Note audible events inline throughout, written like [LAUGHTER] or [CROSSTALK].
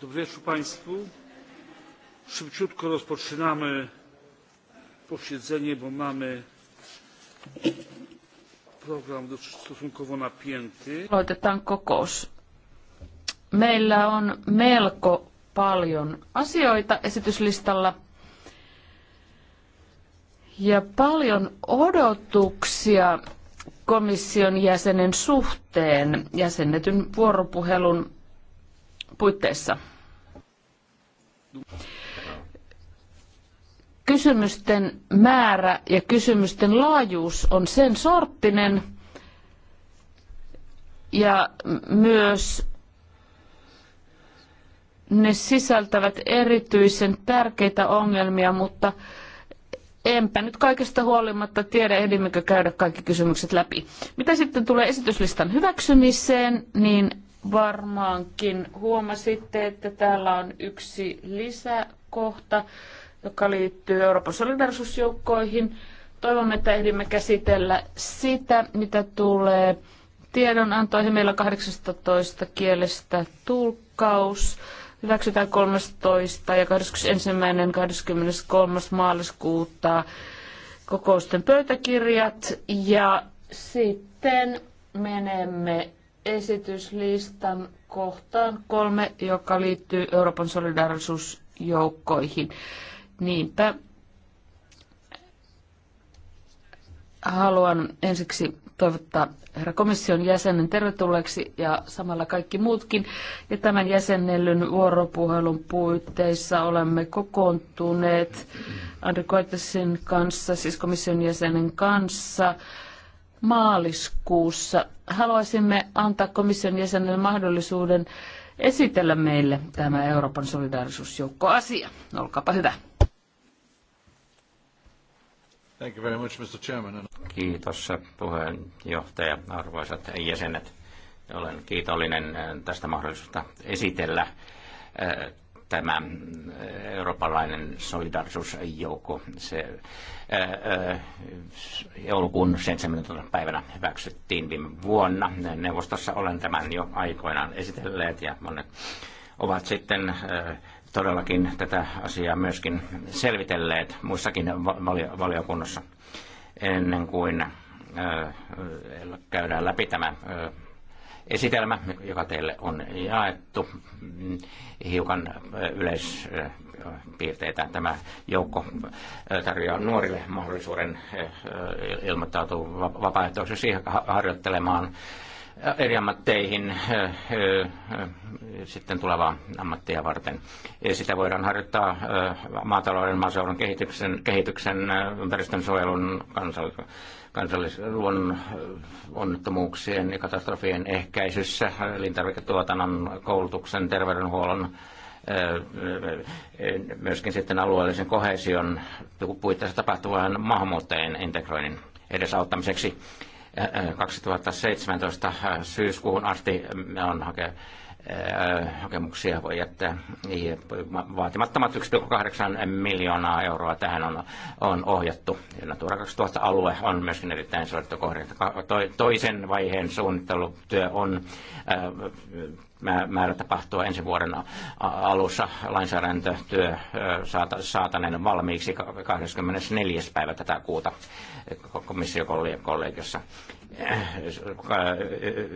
Dobry wieczór Państwu. Szybciutko rozpoczynamy posiedzenie, bo mamy program stosunkowo napięty. Aloitetaan kokous. Meillä on melko paljon asioita esityslistalla ja paljon odotuksia komission jäsenen suhteen jäsennetyn vuoropuhelun puitteissa. Kysymysten määrä ja kysymysten laajuus on sen sorttinen ja myös ne sisältävät erityisen tärkeitä ongelmia, mutta enpä nyt kaikesta huolimatta tiedä, ehdimmekö käydä kaikki kysymykset läpi. Mitä sitten tulee esityslistan hyväksymiseen, niin varmaankin huomasitte, että täällä on yksi lisäkohta, joka liittyy Euroopan solidarisuusjoukkoihin. Toivomme, että ehdimme käsitellä sitä, mitä tulee tiedonantoihin. Meillä on 18 kielestä tulkkaus. Hyväksytään 13 ja 21. 23. maaliskuuta kokousten pöytäkirjat. Ja sitten menemme esityslistan kohtaan kolme, joka liittyy Euroopan solidarisuusjoukkoihin. Niinpä haluan ensiksi toivottaa herra komission jäsenen tervetulleeksi ja samalla kaikki muutkin. Ja tämän jäsennellyn vuoropuhelun puitteissa olemme kokoontuneet Andri Koitesin kanssa, siis komission jäsenen kanssa, maaliskuussa. Haluaisimme antaa komission jäsenelle mahdollisuuden esitellä meille tämä Euroopan asia. Olkaapa hyvä. Thank you very much, Mr. Chairman. Kiitos puheenjohtaja, arvoisat jäsenet. Olen kiitollinen eh, tästä mahdollisuudesta esitellä eh, tämä eh, eurooppalainen solidarisuusjoukko. Se joulukuun 17. päivänä hyväksyttiin viime vuonna. Neuvostossa olen tämän jo aikoinaan esitelleet ja monet ovat sitten todellakin tätä asiaa myöskin selvitelleet muissakin valiokunnassa ennen kuin käydään läpi tämä esitelmä, joka teille on jaettu mm, hiukan yleis piirteitä. Tämä joukko tarjoaa nuorille mahdollisuuden ilmoittautua vapaaehtoisesti harjoittelemaan eri ammatteihin sitten tulevaa ammattia varten. Sitä voidaan harjoittaa maatalouden, maaseudun kehityksen, kehityksen ympäristönsuojelun, kansallisluonnon onnettomuuksien ja katastrofien ehkäisyssä, elintarviketuotannon, koulutuksen, terveydenhuollon myöskin sitten alueellisen kohesion puitteissa tapahtuvan maahanmuuttajien integroinnin edesauttamiseksi. 2017 syyskuun asti me on hake, hakemuksia voi jättää. Niin, vaatimattomat 1,8 miljoonaa euroa tähän on, on ohjattu. Natura 2000-alue on myöskin erittäin suosittu kohde. Toisen vaiheen suunnittelutyö on määrä tapahtua ensi vuoden alussa. Lainsäädäntötyö saataneen valmiiksi 24. päivä tätä kuuta komissiokollegiossa.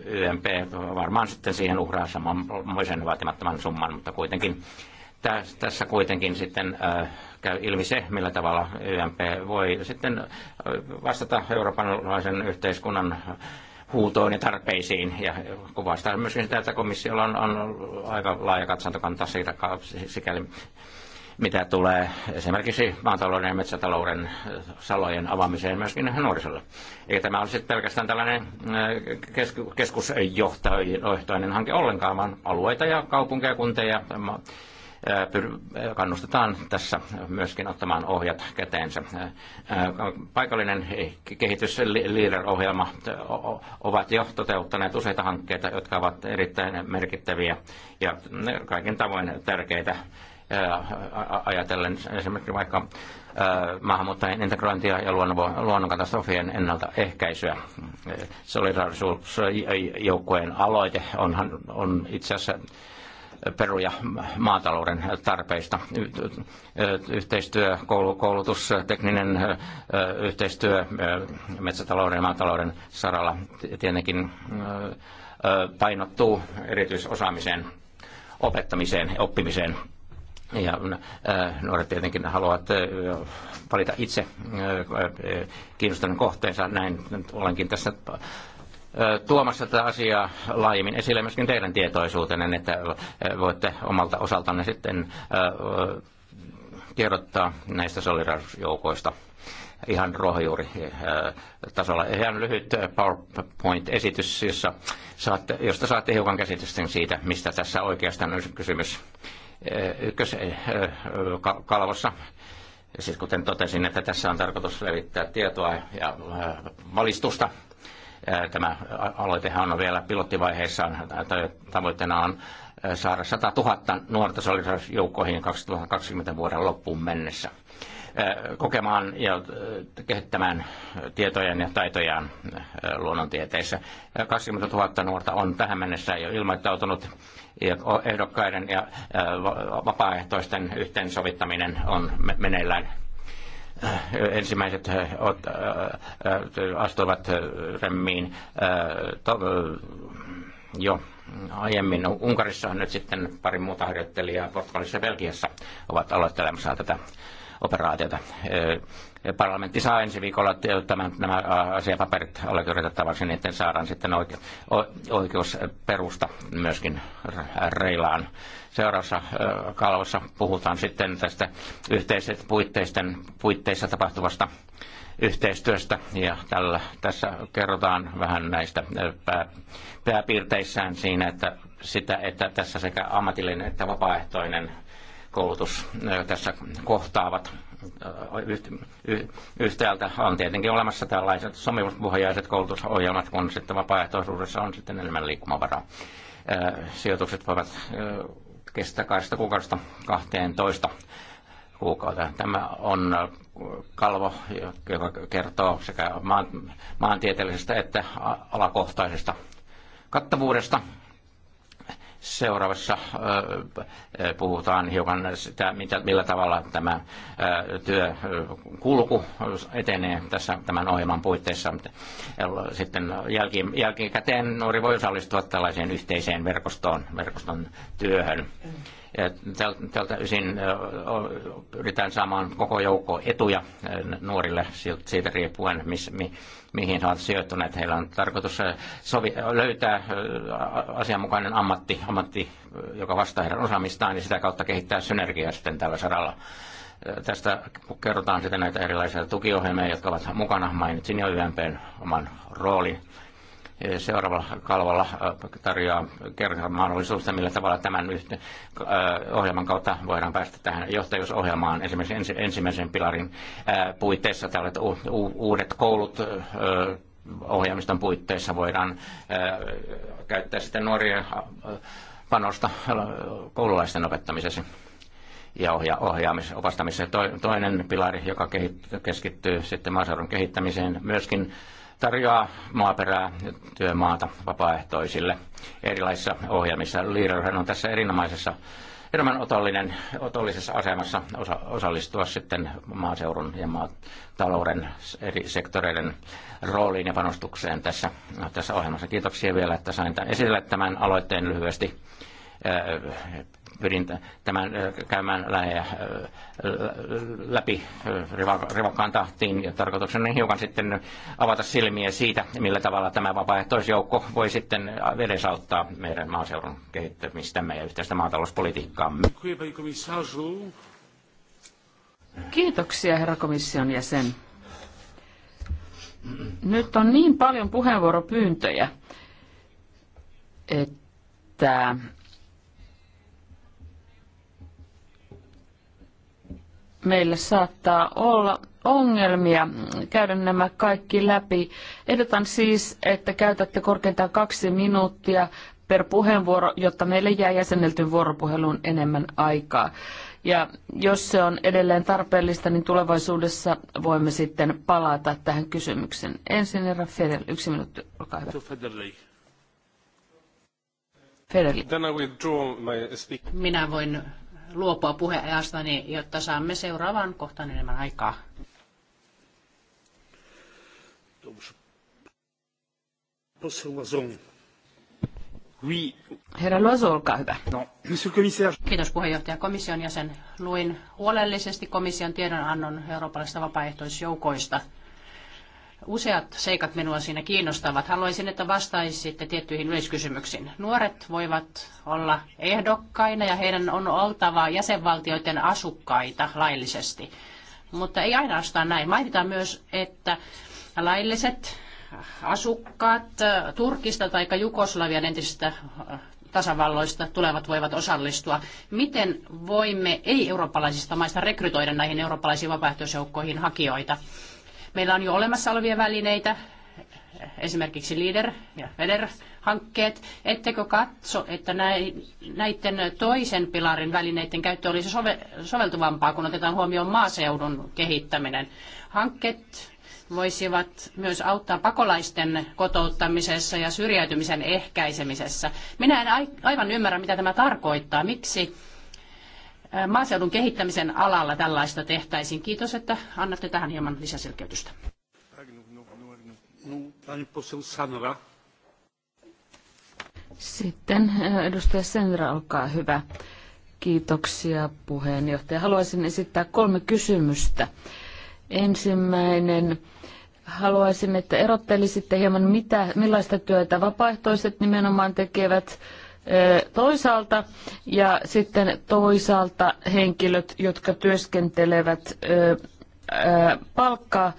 YMP varmaan sitten siihen uhraa samanmoisen vaatimattoman summan, mutta kuitenkin tässä kuitenkin sitten käy ilmi se, millä tavalla YMP voi sitten vastata eurooppalaisen yhteiskunnan huutoon ja tarpeisiin. Ja kuvastaa myöskin sitä, että komissiolla on, on aika laaja katsantokanta siitä, sikäli mitä tulee esimerkiksi maatalouden ja metsätalouden äh, salojen avaamiseen myöskin nuorisolle. Eikä tämä olisi pelkästään tällainen äh, keskusjohtoinen hanke ollenkaan, vaan alueita ja kaupunkeja, kunteja kannustetaan tässä myöskin ottamaan ohjat käteensä. Paikallinen kehitys ohjelma ovat jo toteuttaneet useita hankkeita, jotka ovat erittäin merkittäviä ja kaiken tavoin tärkeitä ajatellen esimerkiksi vaikka maahanmuuttajien integrointia ja luonnonkatastrofien ennaltaehkäisyä. Solidarisuusjoukkojen aloite onhan, on itse asiassa peruja maatalouden tarpeista. Yhteistyö, koulutus, tekninen yhteistyö metsätalouden ja maatalouden saralla tietenkin painottuu erityisosaamiseen, opettamiseen, oppimiseen. Ja nuoret tietenkin haluavat valita itse kiinnostuneen kohteensa. Näin olenkin tässä tuomassa tätä asiaa laajemmin esille myöskin teidän tietoisuutenne, niin että voitte omalta osaltanne sitten tiedottaa näistä solidarisuusjoukoista ihan tasolla. Ihan lyhyt PowerPoint-esitys, jossa saatte, josta saatte hiukan käsitysten siitä, mistä tässä oikeastaan on kysymys. Ykköskalvossa siis kuten totesin, että tässä on tarkoitus levittää tietoa ja valistusta Tämä aloitehan on vielä pilottivaiheessaan. Tavoitteena on saada 100 000 nuorta solidarisuusjoukkoihin 2020 vuoden loppuun mennessä kokemaan ja kehittämään tietojaan ja taitojaan luonnontieteissä. 20 000 nuorta on tähän mennessä jo ilmoittautunut ja ehdokkaiden ja vapaaehtoisten yhteensovittaminen on meneillään ensimmäiset äh, äh, äh, astuivat remmiin jo aiemmin. Unkarissa on nyt sitten pari muuta harjoittelijaa, Portugalissa ja Belgiassa ovat aloittelemassa tätä operaatiota parlamentti saa ensi viikolla tämän, nämä asiapaperit allekirjoitettavaksi, niin niiden saadaan sitten oike, o, oikeusperusta myöskin reilaan. Seuraavassa kalvossa puhutaan sitten tästä yhteisistä puitteissa tapahtuvasta yhteistyöstä ja tällä, tässä kerrotaan vähän näistä pää, pääpiirteissään siinä, että, sitä, että tässä sekä ammatillinen että vapaaehtoinen koulutus tässä kohtaavat yhtäältä on tietenkin olemassa tällaiset sopimuspohjaiset koulutusohjelmat, kun sitten vapaaehtoisuudessa on sitten enemmän liikkumavaraa. Sijoitukset voivat kestää kahdesta kuukaudesta 12 kuukautta. Tämä on kalvo, joka kertoo sekä maantieteellisestä että alakohtaisesta kattavuudesta Seuraavassa puhutaan hiukan sitä, mitä, millä tavalla tämä työkulku etenee tässä tämän ohjelman puitteissa. Sitten jälkikäteen nuori voi osallistua tällaiseen yhteiseen verkostoon, verkoston työhön. Mm Tältä ysin pyritään saamaan koko joukko etuja nuorille siitä riippuen, mihin he ovat sijoittuneet. Heillä on tarkoitus sovi, löytää asianmukainen ammatti, ammatti, joka vastaa heidän osaamistaan ja sitä kautta kehittää synergiaa sitten tällä saralla tästä kerrotaan sitten näitä erilaisia tukiohjelmia, jotka ovat mukana. Mainitsin jo YMPn oman roolin seuraavalla kalvalla tarjoaa kerran mahdollisuutta, millä tavalla tämän ohjelman kautta voidaan päästä tähän johtajuusohjelmaan esimerkiksi ensimmäisen pilarin puitteissa tällaiset uudet koulut ohjelmiston puitteissa voidaan käyttää sitten nuoria panosta koululaisten opettamisessa ja ohja- ohjaamis- opastamiseen. toinen pilari, joka keskittyy sitten maaseudun kehittämiseen, myöskin tarjoaa maaperää työmaata vapaaehtoisille erilaisissa ohjelmissa. Liirelhän on tässä erinomaisessa enemmän otollinen, otollisessa asemassa osa, osallistua sitten maaseudun ja maatalouden eri sektoreiden rooliin ja panostukseen tässä, tässä ohjelmassa. Kiitoksia vielä, että sain tämän, esitellä tämän aloitteen lyhyesti äh, pyrin tämän käymään läpi rivakkaan tahtiin ja tarkoituksena on hiukan sitten avata silmiä siitä, millä tavalla tämä vapaaehtoisjoukko voi sitten vedesauttaa meidän maaseudun kehittämistämme ja yhteistä maatalouspolitiikkaamme. Kiitoksia herra komission jäsen. Nyt on niin paljon puheenvuoropyyntöjä, että meillä saattaa olla ongelmia käydä nämä kaikki läpi. Ehdotan siis, että käytätte korkeintaan kaksi minuuttia per puheenvuoro, jotta meille jää jäsennelty vuoropuheluun enemmän aikaa. Ja jos se on edelleen tarpeellista, niin tulevaisuudessa voimme sitten palata tähän kysymykseen. Ensin herra Federl, yksi minuutti, olkaa hyvä. Federli. Minä voin luopua puheajastani, niin jotta saamme seuraavaan kohtaan enemmän aikaa. Herra Loiso, olkaa hyvä. No, Kiitos puheenjohtaja komission jäsen. Luin huolellisesti komission tiedonannon eurooppalaisista vapaaehtoisjoukoista. Useat seikat minua siinä kiinnostavat. Haluaisin, että vastaisitte tiettyihin yleiskysymyksiin. Nuoret voivat olla ehdokkaina ja heidän on oltava jäsenvaltioiden asukkaita laillisesti. Mutta ei ainoastaan näin. Mainitaan myös, että lailliset asukkaat Turkista tai Jugoslavian entisistä äh, tasavalloista tulevat voivat osallistua. Miten voimme ei-eurooppalaisista maista rekrytoida näihin eurooppalaisiin vapaaehtoisjoukkoihin hakijoita? Meillä on jo olemassa olevia välineitä, esimerkiksi LEADER ja FEDER-hankkeet. Ettekö katso, että näiden toisen pilarin välineiden käyttö olisi soveltuvampaa, kun otetaan huomioon maaseudun kehittäminen? Hankkeet voisivat myös auttaa pakolaisten kotouttamisessa ja syrjäytymisen ehkäisemisessä. Minä en aivan ymmärrä, mitä tämä tarkoittaa. Miksi maaseudun kehittämisen alalla tällaista tehtäisiin. Kiitos, että annatte tähän hieman lisäselkeytystä. Sitten edustaja Senra, olkaa hyvä. Kiitoksia puheenjohtaja. Haluaisin esittää kolme kysymystä. Ensimmäinen, haluaisin, että erottelisitte hieman, mitä, millaista työtä vapaaehtoiset nimenomaan tekevät toisaalta ja sitten toisaalta henkilöt, jotka työskentelevät palkkaa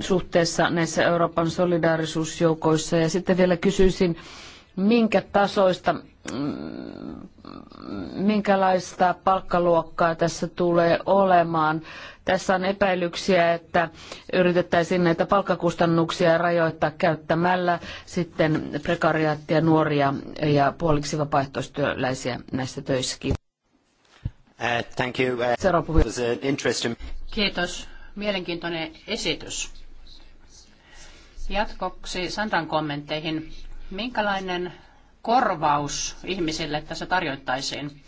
suhteessa näissä Euroopan solidaarisuusjoukoissa. Ja sitten vielä kysyisin, minkä tasoista, mm, minkälaista palkkaluokkaa tässä tulee olemaan tässä on epäilyksiä, että yritettäisiin näitä palkkakustannuksia rajoittaa käyttämällä sitten prekariaattia nuoria ja puoliksi vapaaehtoistyöläisiä näissä töissäkin. Uh, thank you. Uh, was an interesting... Kiitos. Mielenkiintoinen esitys. Jatkoksi Sandran kommentteihin. Minkälainen korvaus ihmisille tässä tarjottaisiin?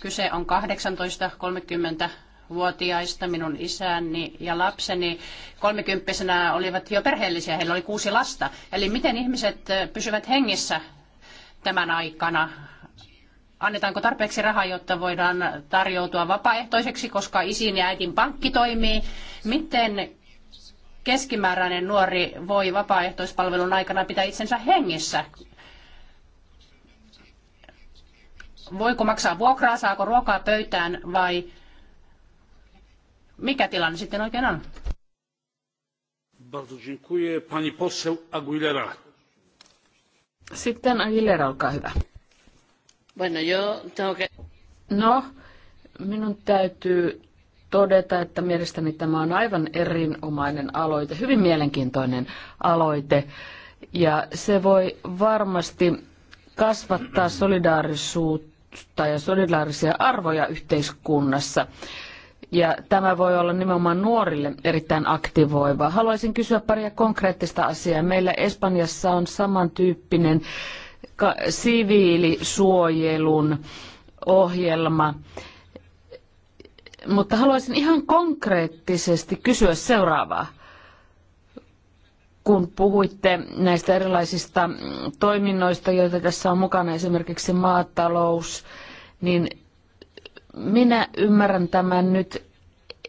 Kyse on 18, 30, vuotiaista minun isäni ja lapseni kolmikymppisenä olivat jo perheellisiä, heillä oli kuusi lasta. Eli miten ihmiset pysyvät hengissä tämän aikana? Annetaanko tarpeeksi rahaa, jotta voidaan tarjoutua vapaaehtoiseksi, koska isin ja äitin pankki toimii? Miten keskimääräinen nuori voi vapaaehtoispalvelun aikana pitää itsensä hengissä? Voiko maksaa vuokraa, saako ruokaa pöytään vai mikä tilanne sitten oikein on? Bardzo dziękuję. Pani poseł Aguilera. Sitten Aguilera, olkaa hyvä. Bueno, yo tengo que... No, minun täytyy todeta, että mielestäni tämä on aivan erinomainen aloite, hyvin mielenkiintoinen aloite. Ja se voi varmasti kasvattaa solidaarisuutta ja solidaarisia arvoja yhteiskunnassa ja tämä voi olla nimenomaan nuorille erittäin aktivoiva. Haluaisin kysyä paria konkreettista asiaa. Meillä Espanjassa on samantyyppinen siviilisuojelun ohjelma. Mutta haluaisin ihan konkreettisesti kysyä seuraavaa kun puhuitte näistä erilaisista toiminnoista, joita tässä on mukana, esimerkiksi maatalous, niin minä ymmärrän tämän nyt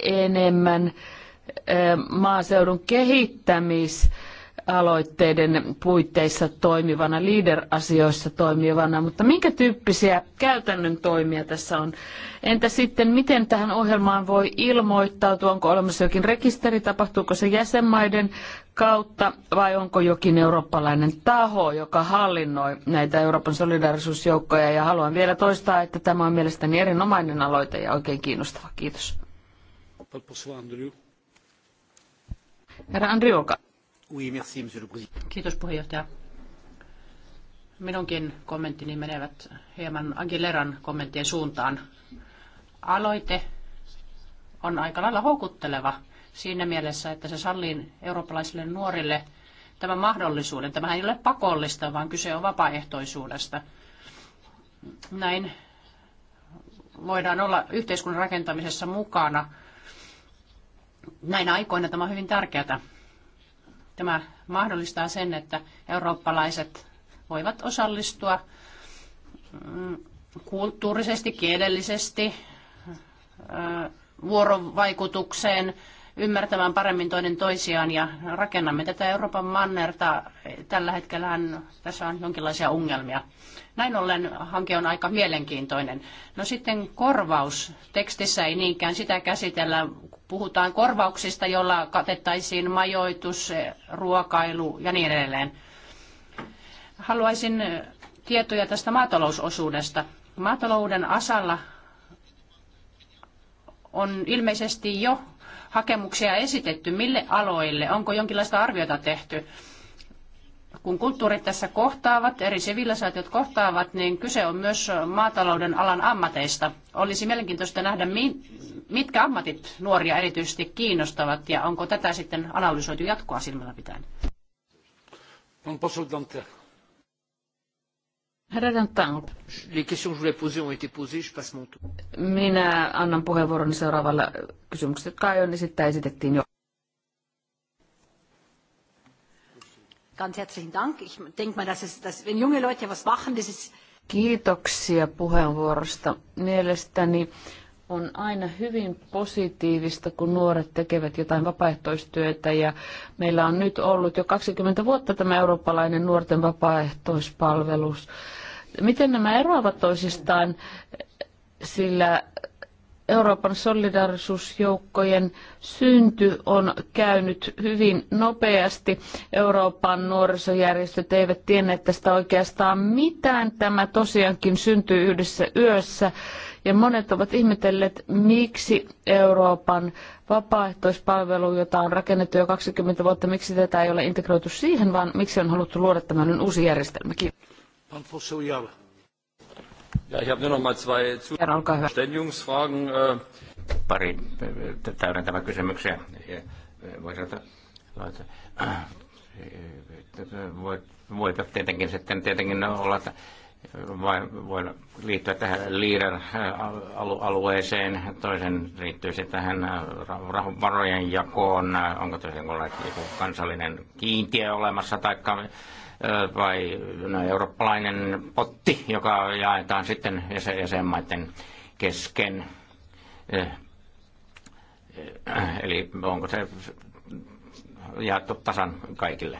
enemmän maaseudun kehittämis- aloitteiden puitteissa toimivana, leader-asioissa toimivana, mutta minkä tyyppisiä käytännön toimia tässä on? Entä sitten, miten tähän ohjelmaan voi ilmoittautua? Onko olemassa jokin rekisteri? Tapahtuuko se jäsenmaiden kautta vai onko jokin eurooppalainen taho, joka hallinnoi näitä Euroopan solidarisuusjoukkoja? Ja haluan vielä toistaa, että tämä on mielestäni erinomainen aloite ja oikein kiinnostava. Kiitos. Herra Andriuka. Oui, merci, Kiitos puheenjohtaja. Minunkin kommenttini menevät hieman Aguileran kommenttien suuntaan. Aloite on aika lailla houkutteleva siinä mielessä, että se sallii eurooppalaisille nuorille tämän mahdollisuuden. Tämä ei ole pakollista, vaan kyse on vapaaehtoisuudesta. Näin voidaan olla yhteiskunnan rakentamisessa mukana. Näin aikoina tämä on hyvin tärkeää. Tämä mahdollistaa sen, että eurooppalaiset voivat osallistua mm, kulttuurisesti, kielellisesti mm, vuorovaikutukseen, ymmärtämään paremmin toinen toisiaan ja rakennamme tätä Euroopan mannerta. Tällä hetkellä tässä on jonkinlaisia ongelmia. Näin ollen hanke on aika mielenkiintoinen. No sitten korvaus. Tekstissä ei niinkään sitä käsitellä. Puhutaan korvauksista, jolla katettaisiin majoitus, ruokailu ja niin edelleen. Haluaisin tietoja tästä maatalousosuudesta. Maatalouden asalla on ilmeisesti jo hakemuksia esitetty. Mille aloille? Onko jonkinlaista arviota tehty? Kun kulttuurit tässä kohtaavat, eri sivilisaatiot kohtaavat, niin kyse on myös maatalouden alan ammateista. Olisi mielenkiintoista nähdä, mitkä ammatit nuoria erityisesti kiinnostavat ja onko tätä sitten analysoitu jatkoa silmällä pitäen. Minä annan puheenvuoron seuraavalle kysymykselle, jotka aion esittää esitettiin jo. Ganz herzlichen Dank. Ich denke mal, dass es, dass, wenn junge Leute was machen, das ist... Kiitoksia puheenvuorosta. Mielestäni on aina hyvin positiivista, kun nuoret tekevät jotain vapaaehtoistyötä. Ja meillä on nyt ollut jo 20 vuotta tämä eurooppalainen nuorten vapaaehtoispalvelus. Miten nämä eroavat toisistaan? Sillä Euroopan solidarisuusjoukkojen synty on käynyt hyvin nopeasti. Euroopan nuorisojärjestöt eivät tienneet tästä oikeastaan mitään. Tämä tosiaankin syntyi yhdessä yössä. Ja monet ovat ihmetelleet, miksi Euroopan vapaaehtoispalvelu, jota on rakennettu jo 20 vuotta, miksi tätä ei ole integroitu siihen, vaan miksi on haluttu luoda tämmöinen uusi järjestelmäkin. Pan ja, ich habe nur noch mal zwei Verständigungsfragen. Äh. Pari äh, täydentävää kysymyksiä. Voit, äh, voit tietenkin sitten tietenkin olla, että vai voi liittyä tähän liider alueeseen, toisen liittyy se tähän varojen jakoon, onko tosiaan joku kansallinen kiintiö olemassa, tai vai no, eurooppalainen potti, joka jaetaan sitten jäsenmaiden kesken. Eli onko se jaettu tasan kaikille?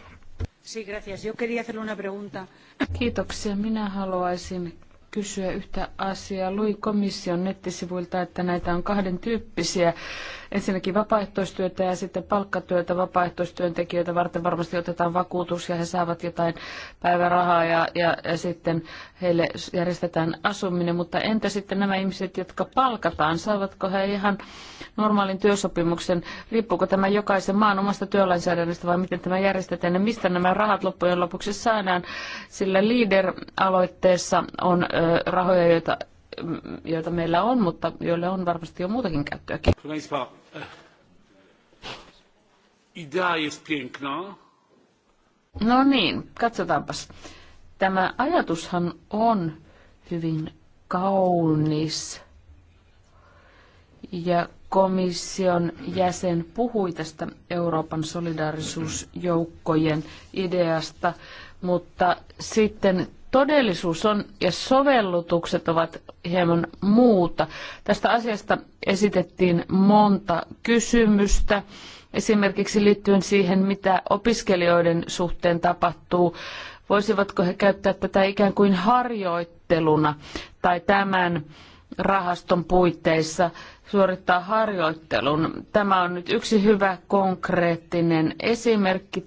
Kiitoksia. Minä haluaisin kysyä yhtä asiaa. Lui komission nettisivuilta, että näitä on kahden tyyppisiä ensinnäkin vapaaehtoistyötä ja sitten palkkatyötä vapaaehtoistyöntekijöitä varten varmasti otetaan vakuutus ja he saavat jotain päivärahaa ja, ja, ja sitten heille järjestetään asuminen, mutta entä sitten nämä ihmiset, jotka palkataan, saavatko he ihan normaalin työsopimuksen, riippuuko tämä jokaisen maan omasta työlainsäädännöstä vai miten tämä järjestetään ja mistä nämä rahat loppujen lopuksi saadaan, sillä Leader-aloitteessa on ö, rahoja, joita joita meillä on, mutta joille on varmasti jo muutakin käyttöäkin idea jest piękna. No niin, katsotaanpas. Tämä ajatushan on hyvin kaunis. Ja komission jäsen puhui tästä Euroopan solidaarisuusjoukkojen ideasta, mutta sitten todellisuus on ja sovellutukset ovat hieman muuta. Tästä asiasta esitettiin monta kysymystä esimerkiksi liittyen siihen, mitä opiskelijoiden suhteen tapahtuu. Voisivatko he käyttää tätä ikään kuin harjoitteluna tai tämän rahaston puitteissa suorittaa harjoittelun. Tämä on nyt yksi hyvä konkreettinen esimerkki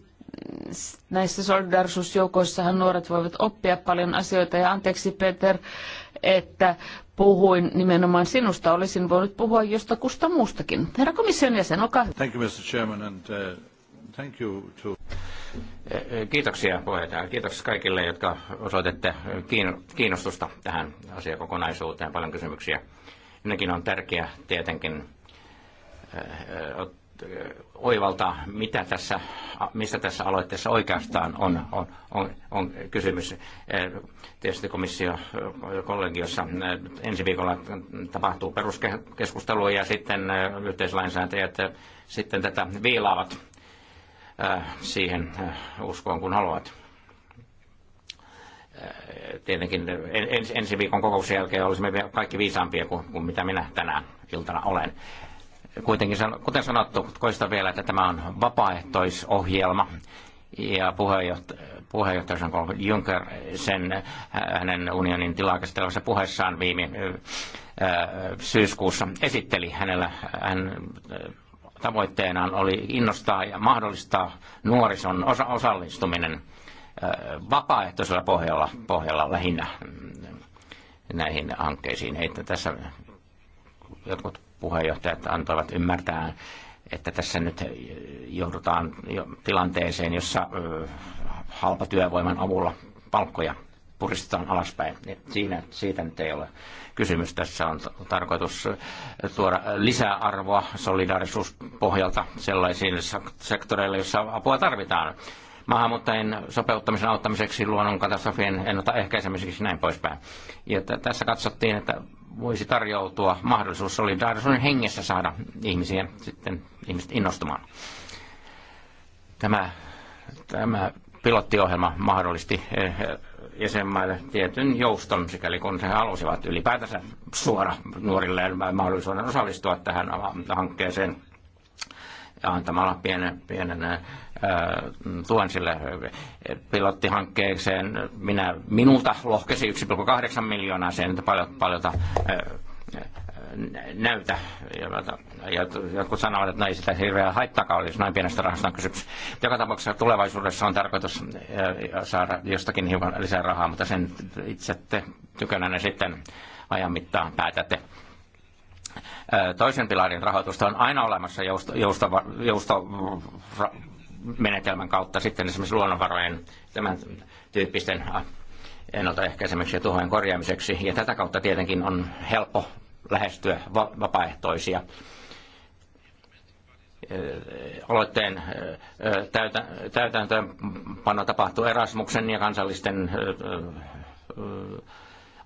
näissä solidarisuusjoukoissahan nuoret voivat oppia paljon asioita. Ja anteeksi Peter, että puhuin nimenomaan sinusta. Olisin voinut puhua jostakusta muustakin. Herra komission jäsen, olkaa hyvä. Thank you, Mr. Chairman, and, uh, thank you to... Eh, eh, kiitoksia puheenjohtaja. Kiitoksia kaikille, jotka osoitette kiinnostusta tähän asiakokonaisuuteen. Paljon kysymyksiä. Ennenkin on tärkeää tietenkin eh, oivaltaa, mitä tässä, mistä tässä aloitteessa oikeastaan on, on, on, on kysymys. Tietysti komissio kollegiossa ensi viikolla tapahtuu peruskeskustelua ja sitten yhteislainsäätäjät sitten tätä viilaavat siihen uskoon, kun haluat. Tietenkin ensi viikon kokouksen jälkeen olisimme kaikki viisaampia kuin, kuin mitä minä tänään iltana olen kuitenkin, kuten sanottu, koista vielä, että tämä on vapaaehtoisohjelma. Ja puheenjohtaja, puheenjohtaja jean Juncker sen hänen unionin tilaa käsittelevässä puheessaan viime syyskuussa esitteli. Hänellä, hän tavoitteenaan oli innostaa ja mahdollistaa nuorison osa- osallistuminen vapaaehtoisella pohjalla, pohjalla lähinnä mm, näihin hankkeisiin. Heitä tässä jotkut puheenjohtajat antoivat ymmärtää, että tässä nyt äh, joudutaan jo tilanteeseen, jossa äh, halpatyövoiman avulla palkkoja puristetaan alaspäin. Niin siinä, siitä nyt ei ole kysymys. Tässä on tarkoitus äh, tuoda lisäarvoa solidaarisuuspohjalta sellaisiin sektoreille, joissa apua tarvitaan maahanmuuttajien sopeuttamisen auttamiseksi, luonnonkatastrofien ennaltaehkäisemiseksi ja näin poispäin. Ja tässä katsottiin, että voisi tarjoutua mahdollisuus solidaarisuuden hengessä saada ihmisiä sitten ihmiset innostumaan. Tämä, tämä pilottiohjelma mahdollisti eh, jäsenmaille tietyn jouston, sikäli kun he halusivat ylipäätänsä suora nuorille mahdollisuuden osallistua tähän hankkeeseen – antamalla pienen, pienen ää, äh, tuen sille äh, pilottihankkeeseen. Minä, minulta lohkesi 1,8 miljoonaa, sen, että nyt paljon, ää, äh, näytä. Ja jotkut sanovat, että no ei sitä hirveä haittakaan olisi, näin pienestä rahasta on kysymys. Joka tapauksessa tulevaisuudessa on tarkoitus saada jostakin hiukan lisää rahaa, mutta sen itse te tykönänne sitten ajan mittaan päätätte toisen pilarin rahoitusta on aina olemassa joustomenetelmän jousto, kautta sitten esimerkiksi luonnonvarojen tämän tyyppisten ennaltaehkäisemiseksi ja tuhojen korjaamiseksi. Ja tätä kautta tietenkin on helppo lähestyä vapaaehtoisia aloitteen täytäntöönpano tapahtuu Erasmuksen ja kansallisten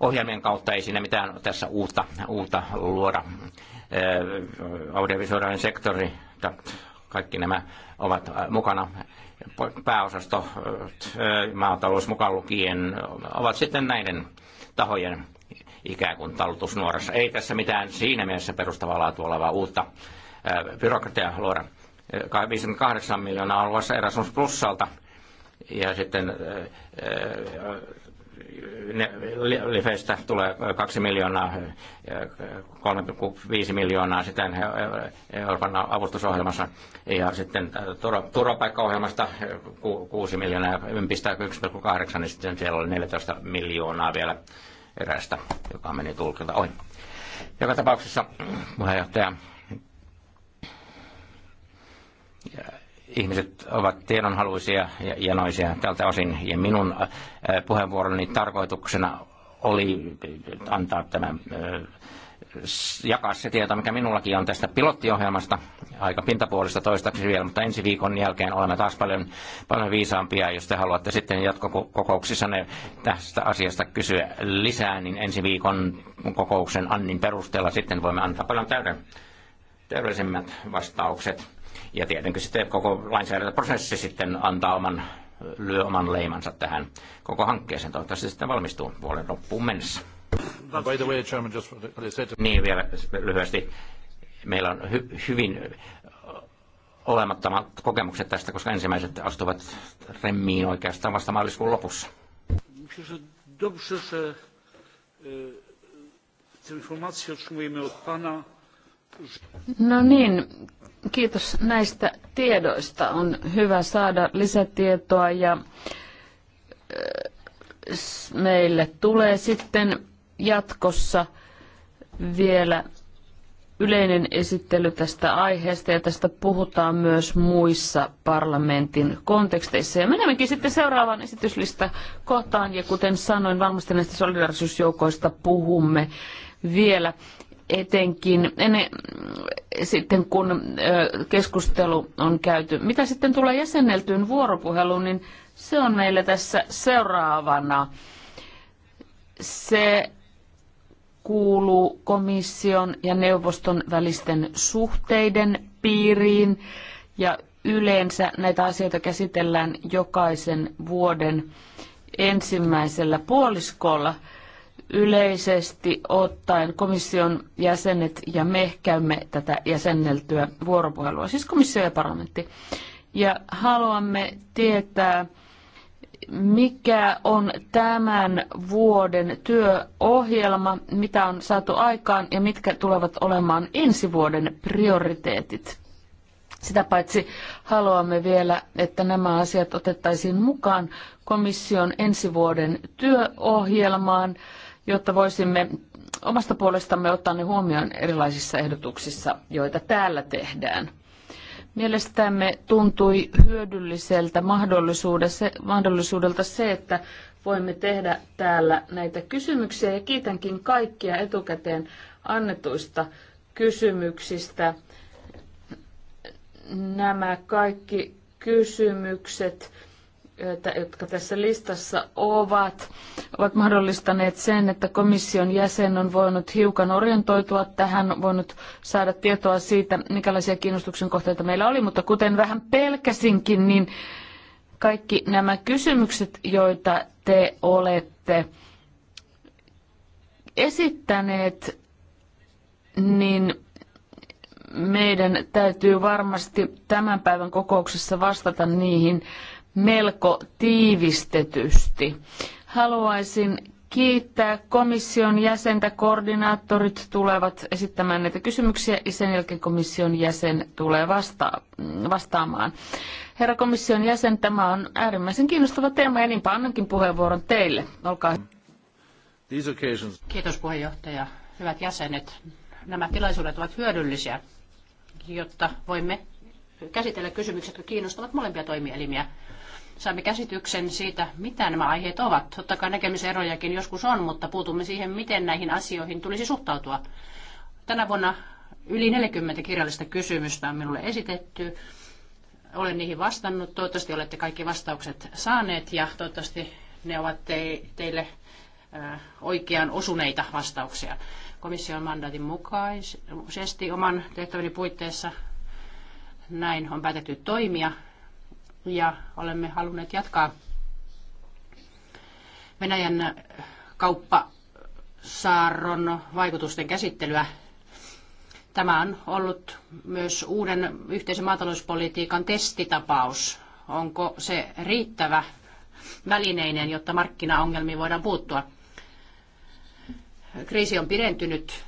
ohjelmien kautta ei siinä mitään tässä uutta, uutta luoda. Audiovisuaalinen sektori, kaikki nämä ovat mukana pääosasto, maatalous mukaan lukien, ovat sitten näiden tahojen ikään kuin talutusnuorassa. Ei tässä mitään siinä mielessä perustavaa laatua olevaa uutta byrokratiaa luoda. 58 miljoonaa on luossa Erasmus Plusalta ja sitten Lifeistä tulee 2 miljoonaa, 3,5 miljoonaa sitten Euroopan avustusohjelmassa ja sitten turvapaikkaohjelmasta 6 miljoonaa, ja 1,8, niin sitten siellä oli 14 miljoonaa vielä erästä, joka meni tulkilta ohi. Joka tapauksessa puheenjohtaja ihmiset ovat tiedonhaluisia ja janoisia tältä osin. Ja minun äh, puheenvuoroni tarkoituksena oli antaa tämä, äh, jakaa se tieto, mikä minullakin on tästä pilottiohjelmasta, aika pintapuolista toistaiseksi vielä, mutta ensi viikon jälkeen olemme taas paljon, paljon viisaampia. Jos te haluatte sitten jatkokokouksissa tästä asiasta kysyä lisää, niin ensi viikon kokouksen Annin perusteella sitten voimme antaa paljon täyden, täydellisemmät vastaukset ja tietenkin sitten koko lainsäädäntöprosessi sitten antaa oman, lyö oman leimansa tähän koko hankkeeseen. Toivottavasti sitten valmistuu vuoden loppuun mennessä. By the way, Chairman, just Niin vielä lyhyesti. Meillä on hy- hyvin olemattomat kokemukset tästä, koska ensimmäiset astuvat remmiin oikeastaan vasta maaliskuun lopussa. Dobrze, że e, tę informację otrzymujemy od Pana. No niin, Kiitos näistä tiedoista. On hyvä saada lisätietoa ja meille tulee sitten jatkossa vielä yleinen esittely tästä aiheesta ja tästä puhutaan myös muissa parlamentin konteksteissa. Ja menemmekin sitten seuraavaan esityslista kohtaan ja kuten sanoin, varmasti näistä solidarisuusjoukoista puhumme vielä etenkin ennen, sitten kun keskustelu on käyty. Mitä sitten tulee jäsenneltyyn vuoropuheluun, niin se on meillä tässä seuraavana. Se kuuluu komission ja neuvoston välisten suhteiden piiriin ja yleensä näitä asioita käsitellään jokaisen vuoden ensimmäisellä puoliskolla – yleisesti ottaen komission jäsenet ja me käymme tätä jäsenneltyä vuoropuhelua, siis komissio ja parlamentti. Ja haluamme tietää, mikä on tämän vuoden työohjelma, mitä on saatu aikaan ja mitkä tulevat olemaan ensi vuoden prioriteetit. Sitä paitsi haluamme vielä, että nämä asiat otettaisiin mukaan komission ensi vuoden työohjelmaan jotta voisimme omasta puolestamme ottaa ne huomioon erilaisissa ehdotuksissa, joita täällä tehdään. Mielestämme tuntui hyödylliseltä mahdollisuudelta se, että voimme tehdä täällä näitä kysymyksiä ja kiitänkin kaikkia etukäteen annetuista kysymyksistä. Nämä kaikki kysymykset jotka tässä listassa ovat, ovat mahdollistaneet sen, että komission jäsen on voinut hiukan orientoitua tähän, voinut saada tietoa siitä, minkälaisia kiinnostuksen kohteita meillä oli, mutta kuten vähän pelkäsinkin, niin kaikki nämä kysymykset, joita te olette esittäneet, niin meidän täytyy varmasti tämän päivän kokouksessa vastata niihin melko tiivistetysti. Haluaisin kiittää komission jäsentä. Koordinaattorit tulevat esittämään näitä kysymyksiä ja sen jälkeen komission jäsen tulee vasta- vastaamaan. Herra komission jäsen, tämä on äärimmäisen kiinnostava teema ja niinpä annankin puheenvuoron teille. Olkaa hyvä. Kiitos puheenjohtaja. Hyvät jäsenet, nämä tilaisuudet ovat hyödyllisiä, jotta voimme käsitellä kysymykset, jotka kiinnostavat molempia toimielimiä saamme käsityksen siitä, mitä nämä aiheet ovat. Totta kai näkemyserojakin joskus on, mutta puutumme siihen, miten näihin asioihin tulisi suhtautua. Tänä vuonna yli 40 kirjallista kysymystä on minulle esitetty. Olen niihin vastannut. Toivottavasti olette kaikki vastaukset saaneet ja toivottavasti ne ovat teille äh, oikean osuneita vastauksia. Komission mandaatin mukaisesti oman tehtäväni puitteissa näin on päätetty toimia ja olemme halunneet jatkaa Venäjän kauppasaarron vaikutusten käsittelyä. Tämä on ollut myös uuden yhteisen maatalouspolitiikan testitapaus. Onko se riittävä välineinen, jotta markkinaongelmiin voidaan puuttua? Kriisi on pidentynyt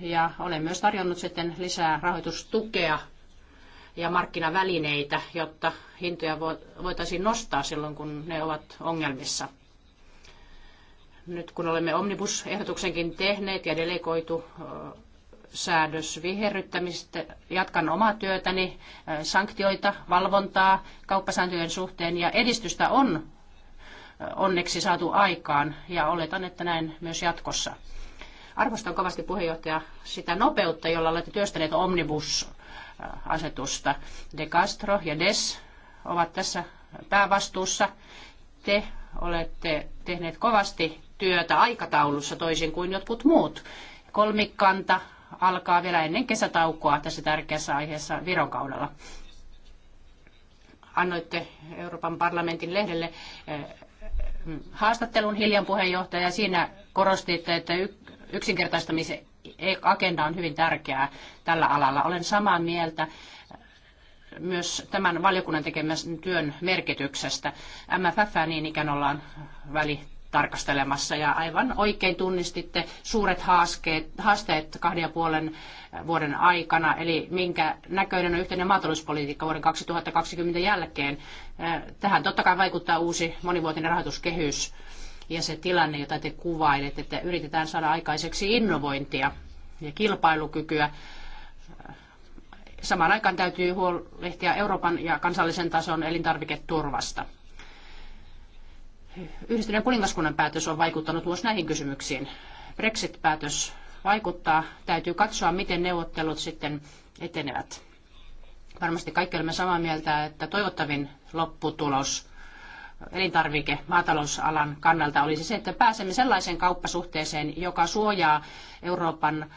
ja olen myös tarjonnut sitten lisää rahoitustukea ja markkinavälineitä, jotta hintoja voitaisiin nostaa silloin, kun ne ovat ongelmissa. Nyt kun olemme omnibusehdotuksenkin tehneet ja delegoitu säädös viherryttämistä, jatkan omaa työtäni, sanktioita, valvontaa kauppasääntöjen suhteen ja edistystä on onneksi saatu aikaan ja oletan, että näin myös jatkossa. Arvostan kovasti puheenjohtaja sitä nopeutta, jolla olette työstäneet omnibus asetusta. De Castro ja Des ovat tässä päävastuussa. Te olette tehneet kovasti työtä aikataulussa toisin kuin jotkut muut. Kolmikanta alkaa vielä ennen kesätaukoa tässä tärkeässä aiheessa Viron kaudella. Annoitte Euroopan parlamentin lehdelle eh, haastattelun hiljan puheenjohtaja. Siinä korostitte, että yksinkertaistamisen agenda on hyvin tärkeää tällä alalla. Olen samaa mieltä myös tämän valiokunnan tekemän työn merkityksestä. MFF niin ikään ollaan väli tarkastelemassa ja aivan oikein tunnistitte suuret haasteet, haasteet kahden ja puolen vuoden aikana, eli minkä näköinen on yhteinen maatalouspolitiikka vuoden 2020 jälkeen. Tähän totta kai vaikuttaa uusi monivuotinen rahoituskehys ja se tilanne, jota te kuvailette, että yritetään saada aikaiseksi innovointia ja kilpailukykyä. Samaan aikaan täytyy huolehtia Euroopan ja kansallisen tason elintarviketurvasta. Yhdistyneen kuningaskunnan päätös on vaikuttanut myös näihin kysymyksiin. Brexit-päätös vaikuttaa. Täytyy katsoa, miten neuvottelut sitten etenevät. Varmasti kaikki olemme samaa mieltä, että toivottavin lopputulos elintarvike maatalousalan kannalta olisi se, että pääsemme sellaiseen kauppasuhteeseen, joka suojaa Euroopan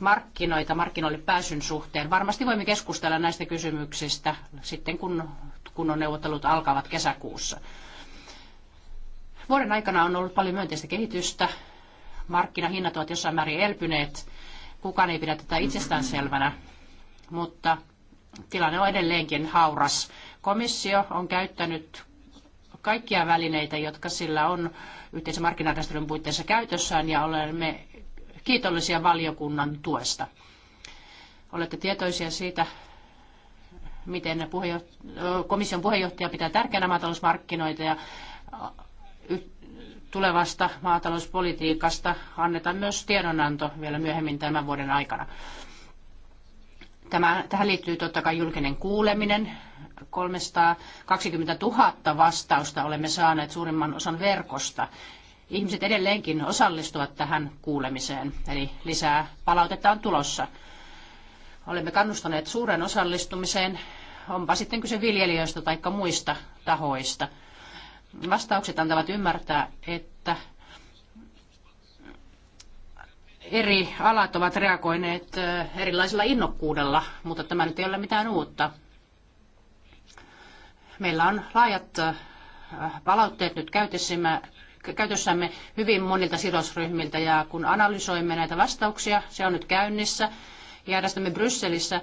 markkinoita markkinoille pääsyn suhteen. Varmasti voimme keskustella näistä kysymyksistä sitten, kun kunnon neuvottelut alkavat kesäkuussa. Vuoden aikana on ollut paljon myönteistä kehitystä. Markkinahinnat ovat jossain määrin elpyneet. Kukaan ei pidä tätä itsestäänselvänä, mutta tilanne on edelleenkin hauras. Komissio on käyttänyt kaikkia välineitä, jotka sillä on yhteisen markkinakastelun puitteissa käytössään ja olemme kiitollisia valiokunnan tuesta. Olette tietoisia siitä, miten komission puheenjohtaja pitää tärkeänä maatalousmarkkinoita ja tulevasta maatalouspolitiikasta annetaan myös tiedonanto vielä myöhemmin tämän vuoden aikana. Tämä, tähän liittyy totta kai julkinen kuuleminen, 320 000 vastausta olemme saaneet suurimman osan verkosta. Ihmiset edelleenkin osallistuvat tähän kuulemiseen, eli lisää palautetta on tulossa. Olemme kannustaneet suuren osallistumiseen, onpa sitten kyse viljelijöistä tai muista tahoista. Vastaukset antavat ymmärtää, että eri alat ovat reagoineet erilaisella innokkuudella, mutta tämä nyt ei ole mitään uutta. Meillä on laajat palautteet nyt käytössämme hyvin monilta sidosryhmiltä ja kun analysoimme näitä vastauksia, se on nyt käynnissä, järjestämme Brysselissä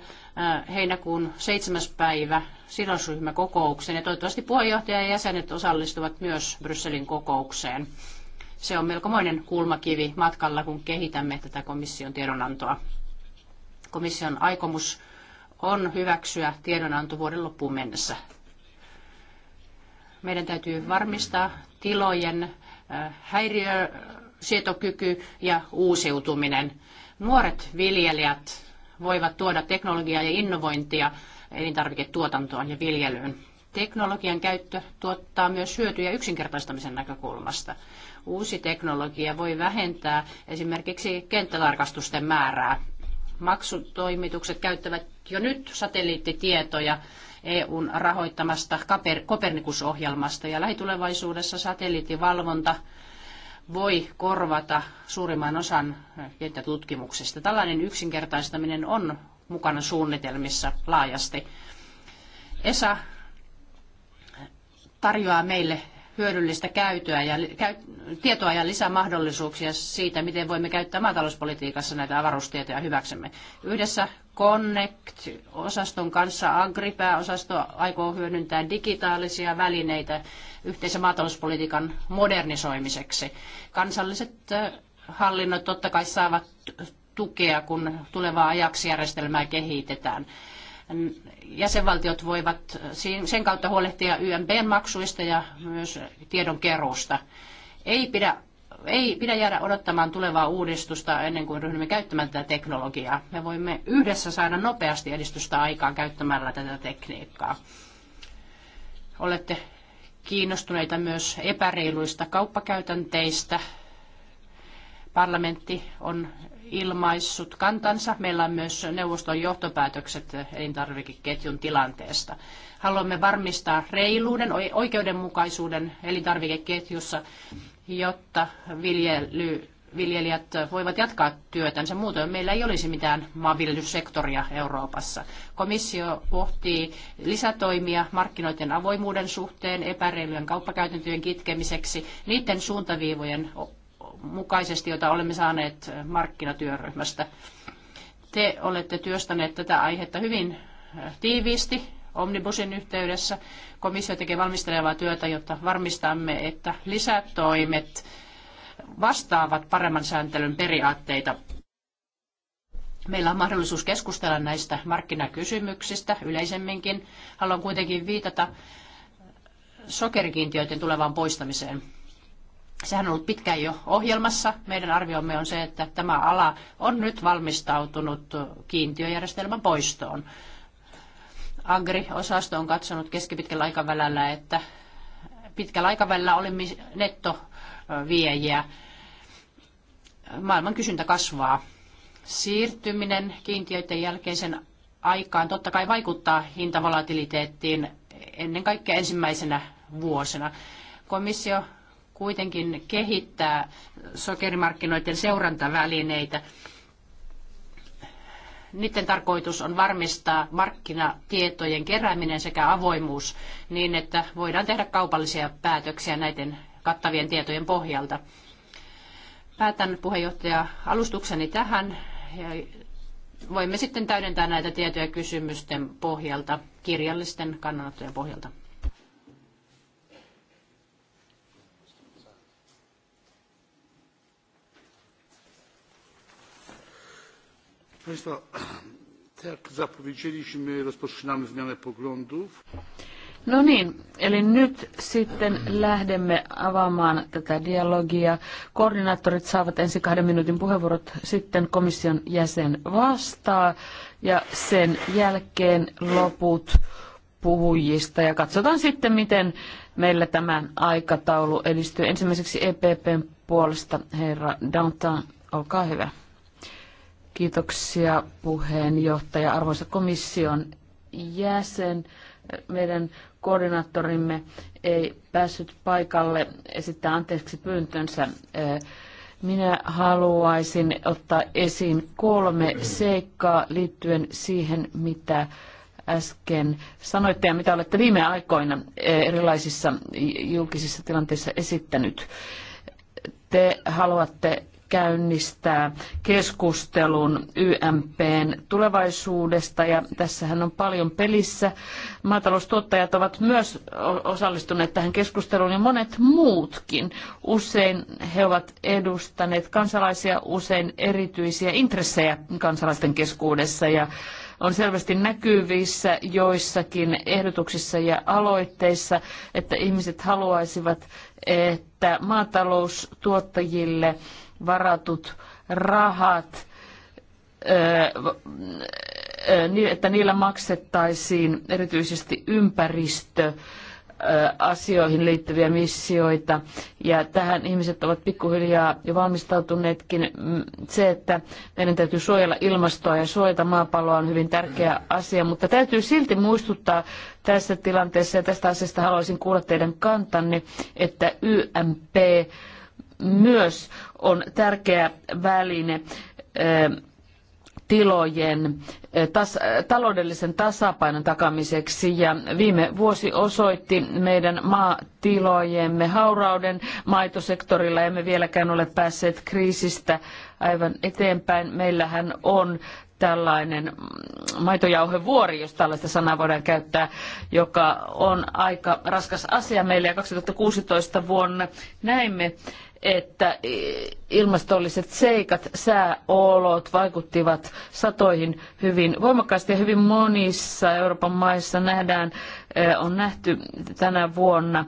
heinäkuun 7. päivä sidosryhmäkokouksen ja toivottavasti puheenjohtaja ja jäsenet osallistuvat myös Brysselin kokoukseen. Se on melkomoinen kulmakivi matkalla, kun kehitämme tätä komission tiedonantoa. Komission aikomus on hyväksyä tiedonanto vuoden loppuun mennessä. Meidän täytyy varmistaa tilojen häiriö, ja uusiutuminen. Nuoret viljelijät voivat tuoda teknologiaa ja innovointia elintarviketuotantoon ja viljelyyn. Teknologian käyttö tuottaa myös hyötyjä yksinkertaistamisen näkökulmasta. Uusi teknologia voi vähentää esimerkiksi kenttätarkastusten määrää. Maksutoimitukset käyttävät jo nyt satelliittitietoja EUn rahoittamasta Kopernikusohjelmasta ja lähitulevaisuudessa satelliittivalvonta voi korvata suurimman osan eh, kenttätutkimuksesta. Tällainen yksinkertaistaminen on mukana suunnitelmissa laajasti. ESA tarjoaa meille hyödyllistä käytöä ja, käy, tietoa ja lisämahdollisuuksia siitä, miten voimme käyttää maatalouspolitiikassa näitä avaruustietoja hyväksemme. Yhdessä Connect-osaston kanssa Agri-pääosasto aikoo hyödyntää digitaalisia välineitä yhteisen maatalouspolitiikan modernisoimiseksi. Kansalliset hallinnot totta kai saavat tukea, kun tulevaa ajaksi järjestelmää kehitetään. Jäsenvaltiot voivat sen kautta huolehtia YMBn maksuista ja myös tiedon Ei pidä ei pidä jäädä odottamaan tulevaa uudistusta ennen kuin ryhdymme käyttämään tätä teknologiaa. Me voimme yhdessä saada nopeasti edistystä aikaan käyttämällä tätä tekniikkaa. Olette kiinnostuneita myös epäreiluista kauppakäytänteistä. Parlamentti on ilmaissut kantansa. Meillä on myös neuvoston johtopäätökset elintarvikeketjun tilanteesta. Haluamme varmistaa reiluuden, oikeudenmukaisuuden elintarvikeketjussa jotta viljely, viljelijät voivat jatkaa työtänsä. Muutoin meillä ei olisi mitään maanviljelyssektoria Euroopassa. Komissio pohtii lisätoimia markkinoiden avoimuuden suhteen, epäreilujen kauppakäytäntöjen kitkemiseksi, niiden suuntaviivojen mukaisesti, joita olemme saaneet markkinatyöryhmästä. Te olette työstäneet tätä aihetta hyvin tiiviisti Omnibusin yhteydessä. Komissio tekee valmistelevaa työtä, jotta varmistamme, että lisätoimet vastaavat paremman sääntelyn periaatteita. Meillä on mahdollisuus keskustella näistä markkinakysymyksistä yleisemminkin. Haluan kuitenkin viitata sokerikiintiöiden tulevaan poistamiseen. Sehän on ollut pitkään jo ohjelmassa. Meidän arviomme on se, että tämä ala on nyt valmistautunut kiintiöjärjestelmän poistoon. Agri-osasto on katsonut keskipitkällä aikavälillä, että pitkällä aikavälillä olemme nettoviejiä. Maailman kysyntä kasvaa. Siirtyminen kiintiöiden jälkeisen aikaan totta kai vaikuttaa hintavolatiliteettiin ennen kaikkea ensimmäisenä vuosina. Komissio kuitenkin kehittää sokerimarkkinoiden seurantavälineitä niiden tarkoitus on varmistaa markkinatietojen kerääminen sekä avoimuus niin, että voidaan tehdä kaupallisia päätöksiä näiden kattavien tietojen pohjalta. Päätän puheenjohtaja alustukseni tähän ja voimme sitten täydentää näitä tietoja kysymysten pohjalta, kirjallisten kannanottojen pohjalta. Państwa, jak zapowiedzieliśmy, rozpoczynamy zmianę poglądów. No niin, eli nyt sitten lähdemme avaamaan tätä dialogia. Koordinaattorit saavat ensin kahden minuutin puheenvuorot, sitten komission jäsen vastaa ja sen jälkeen loput puhujista. Ja katsotaan sitten, miten meillä tämä aikataulu edistyy. Ensimmäiseksi EPPn puolesta herra Downtown, olkaa hyvä. Kiitoksia puheenjohtaja. Arvoisa komission jäsen, meidän koordinaattorimme ei päässyt paikalle esittää anteeksi pyyntönsä. Minä haluaisin ottaa esiin kolme seikkaa liittyen siihen, mitä äsken sanoitte ja mitä olette viime aikoina erilaisissa julkisissa tilanteissa esittänyt. Te haluatte käynnistää keskustelun YMPn tulevaisuudesta ja tässähän on paljon pelissä. Maataloustuottajat ovat myös osallistuneet tähän keskusteluun ja monet muutkin. Usein he ovat edustaneet kansalaisia, usein erityisiä intressejä kansalaisten keskuudessa ja on selvästi näkyvissä joissakin ehdotuksissa ja aloitteissa, että ihmiset haluaisivat, että maataloustuottajille – varatut rahat, että niillä maksettaisiin erityisesti ympäristö asioihin liittyviä missioita. Ja tähän ihmiset ovat pikkuhiljaa jo valmistautuneetkin. Mm, se, että meidän täytyy suojella ilmastoa ja suojata maapalloa on hyvin tärkeä asia, mutta täytyy silti muistuttaa tässä tilanteessa, ja tästä asiasta haluaisin kuulla teidän kantanne, että YMP myös on tärkeä väline tilojen taloudellisen tasapainon takamiseksi ja viime vuosi osoitti meidän maatilojemme haurauden maitosektorilla. Emme vieläkään ole päässeet kriisistä aivan eteenpäin. Meillähän on tällainen mm, maitojauhevuori, jos tällaista sanaa voidaan käyttää, joka on aika raskas asia meille. Ja 2016 vuonna näimme että ilmastolliset seikat, sääolot vaikuttivat satoihin hyvin voimakkaasti ja hyvin monissa Euroopan maissa nähdään, eh, on nähty tänä vuonna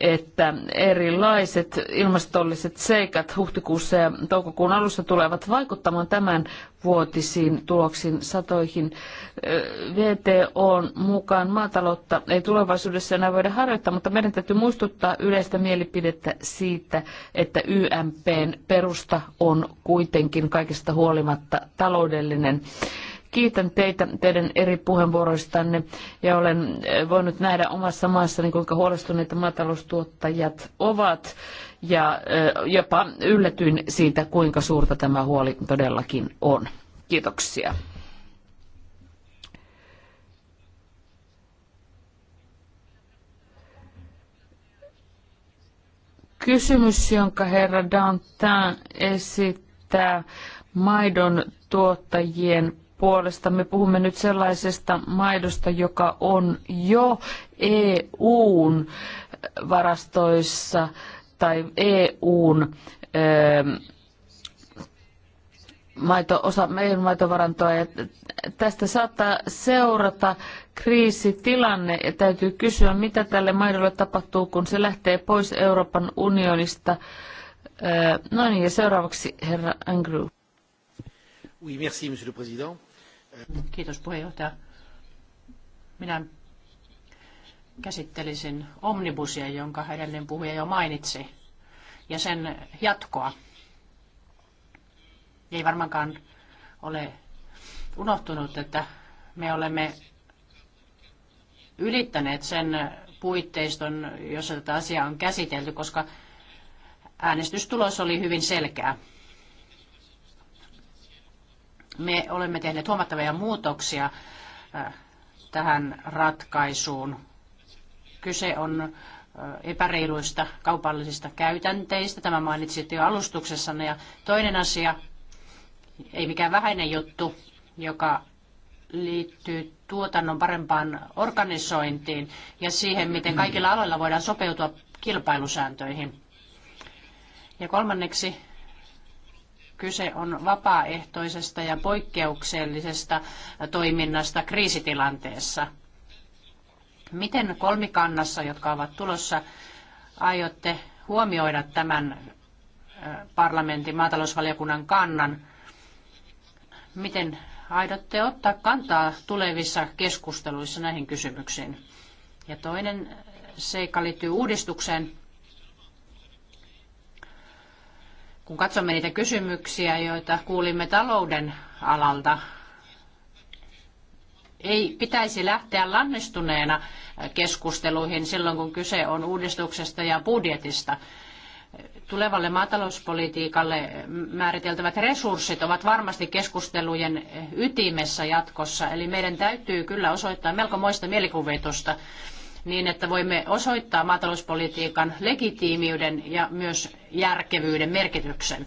että erilaiset ilmastolliset seikat huhtikuussa ja toukokuun alussa tulevat vaikuttamaan tämän vuotisiin tuloksiin satoihin. on mukaan maataloutta ei tulevaisuudessa enää voida harjoittaa, mutta meidän täytyy muistuttaa yleistä mielipidettä siitä, että YMPn perusta on kuitenkin kaikesta huolimatta taloudellinen. Kiitän teitä teidän eri puheenvuoroistanne ja olen eh, voinut nähdä omassa maassani, kuinka huolestuneita maataloustuottajat ovat ja eh, jopa yllätyin siitä, kuinka suurta tämä huoli todellakin on. Kiitoksia. kysymys, jonka herra Dantin esittää maidon tuottajien puolesta me puhumme nyt sellaisesta maidosta, joka on jo EUn varastoissa tai EUn ö, ähm, maito, osa meidän maitovarantoa. Ja tästä saattaa seurata kriisitilanne ja täytyy kysyä, mitä tälle maidolle tapahtuu, kun se lähtee pois Euroopan unionista. Äh, no niin, ja seuraavaksi herra Andrew. Oui, merci, monsieur le président Kiitos puheenjohtaja. Minä käsittelisin omnibusia, jonka edellinen puhuja jo mainitsi, ja sen jatkoa. Ei varmaankaan ole unohtunut, että me olemme ylittäneet sen puitteiston, jossa tätä asiaa on käsitelty, koska äänestystulos oli hyvin selkeä. Me olemme tehneet huomattavia muutoksia äh, tähän ratkaisuun. Kyse on äh, epäreiluista kaupallisista käytänteistä. Tämä mainitsit jo alustuksessanne. Ja toinen asia, ei mikään vähäinen juttu, joka liittyy tuotannon parempaan organisointiin ja siihen, miten kaikilla aloilla voidaan sopeutua kilpailusääntöihin. Ja kolmanneksi Kyse on vapaaehtoisesta ja poikkeuksellisesta toiminnasta kriisitilanteessa. Miten kolmikannassa, jotka ovat tulossa, aiotte huomioida tämän parlamentin maatalousvaliokunnan kannan? Miten aidotte ottaa kantaa tulevissa keskusteluissa näihin kysymyksiin? Ja toinen seikka liittyy uudistukseen. Kun katsomme niitä kysymyksiä, joita kuulimme talouden alalta, ei pitäisi lähteä lannistuneena keskusteluihin silloin, kun kyse on uudistuksesta ja budjetista. Tulevalle maatalouspolitiikalle määriteltävät resurssit ovat varmasti keskustelujen ytimessä jatkossa, eli meidän täytyy kyllä osoittaa melko moista mielikuvitusta niin että voimme osoittaa maatalouspolitiikan legitiimiyden ja myös järkevyyden merkityksen.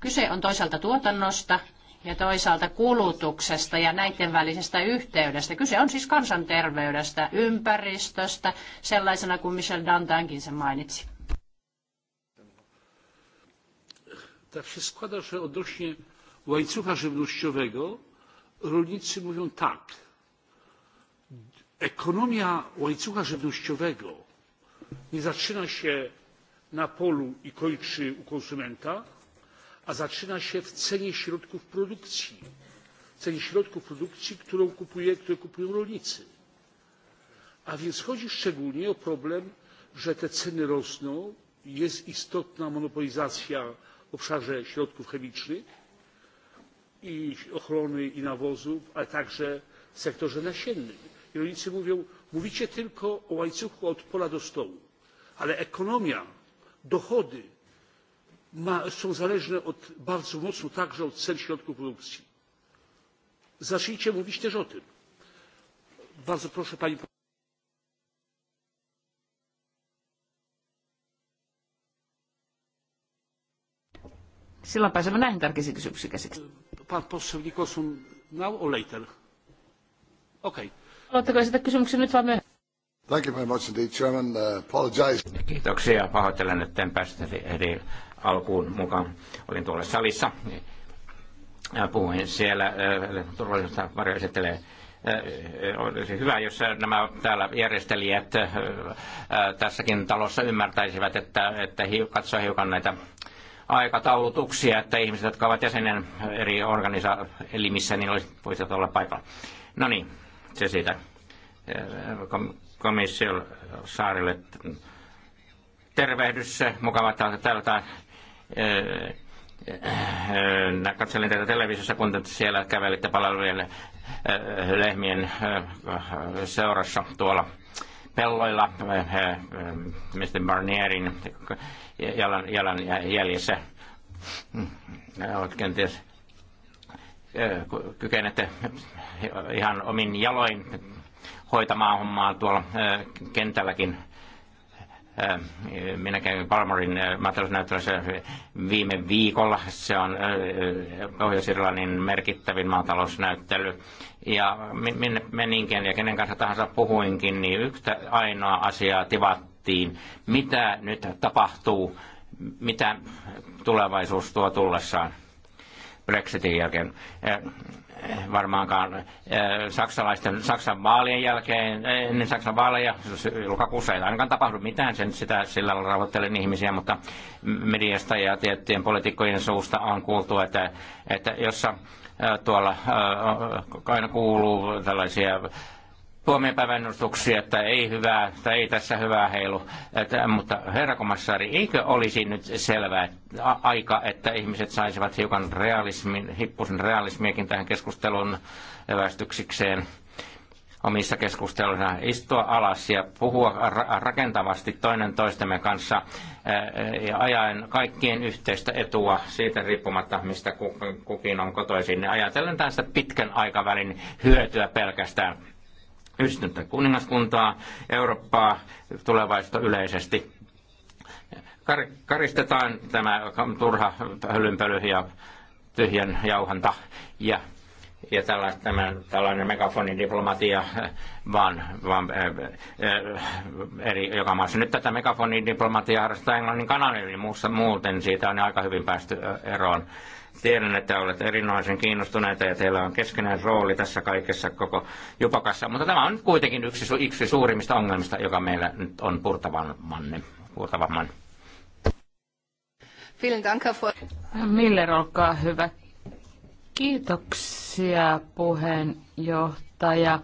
Kyse on toisaalta tuotannosta ja toisaalta kulutuksesta ja näiden välisestä yhteydestä. Kyse on siis kansanterveydestä, ympäristöstä, sellaisena kuin Michel Dantankin sen mainitsi. Tak się składa, że odnośnie łańcucha żywnościowego rolnicy mówią tak – ekonomia łańcucha żywnościowego nie zaczyna się na polu i kończy u konsumenta a zaczyna się w cenie środków produkcji w cenie środków produkcji które kupują rolnicy. a więc chodzi szczególnie o problem że te ceny rosną jest istotna monopolizacja w obszarze środków chemicznych i ochrony i nawozów ale także w sektorze nasiennym i rolnicy mówią mówicie tylko o łańcuchu od pola do stołu ale ekonomia dochody są zależne bardzo mocno także od cen środków produkcji. Zacznijcie mówić też o tym. Bardzo proszę Pani. Silloin pääsemme näihin tärkeisiin kysymyksiin käsiksi. Pan poseł Nicholson now or later? Okay. Haluatteko esittää kysymyksen nyt vai myöhemmin? Thank you very much indeed, Chairman. Uh, apologize. Kiitoksia. Pahoittelen, että en päästä heti alkuun mukaan. Olin tuolla salissa. Puhuin siellä. Uh, turvallisuutta varjo esittelee uh, uh, olisi hyvä, jos nämä täällä järjestelijät tässäkin talossa ymmärtäisivät, että, että katsoa hiukan näitä aikataulutuksia, että ihmiset, jotka ovat jäsenen eri organisa niin olisi, voisivat olla paikalla. No niin, se siitä komission saarille tervehdys. Mukava, että täällä äh, äh, katselin tätä televisiossa, kun siellä kävelitte palvelujen äh, lehmien seurassa tuolla pelloilla Mr. Barnierin jalan, jalan jäljessä. Olet kenties kykenette ihan omin jaloin hoitamaan hommaa tuolla kentälläkin. Minä kävin Palmerin maatalousnäyttelyssä viime viikolla. Se on Pohjois-Irlannin merkittävin maatalousnäyttely. Ja minne meninkin ja kenen kanssa tahansa puhuinkin, niin yhtä ainoa asiaa tivattiin. Mitä nyt tapahtuu? Mitä tulevaisuus tuo tullessaan? Brexitin jälkeen äh, varmaankaan äh, saksalaisten, Saksan vaalien jälkeen, äh, ennen Saksan vaaleja, lokakuussa ei ainakaan tapahdu mitään, sen sitä sillä rauhoittelen ihmisiä, mutta mediasta ja tiettyjen poliitikkojen suusta on kuultu, että, että jossa tuolla aina kuuluu tällaisia tuomiopäivennustuksia, että ei hyvää, tai ei tässä hyvää heilu. Että, mutta herra komissaari, eikö olisi nyt selvää että aika, että ihmiset saisivat hiukan realismin, hippusen realismiakin tähän keskustelun evästyksikseen? omissa keskusteluissa istua alas ja puhua rakentavasti toinen toistemme kanssa ja ajaen kaikkien yhteistä etua siitä riippumatta, mistä kukin on kotoisin. Ajatellen tästä pitkän aikavälin hyötyä pelkästään yhdistynyttä kuningaskuntaa, Eurooppaa, tulevaisuutta yleisesti. Kar- karistetaan tämä turha hölynpöly ja tyhjän jauhanta ja, ja tällä, tämä, tällainen megafonidiplomatia vaan, vaan ä, eri joka maassa. Nyt tätä megafonidiplomatiaa harrastaa Englannin kanavilla, niin muussa muuten siitä on aika hyvin päästy eroon. Tiedän, että olet erinomaisen kiinnostuneita ja teillä on keskeinen rooli tässä kaikessa koko jupakassa, mutta tämä on kuitenkin yksi, yksi suurimmista ongelmista, joka meillä nyt on purtavamman. purtavamman. Miller, olkaa hyvä. Kiitoksia puheenjohtaja.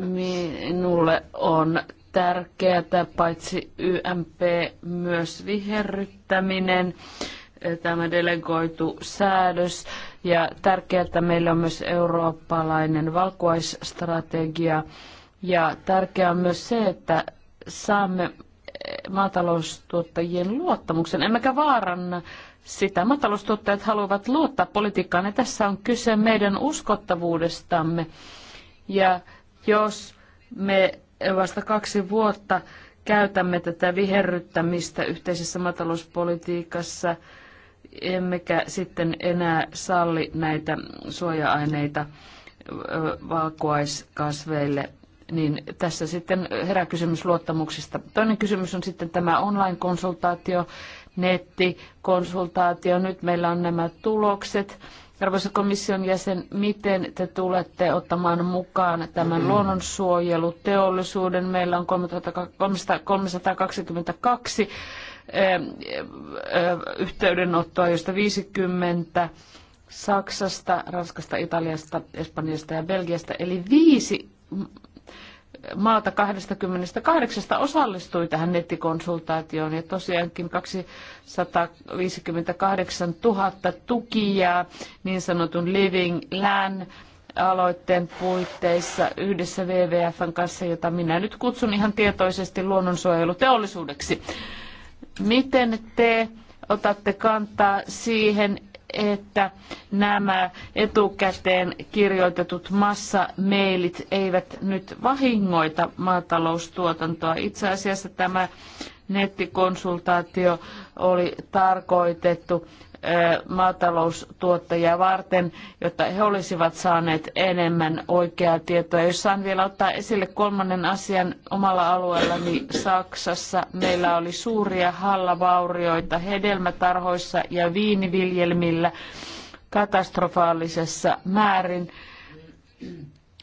Minulle on tärkeätä, paitsi YMP, myös viherryttäminen, tämä delegoitu säädös. Ja tärkeää, että meillä on myös eurooppalainen valkuaisstrategia. Ja tärkeää on myös se, että saamme maataloustuottajien luottamuksen, emmekä vaaranna sitä. Maataloustuottajat haluavat luottaa politiikkaan ja tässä on kyse meidän uskottavuudestamme. Ja jos me vasta kaksi vuotta käytämme tätä viherryttämistä yhteisessä maatalouspolitiikassa, emmekä sitten enää salli näitä suoja-aineita valkuaiskasveille, niin tässä sitten herää kysymys luottamuksista. Toinen kysymys on sitten tämä online-konsultaatio, nettikonsultaatio. Nyt meillä on nämä tulokset Arvoisa komission jäsen, miten te tulette ottamaan mukaan tämän luonnonsuojeluteollisuuden? Meillä on 322 yhteydenottoa, joista 50 Saksasta, Ranskasta, Italiasta, Espanjasta ja Belgiasta, eli viisi maalta 28 osallistui tähän nettikonsultaatioon ja tosiaankin 258 000 tukijaa niin sanotun Living Land aloitteen puitteissa yhdessä WWFn kanssa, jota minä nyt kutsun ihan tietoisesti luonnonsuojeluteollisuudeksi. Miten te otatte kantaa siihen, että nämä etukäteen kirjoitetut massameilit eivät nyt vahingoita maataloustuotantoa. Itse asiassa tämä nettikonsultaatio oli tarkoitettu maataloustuottajia varten, jotta he olisivat saaneet enemmän oikeaa tietoa. Jos saan vielä ottaa esille kolmannen asian omalla alueellani Saksassa, meillä oli suuria hallavaurioita hedelmätarhoissa ja viiniviljelmillä katastrofaalisessa määrin.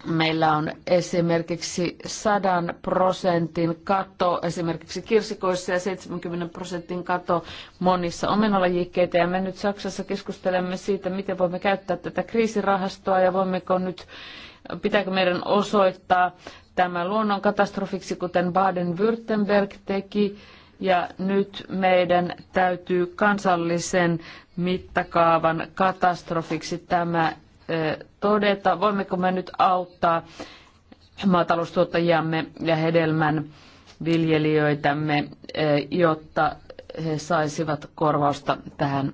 Meillä on esimerkiksi 100 prosentin katto esimerkiksi kirsikoissa ja 70 prosentin katto monissa omenalajikkeitä. Ja me nyt Saksassa keskustelemme siitä, miten voimme käyttää tätä kriisirahastoa ja voimmeko nyt, pitääkö meidän osoittaa tämä luonnonkatastrofiksi, kuten Baden-Württemberg teki. Ja nyt meidän täytyy kansallisen mittakaavan katastrofiksi tämä todeta, voimmeko me nyt auttaa maataloustuottajiamme ja hedelmän viljelijöitämme, jotta he saisivat korvausta tähän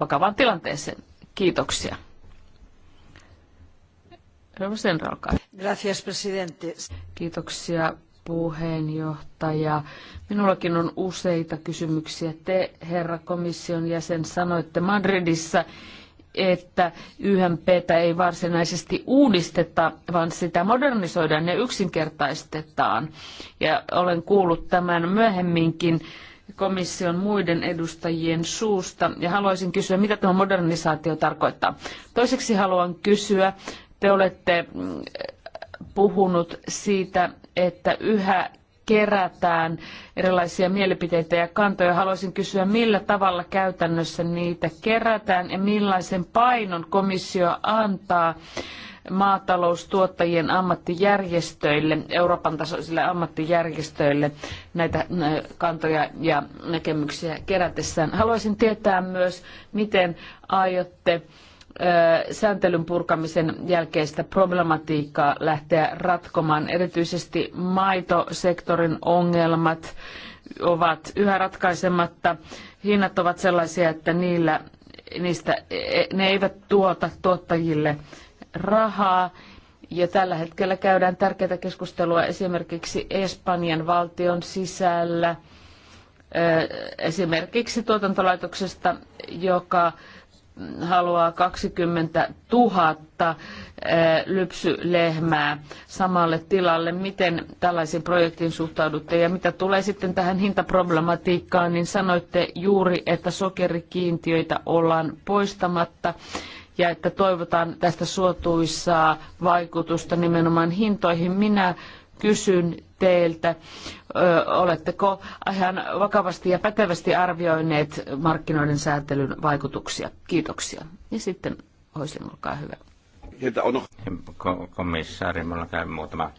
vakavaan tilanteeseen. Kiitoksia. Gracias, presidente. Kiitoksia, puheenjohtaja. Minullakin on useita kysymyksiä. Te, herra komission jäsen, sanoitte Madridissa, että YMPtä ei varsinaisesti uudisteta, vaan sitä modernisoidaan ja yksinkertaistetaan. Ja olen kuullut tämän myöhemminkin komission muiden edustajien suusta ja haluaisin kysyä, mitä tämä modernisaatio tarkoittaa. Toiseksi haluan kysyä, te olette mm, puhunut siitä, että yhä kerätään erilaisia mielipiteitä ja kantoja. Haluaisin kysyä, millä tavalla käytännössä niitä kerätään ja millaisen painon komissio antaa maataloustuottajien ammattijärjestöille, Euroopan tasoisille ammattijärjestöille näitä äh, kantoja ja näkemyksiä kerätessään. Haluaisin tietää myös, miten aiotte sääntelyn purkamisen jälkeistä problematiikkaa lähteä ratkomaan. Erityisesti maitosektorin ongelmat ovat yhä ratkaisematta. Hinnat ovat sellaisia, että niillä, niistä, e, ne eivät tuota tuottajille rahaa. Ja tällä hetkellä käydään tärkeää keskustelua esimerkiksi Espanjan valtion sisällä esimerkiksi tuotantolaitoksesta, joka haluaa 20 000 eh, lypsylehmää samalle tilalle. Miten tällaisen projektin suhtaudutte? Ja mitä tulee sitten tähän hintaproblematiikkaan, niin sanoitte juuri, että sokerikiintiöitä ollaan poistamatta ja että toivotaan tästä suotuisaa vaikutusta nimenomaan hintoihin. Minä kysyn teiltä. Oletteko ihan vakavasti ja pätevästi arvioineet markkinoiden sääntelyn vaikutuksia? Kiitoksia. Ja sitten Hoisin, olkaa hyvä. Komissaari, minulla käy muutama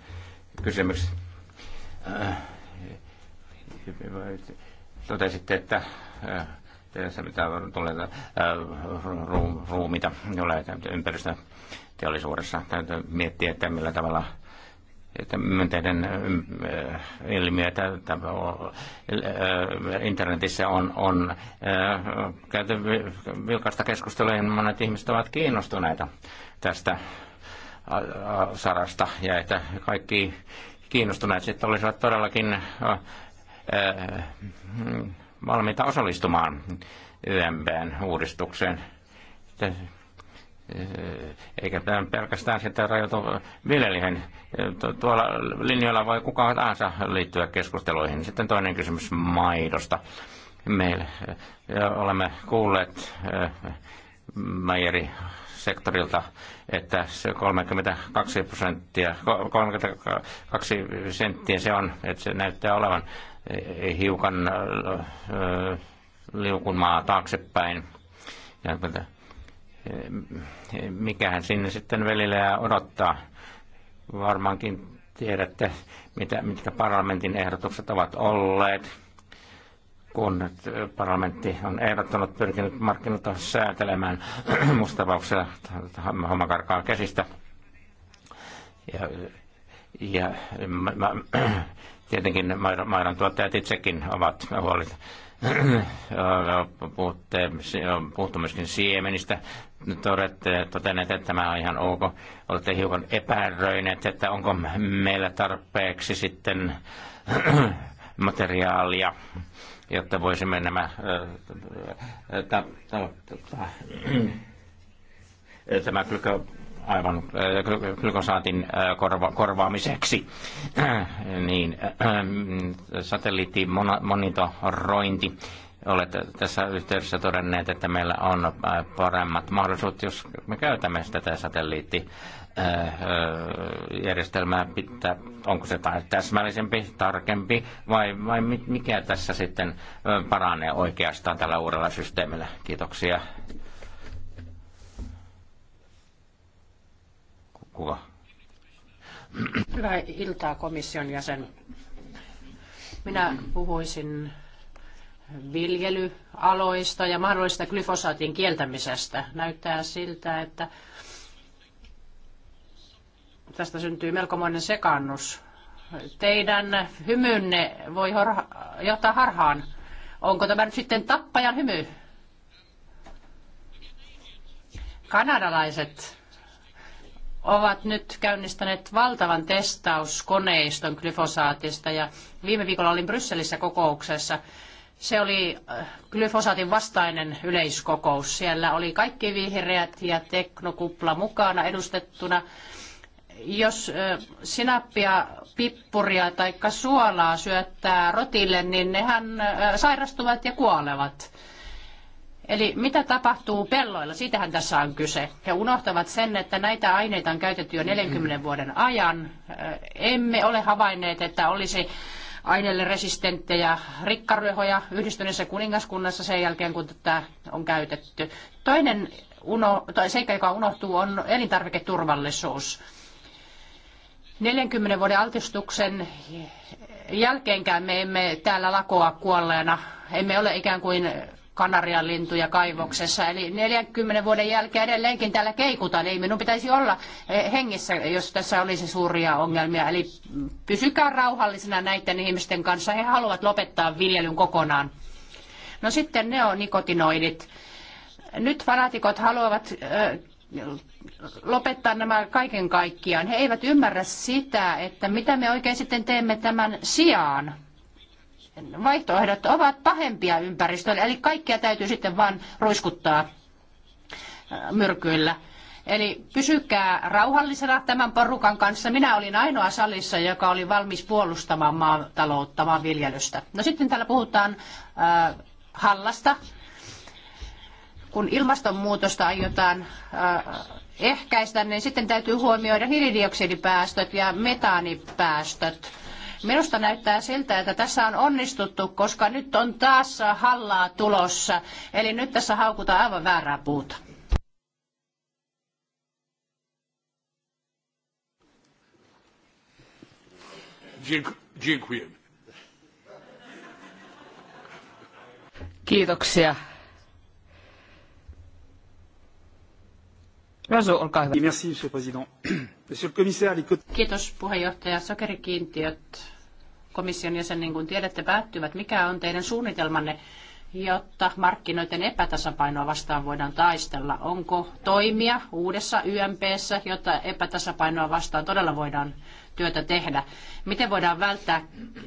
kysymys. Äh, totesitte, että äh, tässä mitä tulee äh, ruumita, jolle ympäristöteollisuudessa täytyy miettiä, että millä tavalla myönteinen äh, ilmiö tältä äh, internetissä on, on äh, käyty vilkaista keskustelua, ja monet ihmiset ovat kiinnostuneita tästä sarasta ja että kaikki kiinnostuneet sitten olisivat todellakin valmiita osallistumaan YMBn uudistukseen. Eh, eikä tämä pelkästään sitä rajoitu viljelijän. Tuolla linjoilla voi kuka tahansa liittyä keskusteluihin. Sitten toinen kysymys maidosta. Me eh, olemme kuulleet eh, Meijeri sektorilta, että se 32 prosenttia, 32 senttiä se on, että se näyttää olevan hiukan liukunmaa taaksepäin. Ja mikähän sinne sitten välillä odottaa. Varmaankin tiedätte, mitä, mitkä parlamentin ehdotukset ovat olleet, kun parlamentti on ehdottanut, pyrkinyt markkinoita säätelemään [CLEARS THROAT] mustavauksella, homma karkaa käsistä. Ja ja ma, ma, [CLEARS THROAT] tietenkin maidon tuottajat itsekin ovat huolit. [CLEARS THROAT] puhuttu myöskin siemenistä. olette totenet, että tämä on ihan ok. Olette hiukan epäröineet, että onko meillä tarpeeksi sitten [CLEARS THROAT] materiaalia, jotta voisimme nämä äh, äh, äh, tämä aivan äh, glykosaatin äh, korva, korvaamiseksi. [CLEARS THROAT] niin, äh, satelliittimonitorointi Olet tässä yhteydessä todenneet, että meillä on paremmat mahdollisuudet, jos me käytämme tätä satelliitti järjestelmää pitää, onko se täsmällisempi, tarkempi vai, vai mikä tässä sitten paranee oikeastaan tällä uudella systeemillä. Kiitoksia. Kuka? Hyvää iltaa komission jäsen. Minä puhuisin viljelyaloista ja mahdollisesta glyfosaatin kieltämisestä. Näyttää siltä, että tästä syntyy melkomoinen sekannus. Teidän hymynne voi horha- johtaa harhaan. Onko tämä nyt sitten tappajan hymy? Kanadalaiset ovat nyt käynnistäneet valtavan testauskoneiston glyfosaatista ja viime viikolla olin Brysselissä kokouksessa. Se oli äh, glyfosaatin vastainen yleiskokous. Siellä oli kaikki vihreät ja teknokupla mukana edustettuna. Jos äh, sinappia, pippuria tai suolaa syöttää rotille, niin nehän äh, sairastuvat ja kuolevat. Eli mitä tapahtuu pelloilla? Siitähän tässä on kyse. He unohtavat sen, että näitä aineita on käytetty jo 40 vuoden ajan. Emme ole havainneet, että olisi aineelle resistenttejä rikkaryhoja yhdistyneessä kuningaskunnassa sen jälkeen, kun tätä on käytetty. Toinen uno, tai seikka, joka unohtuu, on elintarviketurvallisuus. 40 vuoden altistuksen jälkeenkään me emme täällä lakoa kuolleena. Emme ole ikään kuin kanarianlintuja kaivoksessa. Eli 40 vuoden jälkeen edelleenkin täällä keikutaan. Ei minun pitäisi olla eh, hengissä, jos tässä olisi suuria ongelmia. Eli pysykää rauhallisena näiden ihmisten kanssa. He haluavat lopettaa viljelyn kokonaan. No sitten neonikotinoidit. Nyt fanaatikot haluavat eh, lopettaa nämä kaiken kaikkiaan. He eivät ymmärrä sitä, että mitä me oikein sitten teemme tämän sijaan vaihtoehdot ovat pahempia ympäristölle, eli kaikkia täytyy sitten vain ruiskuttaa äh, myrkyillä. Eli pysykää rauhallisena tämän porukan kanssa. Minä olin ainoa salissa, joka oli valmis puolustamaan maataloutta, maanviljelystä. No sitten täällä puhutaan äh, hallasta. Kun ilmastonmuutosta aiotaan äh, ehkäistä, niin sitten täytyy huomioida hiilidioksidipäästöt ja metaanipäästöt Minusta näyttää siltä, että tässä on onnistuttu, koska nyt on taas hallaa tulossa. Eli nyt tässä haukutaan aivan väärää puuta. Kiitoksia. Rasu, olkaa hyvä. Merci, monsieur le président. Kiitos puheenjohtaja. Sokerikiintiöt komission jäsen, niin kuin tiedätte, päättyvät. Mikä on teidän suunnitelmanne, jotta markkinoiden epätasapainoa vastaan voidaan taistella? Onko toimia uudessa YMPssä, jotta epätasapainoa vastaan todella voidaan työtä tehdä? Miten voidaan välttää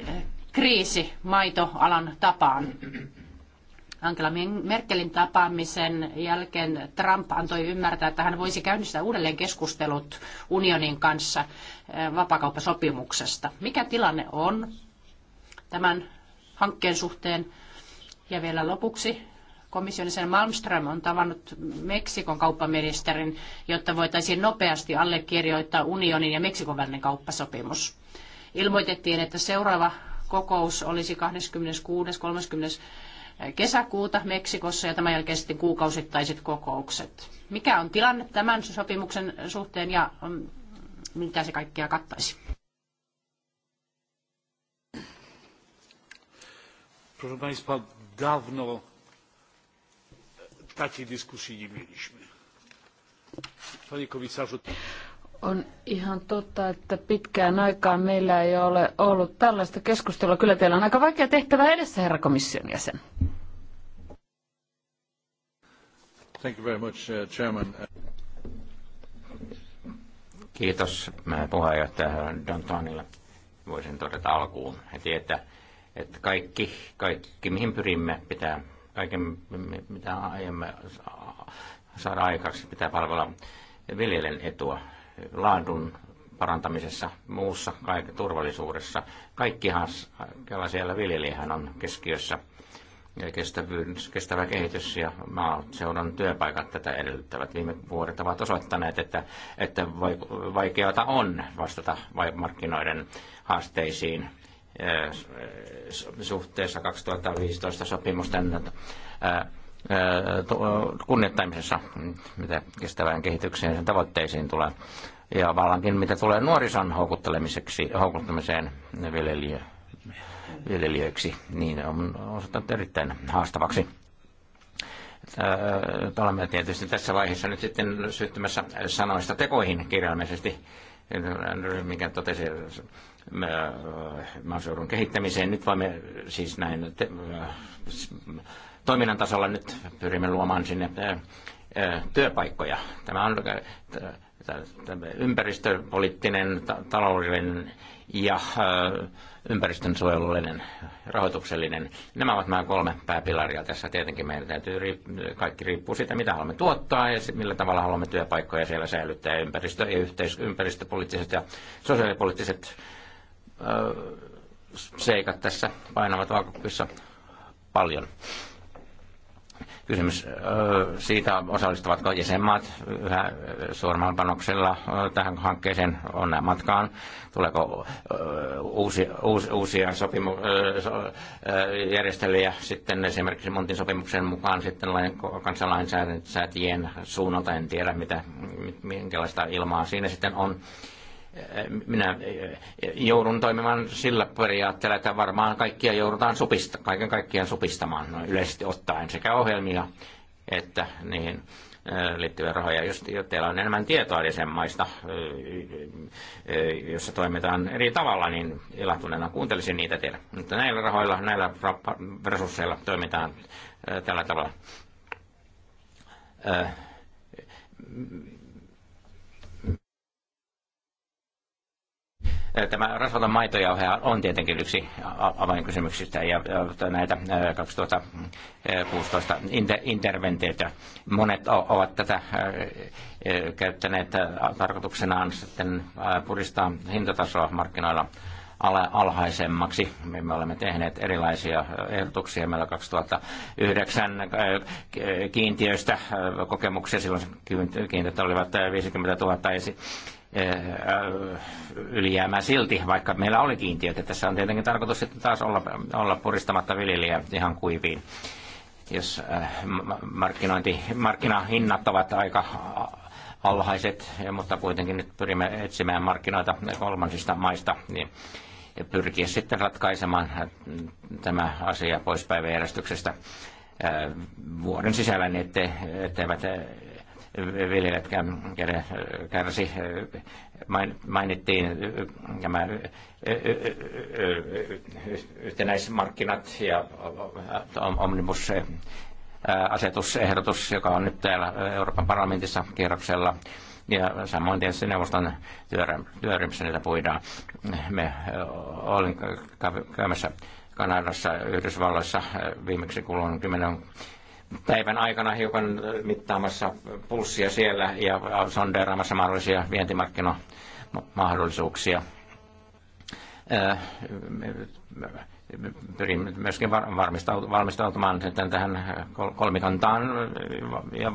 eh, kriisi maitoalan tapaan? Angela Merkelin tapaamisen jälkeen Trump antoi ymmärtää, että hän voisi käynnistää uudelleen keskustelut unionin kanssa eh, vapakauppasopimuksesta. Mikä tilanne on tämän hankkeen suhteen? Ja vielä lopuksi komissionisen Malmström on tavannut Meksikon kauppaministerin, jotta voitaisiin nopeasti allekirjoittaa unionin ja Meksikon välinen kauppasopimus. Ilmoitettiin, että seuraava kokous olisi 26. 30 kesäkuuta Meksikossa ja tämän jälkeen sitten kuukausittaiset kokoukset. Mikä on tilanne tämän sopimuksen suhteen ja mm, mitä se kaikkea kattaisi? Proszę Państwa, dawno takiej dyskusji nie mieliśmy. Panie komisarzu. On ihan totta, että pitkään aikaan meillä ei ole ollut tällaista keskustelua. Kyllä teillä on aika vaikea tehtävä edessä, herra komission jäsen. Thank you very much, uh, Chairman. Kiitos uh, puheenjohtaja Dantonille. Voisin todeta alkuun heti, että, että kaikki, kaikki, mihin pyrimme, pitää kaiken, mitä aiemme saada aikaksi, pitää palvella viljelijän etua laadun parantamisessa, muussa kaik- turvallisuudessa. Kaikkihan, kela siellä viljelijähän on keskiössä kestävä kehitys ja maaseudun työpaikat tätä edellyttävät. Viime vuodet ovat osoittaneet, että, että vaikeata on vastata markkinoiden haasteisiin äh, suhteessa 2015 sopimusten äh, kunnittamisessa, mitä kestävään kehitykseen sen tavoitteisiin tulee. Ja vallankin mitä tulee nuorison houkuttelemiseksi, houkuttelemiseen viljelijö, viljelijöiksi, niin on osoittanut erittäin haastavaksi. Olemme tietysti tässä vaiheessa nyt sitten syttymässä sanoista tekoihin kirjallisesti, mikä totesi maaseudun kehittämiseen. Nyt voimme siis näin te, toiminnan tasolla nyt pyrimme luomaan sinne työpaikkoja. Tämä on ympäristöpoliittinen, taloudellinen ja ympäristönsuojelullinen, rahoituksellinen. Nämä ovat nämä kolme pääpilaria tässä. Tietenkin meidän täytyy, kaikki riippuu siitä, mitä haluamme tuottaa ja millä tavalla haluamme työpaikkoja siellä säilyttää. Ympäristö ja yhteis- ympäristöpoliittiset ja sosiaalipoliittiset seikat tässä painavat vaakakupissa paljon. Kysymys siitä, osallistuvatko jäsenmaat yhä suoremmalla panoksella tähän hankkeeseen on matkaan. Tuleeko uusi, uusi, uusia sopimu, järjestelyjä sitten esimerkiksi Montin sopimuksen mukaan sitten kansalainsäätien suunnalta. En tiedä, mitä, minkälaista ilmaa siinä sitten on minä eh, eh, joudun toimimaan sillä periaatteella, että varmaan kaikkia joudutaan supista, kaiken kaikkiaan supistamaan noin yleisesti ottaen sekä ohjelmia että niihin eh, liittyviä rahoja. Jos teillä on enemmän tietoa jäsenmaista, jossa toimitaan eri tavalla, niin ilahtuneena kuuntelisin niitä teille. Mutta näillä rahoilla, näillä resursseilla toimitaan tällä tavalla Tämä rasvaton maitojauhe on tietenkin yksi avainkysymyksistä ja näitä 2016 interventioita. Monet ovat tätä käyttäneet tarkoituksenaan sitten puristaa hintatasoa markkinoilla alhaisemmaksi. Me olemme tehneet erilaisia ehdotuksia. Meillä 2009 kiintiöistä kokemuksia. Silloin kiintiöt olivat 50 000 Eh, ylijäämää silti, vaikka meillä oli kiintiöitä. Tässä on tietenkin tarkoitus sitten taas olla, olla puristamatta viljelijä ihan kuiviin, jos eh, markkinointi, markkinahinnat ovat aika alhaiset, mutta kuitenkin nyt pyrimme etsimään markkinoita kolmansista maista, niin pyrkiä sitten ratkaisemaan eh, tämä asia pois päiväjärjestyksestä vuoden sisällä, niin ettei, etteivät viljelijät kärsi. Mainittiin nämä yhtenäismarkkinat ja omnibus asetusehdotus, joka on nyt täällä Euroopan parlamentissa kierroksella. Ja samoin tietysti neuvoston työryhmässä niitä puidaan. Me olin käymässä Kanadassa, Yhdysvalloissa viimeksi kulunut kymmenen päivän aikana hiukan mittaamassa pulssia siellä ja sondeeraamassa mahdollisia vientimarkkinamahdollisuuksia. Äh, pyrin myöskin valmistautumaan sitten tähän kolmikantaan ja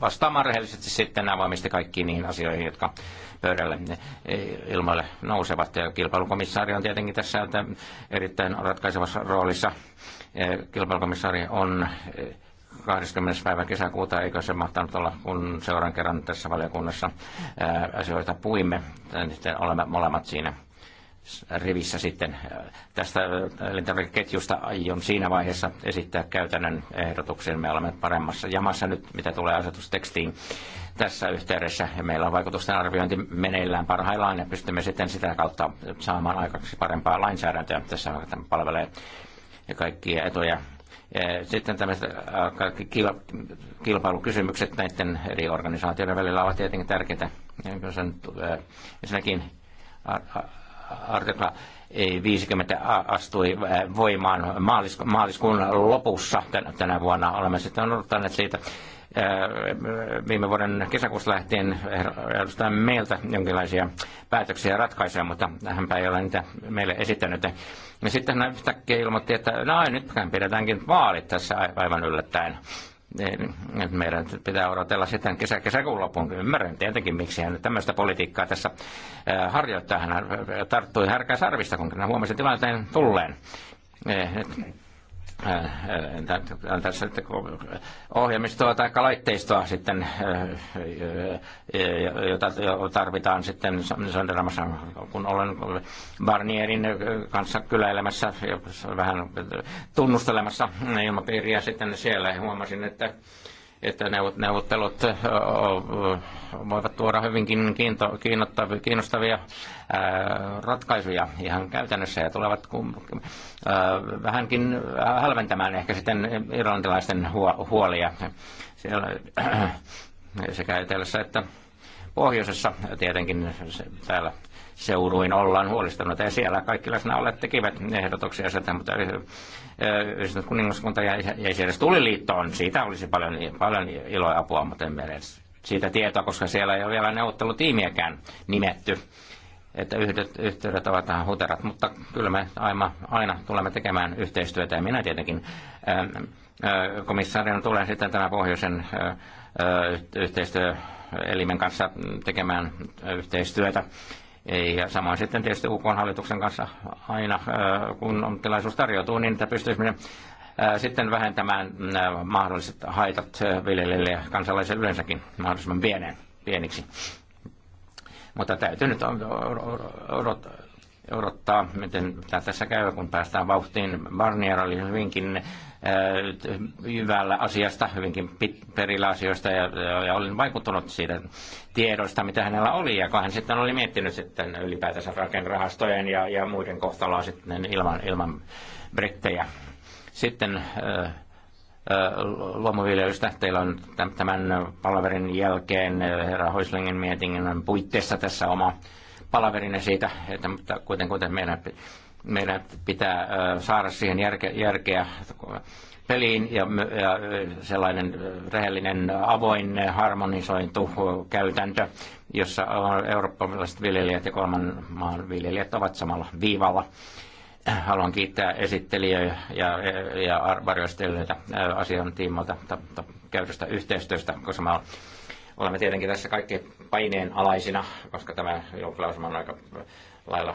vastaamaan rehellisesti sitten avoimesti kaikkiin niihin asioihin, jotka pöydälle eh, ilmoille nousevat. Ja kilpailukomissaari on tietenkin tässä erittäin ratkaisevassa roolissa. Eh, kilpailukomissaari on eh, 20. päivä kesäkuuta, eikö se mahtanut olla, kun seuraan kerran tässä valiokunnassa ää, asioita puimme, sitten olemme molemmat siinä rivissä sitten. Tästä elintarvikeketjusta aion siinä vaiheessa esittää käytännön ehdotuksen. Me olemme paremmassa jamassa nyt, mitä tulee asetustekstiin tässä yhteydessä. Ja meillä on vaikutusten arviointi meneillään parhaillaan ja pystymme sitten sitä kautta saamaan aikaksi parempaa lainsäädäntöä. Tässä palvelee kaikkia etuja sitten tämmöiset kilpailukysymykset näiden eri organisaatioiden välillä ovat tietenkin tärkeitä. Ensinnäkin artikla 50 astui voimaan maaliskuun lopussa tänä vuonna. Olemme sitten odottaneet siitä viime vuoden kesäkuussa lähtien edustaa meiltä jonkinlaisia päätöksiä ja ratkaisuja, mutta hänpä ei ole niitä meille esittänyt. Ja sitten hän yhtäkkiä ilmoitti, että no nyt pidetäänkin vaalit tässä aivan yllättäen. Niin, meidän pitää odotella sitten kesä, kesäkuun lopun. Ymmärrän tietenkin, miksi hän tämmöistä politiikkaa tässä harjoittaa. Hän tarttui härkää sarvista, kun hän huomasi tilanteen tulleen. Niin, nyt Äh, äh, tässä äh, ohjelmistoa tai laitteistoa sitten, jota tarvitaan sitten Sanderamassa, kun olen Barnierin kanssa kyläilemässä vähän tunnustelemassa ilmapiiriä sitten siellä huomasin, että että neuvottelut voivat tuoda hyvinkin kiinnostavia ratkaisuja ihan käytännössä ja tulevat vähänkin hälventämään ehkä sitten irlantilaisten huolia siellä sekä etelässä että pohjoisessa tietenkin täällä seuduin ollaan huolestunut. Ja siellä kaikki läsnä olleet tekivät ehdotuksia sitä, mutta yhdistynyt kuningaskunta jäi, jäi siellä tuliliittoon. Siitä olisi paljon, paljon iloa ja apua, mutta emme edes siitä tietoa, koska siellä ei ole vielä neuvottelutiimiäkään nimetty. Että yhdet, yhteydet ovat tähän huterat, mutta kyllä me aina, aina tulemme tekemään yhteistyötä ja minä tietenkin komissaarina tulen sitten tämän pohjoisen yhteistyöelimen kanssa tekemään yhteistyötä ja samoin sitten tietysti UK-hallituksen kanssa aina, kun on tilaisuus tarjoutuu, niin että pystyisimme sitten vähentämään mahdolliset haitat viljelijöille ja kansalaisille yleensäkin mahdollisimman pieneen, pieniksi. Mutta täytyy nyt odottaa, miten tässä käy, kun päästään vauhtiin. Barnier oli hyvinkin hyvällä asiasta, hyvinkin perillä asioista, ja, ja olin vaikuttunut siitä tiedosta, mitä hänellä oli, ja hän sitten oli miettinyt sitten ylipäätänsä rakennerahastojen ja, ja muiden kohtaloa sitten ilman, ilman brittejä. Sitten luomuviljelystä. Teillä on tämän palaverin jälkeen herra Hoislingin mietinnän puitteissa tässä oma palaverinen siitä, että, mutta kuitenkin meidän meidän pitää saada siihen järke, järkeä peliin ja, ja sellainen rehellinen avoin harmonisointu käytäntö, jossa eurooppalaiset viljelijät ja kolman maan viljelijät ovat samalla viivalla. Haluan kiittää esittelijöitä ja, ja varjoistelijoita asian tiimoilta käytöstä yhteistyöstä, koska mä olemme tietenkin tässä kaikki paineen alaisina, koska tämä julkilausuma on aika lailla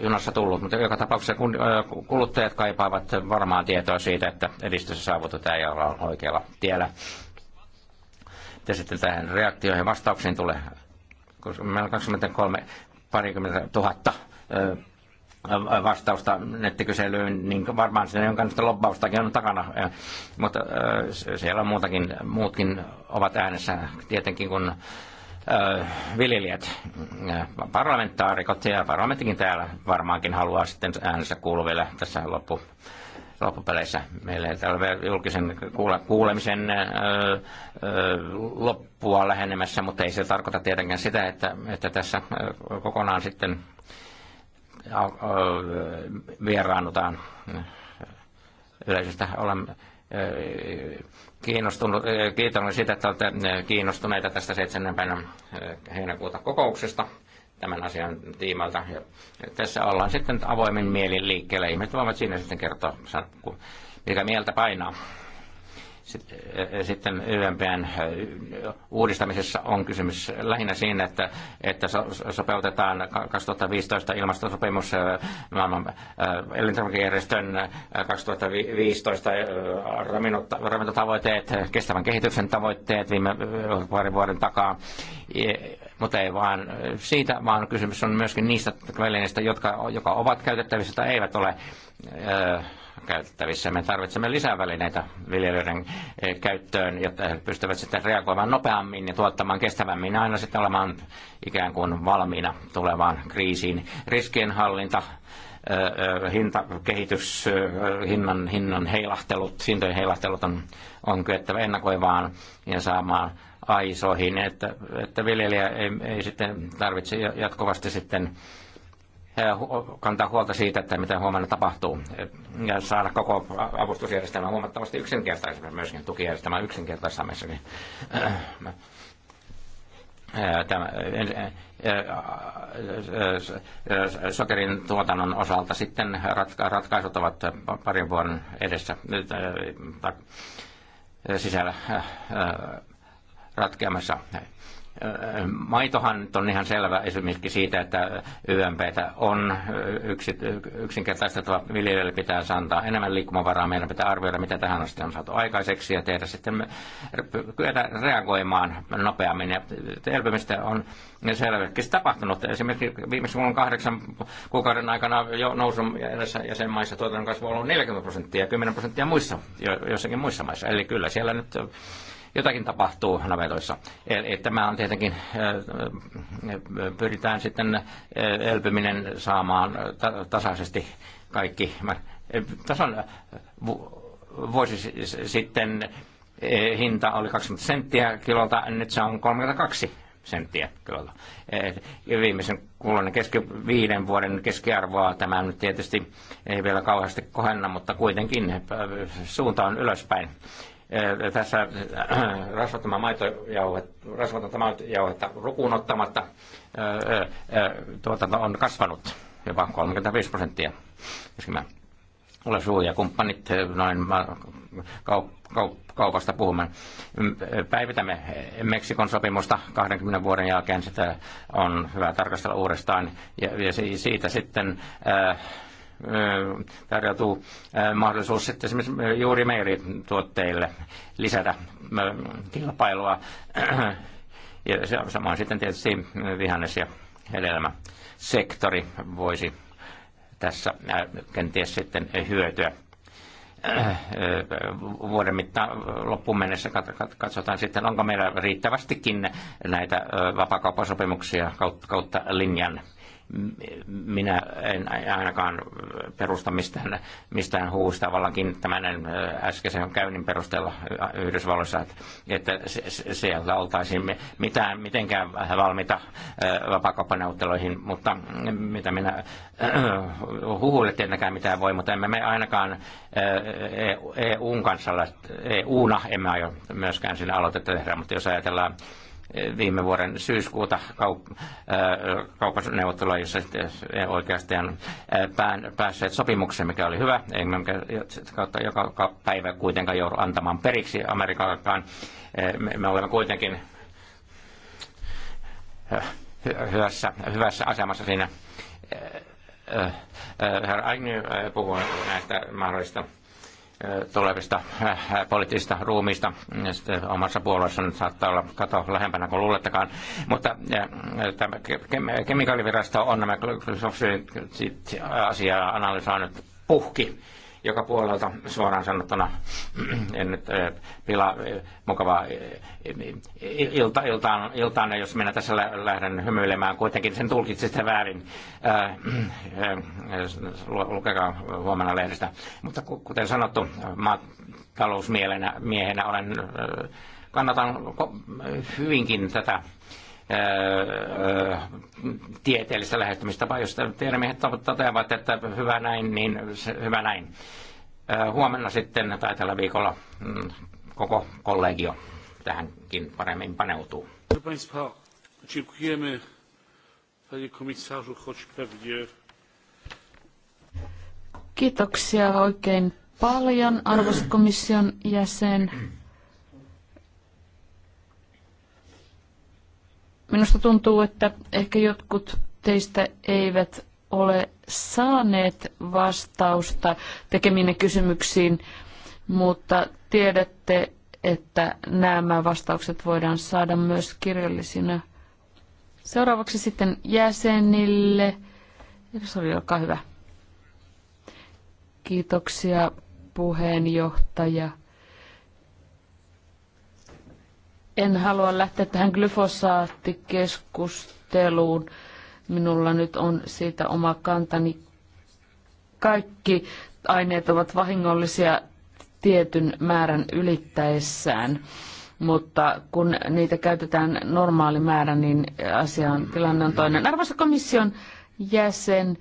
junassa tullut, mutta joka tapauksessa kun kuluttajat kaipaavat varmaan tietoa siitä, että edistys saavutetaan ja ollaan oikealla tiellä. Ja sitten tähän reaktioihin ja vastauksiin tulee, meillä on 23 parikymmentä tuhatta vastausta nettikyselyyn, niin varmaan siinä jonkinlaista lobbaustakin on takana. Mutta siellä on muutakin, muutkin ovat äänessä tietenkin, kun viljelijät, parlamentaarikot ja parlamenttikin täällä varmaankin haluaa sitten äänensä kuuluville tässä loppu, loppupeleissä. Meillä ei ole julkisen kuule, kuulemisen ö, ö, loppua lähenemässä, mutta ei se tarkoita tietenkään sitä, että, että tässä kokonaan sitten vieraannutaan yleisöstä. Olemme, kiinnostunut, eh, kiitollinen siitä, että olette eh, kiinnostuneita tästä 7. päivän eh, heinäkuuta kokouksesta tämän asian tiimalta. Ja tässä ollaan sitten avoimin mielin liikkeelle. Ihmiset voivat siinä sitten kertoa, mikä mieltä painaa. Eh, eh, sitten YMPn eh, uudistamisessa on kysymys lähinnä siinä, että, että sopeutetaan 2015 ilmastosopimus maailman elintarvikejärjestön 2015 ravintotavoitteet, kestävän kehityksen tavoitteet viime parin vuoden takaa mutta ei vaan siitä, vaan kysymys on myöskin niistä välineistä, jotka jotka ovat käytettävissä tai eivät ole käytettävissä. Me tarvitsemme lisää välineitä viljelijöiden eh, käyttöön, jotta he pystyvät sitten reagoimaan nopeammin ja tuottamaan kestävämmin aina sitten olemaan ikään kuin valmiina tulevaan kriisiin. Riskienhallinta, eh, eh, kehitys, hinnan, hinnan heilahtelut, hintojen heilahtelut on, on kyettävä ennakoivaan ja saamaan aisoihin, että, että viljelijä ei, ei sitten tarvitse jatkuvasti sitten kantaa huolta siitä, että mitä huomenna tapahtuu, ja saada koko avustusjärjestelmä huomattavasti yksinkertaisemmin, myöskin tukijärjestelmä yksinkertaisemmin. Äh, äh, äh, sokerin tuotannon osalta sitten ratka- ratkaisut ovat parin vuoden edessä nyt, sisällä ratkeamassa. Maitohan nyt on ihan selvä esimerkki siitä, että YMPtä on yksi, yksinkertaistettava viljelijöille pitää antaa enemmän liikkumavaraa. Meidän pitää arvioida, mitä tähän asti on saatu aikaiseksi ja tehdä sitten kyetä reagoimaan nopeammin. Ja elpymistä on selvästi tapahtunut. Esimerkiksi viimeisen vuoden kahdeksan kuukauden aikana jo nousun jäsenmaissa tuotannon kasvu on ollut 40 prosenttia ja 10 prosenttia muissa, jossakin muissa maissa. Eli kyllä siellä nyt jotakin tapahtuu navetoissa. Eli tämä on tietenkin, äh, äh, pyritään sitten äh, elpyminen saamaan tasaisesti kaikki. on vuosi sitten hinta oli 20 senttiä kilolta, nyt se on 32 senttiä kilolta. Viimeisen kuluneen keski, viiden vuoden keskiarvoa tämä nyt tietysti ei vielä kauheasti kohenna, mutta kuitenkin suunta on ylöspäin. Eh, tässä äh, rasvattoman maitojauhet, rasvatonta maitojauhetta lukuun ottamatta äh, äh, tuotanto on kasvanut jopa 35 prosenttia. Ole suuja kumppanit noin kaup, kaup, kaupasta puhumaan. Mm, päivitämme Meksikon sopimusta 20 vuoden jälkeen. Sitä on hyvä tarkastella uudestaan. Ja, ja siitä sitten äh, tarjoutuu mahdollisuus sitten esimerkiksi juuri meirituotteille lisätä kilpailua. [CLEARS THROAT] Ja samoin sitten tietysti vihannes- ja hedelmäsektori voisi tässä kenties sitten hyötyä vuoden mittaan loppuun mennessä katsotaan sitten, onko meillä riittävästikin näitä vapakauppasopimuksia kautta linjan minä en ainakaan perusta mistään, mistään huusta tavallaankin tämän äskeisen käynnin perusteella Yhdysvalloissa, että, että siellä oltaisiin mitään, mitenkään valmiita vapakauppaneuvotteluihin, mutta mitä minä huhuille tietenkään mitään voi, mutta emme me ainakaan EUn e kanssa, EUna emme aio myöskään sinne aloitetta tehdä, mutta jos ajatellaan viime vuoden syyskuuta kaup- äh, kauppaneuvottelua, jossa oikeasti on äh, päässeet sopimukseen, mikä oli hyvä, enkä kautta joka päivä kuitenkaan joudu antamaan periksi Amerikallakaan. Äh, me olemme kuitenkin hyvässä, hyvässä asemassa siinä. Herra Agnew puhuu näistä mahdollista tulevista poliittisista ruumiista. Sitten omassa puolueessa nyt saattaa olla kato lähempänä kuin luulettakaan. Mutta tämä kemikaalivirasto on nämä asiaa analysoinut puhki joka puolelta suoraan sanottuna. [CLEARS THROAT] En nyt äh, pila äh, mukavaa äh, ilta, iltaan, iltaan, jos minä tässä lähden hymyilemään. Kuitenkin sen tulkitsin sitä väärin. Lukekaa huomenna lehdestä. Mutta kuten sanottu, maatalousmiehenä miehenä olen, kannatan hyvinkin tätä tieteellistä lähestymistapaa, jos tiedemiehet toteavat, että hyvä näin, niin hyvä näin. Huomenna sitten tai tällä viikolla mm, koko kollegio tähänkin paremmin paneutuu. Kiitoksia oikein paljon, arvoisa komission jäsen. Minusta tuntuu, että ehkä jotkut teistä eivät ole saaneet vastausta tekemiinne kysymyksiin, mutta tiedätte, että nämä vastaukset voidaan saada myös kirjallisina. Seuraavaksi sitten jäsenille. Sori, olkaa hyvä. Kiitoksia puheenjohtaja. En halua lähteä tähän glyfosaattikeskusteluun. Minulla nyt on siitä oma kantani. Kaikki aineet ovat vahingollisia tietyn määrän ylittäessään, mutta kun niitä käytetään normaali määrä, niin asia on, tilanne on toinen. Arvoisa komission jäsen,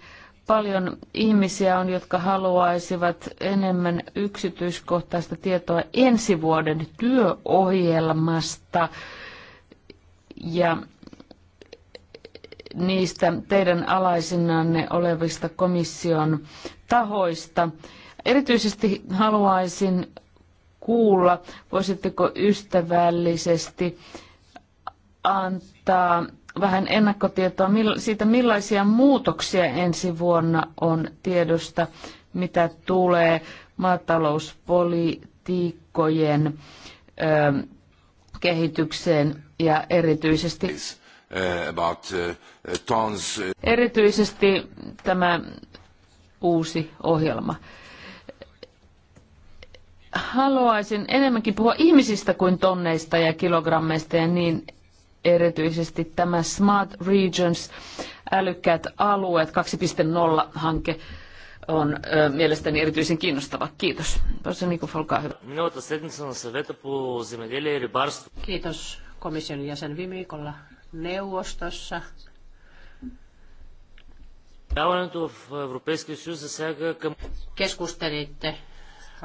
Paljon ihmisiä on, jotka haluaisivat enemmän yksityiskohtaista tietoa ensi vuoden työohjelmasta ja niistä teidän alaisinanne olevista komission tahoista. Erityisesti haluaisin kuulla, voisitteko ystävällisesti antaa vähän ennakkotietoa siitä, millaisia muutoksia ensi vuonna on tiedosta, mitä tulee maatalouspolitiikkojen ö, kehitykseen ja erityisesti, eh, eh, eh, erityisesti tämä uusi ohjelma haluaisin enemmänkin puhua ihmisistä kuin tonneista ja kilogrammeista ja niin erityisesti tämä Smart Regions, älykkäät alueet 2.0-hanke on ö, mielestäni erityisen kiinnostava. Kiitos. Tuossa Niko, olkaa hyvä. Kiitos komission jäsen viime viikolla neuvostossa. Keskustelitte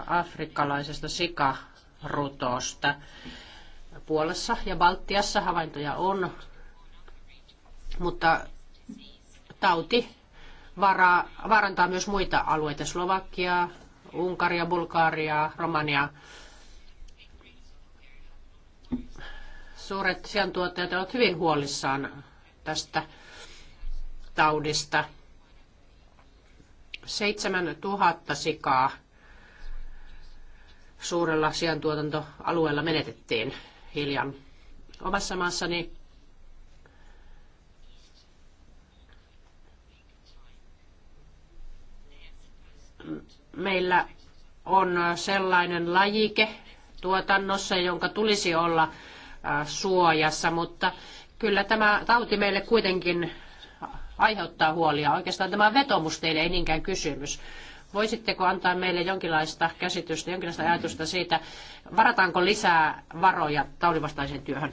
afrikkalaisesta sikarutosta. Puolassa ja Baltiassa havaintoja on, mutta tauti varaa vaarantaa myös muita alueita, Slovakiaa, Unkaria, Bulgariaa, Romaniaa. Suuret sijantuottajat ovat hyvin huolissaan tästä taudista. 7000 sikaa suurella sijantuotantoalueella menetettiin hiljan. Omassa maassani meillä on sellainen lajike tuotannossa, jonka tulisi olla äh, suojassa, mutta kyllä tämä tauti meille kuitenkin aiheuttaa huolia. Oikeastaan tämä on vetomus teille, ei niinkään kysymys. Voisitteko antaa meille jonkinlaista käsitystä, jonkinlaista ajatusta siitä, varataanko lisää varoja taudinvastaiseen työhön?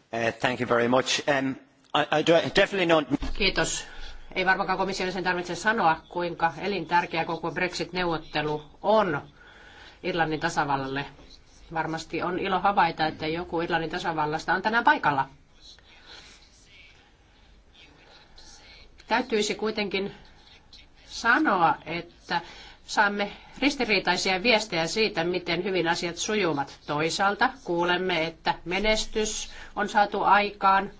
Uh, thank you very much. Um, I, I definitely not... Kiitos. Ei varmaankaan komission sen tarvitse sanoa, kuinka elintärkeä koko Brexit-neuvottelu on Irlannin tasavallalle. Varmasti on ilo havaita, että joku Irlannin tasavallasta on tänään paikalla. Täytyisi kuitenkin sanoa, että saamme ristiriitaisia viestejä siitä, miten hyvin asiat sujuvat. Toisaalta kuulemme, että menestys on saatu aikaan.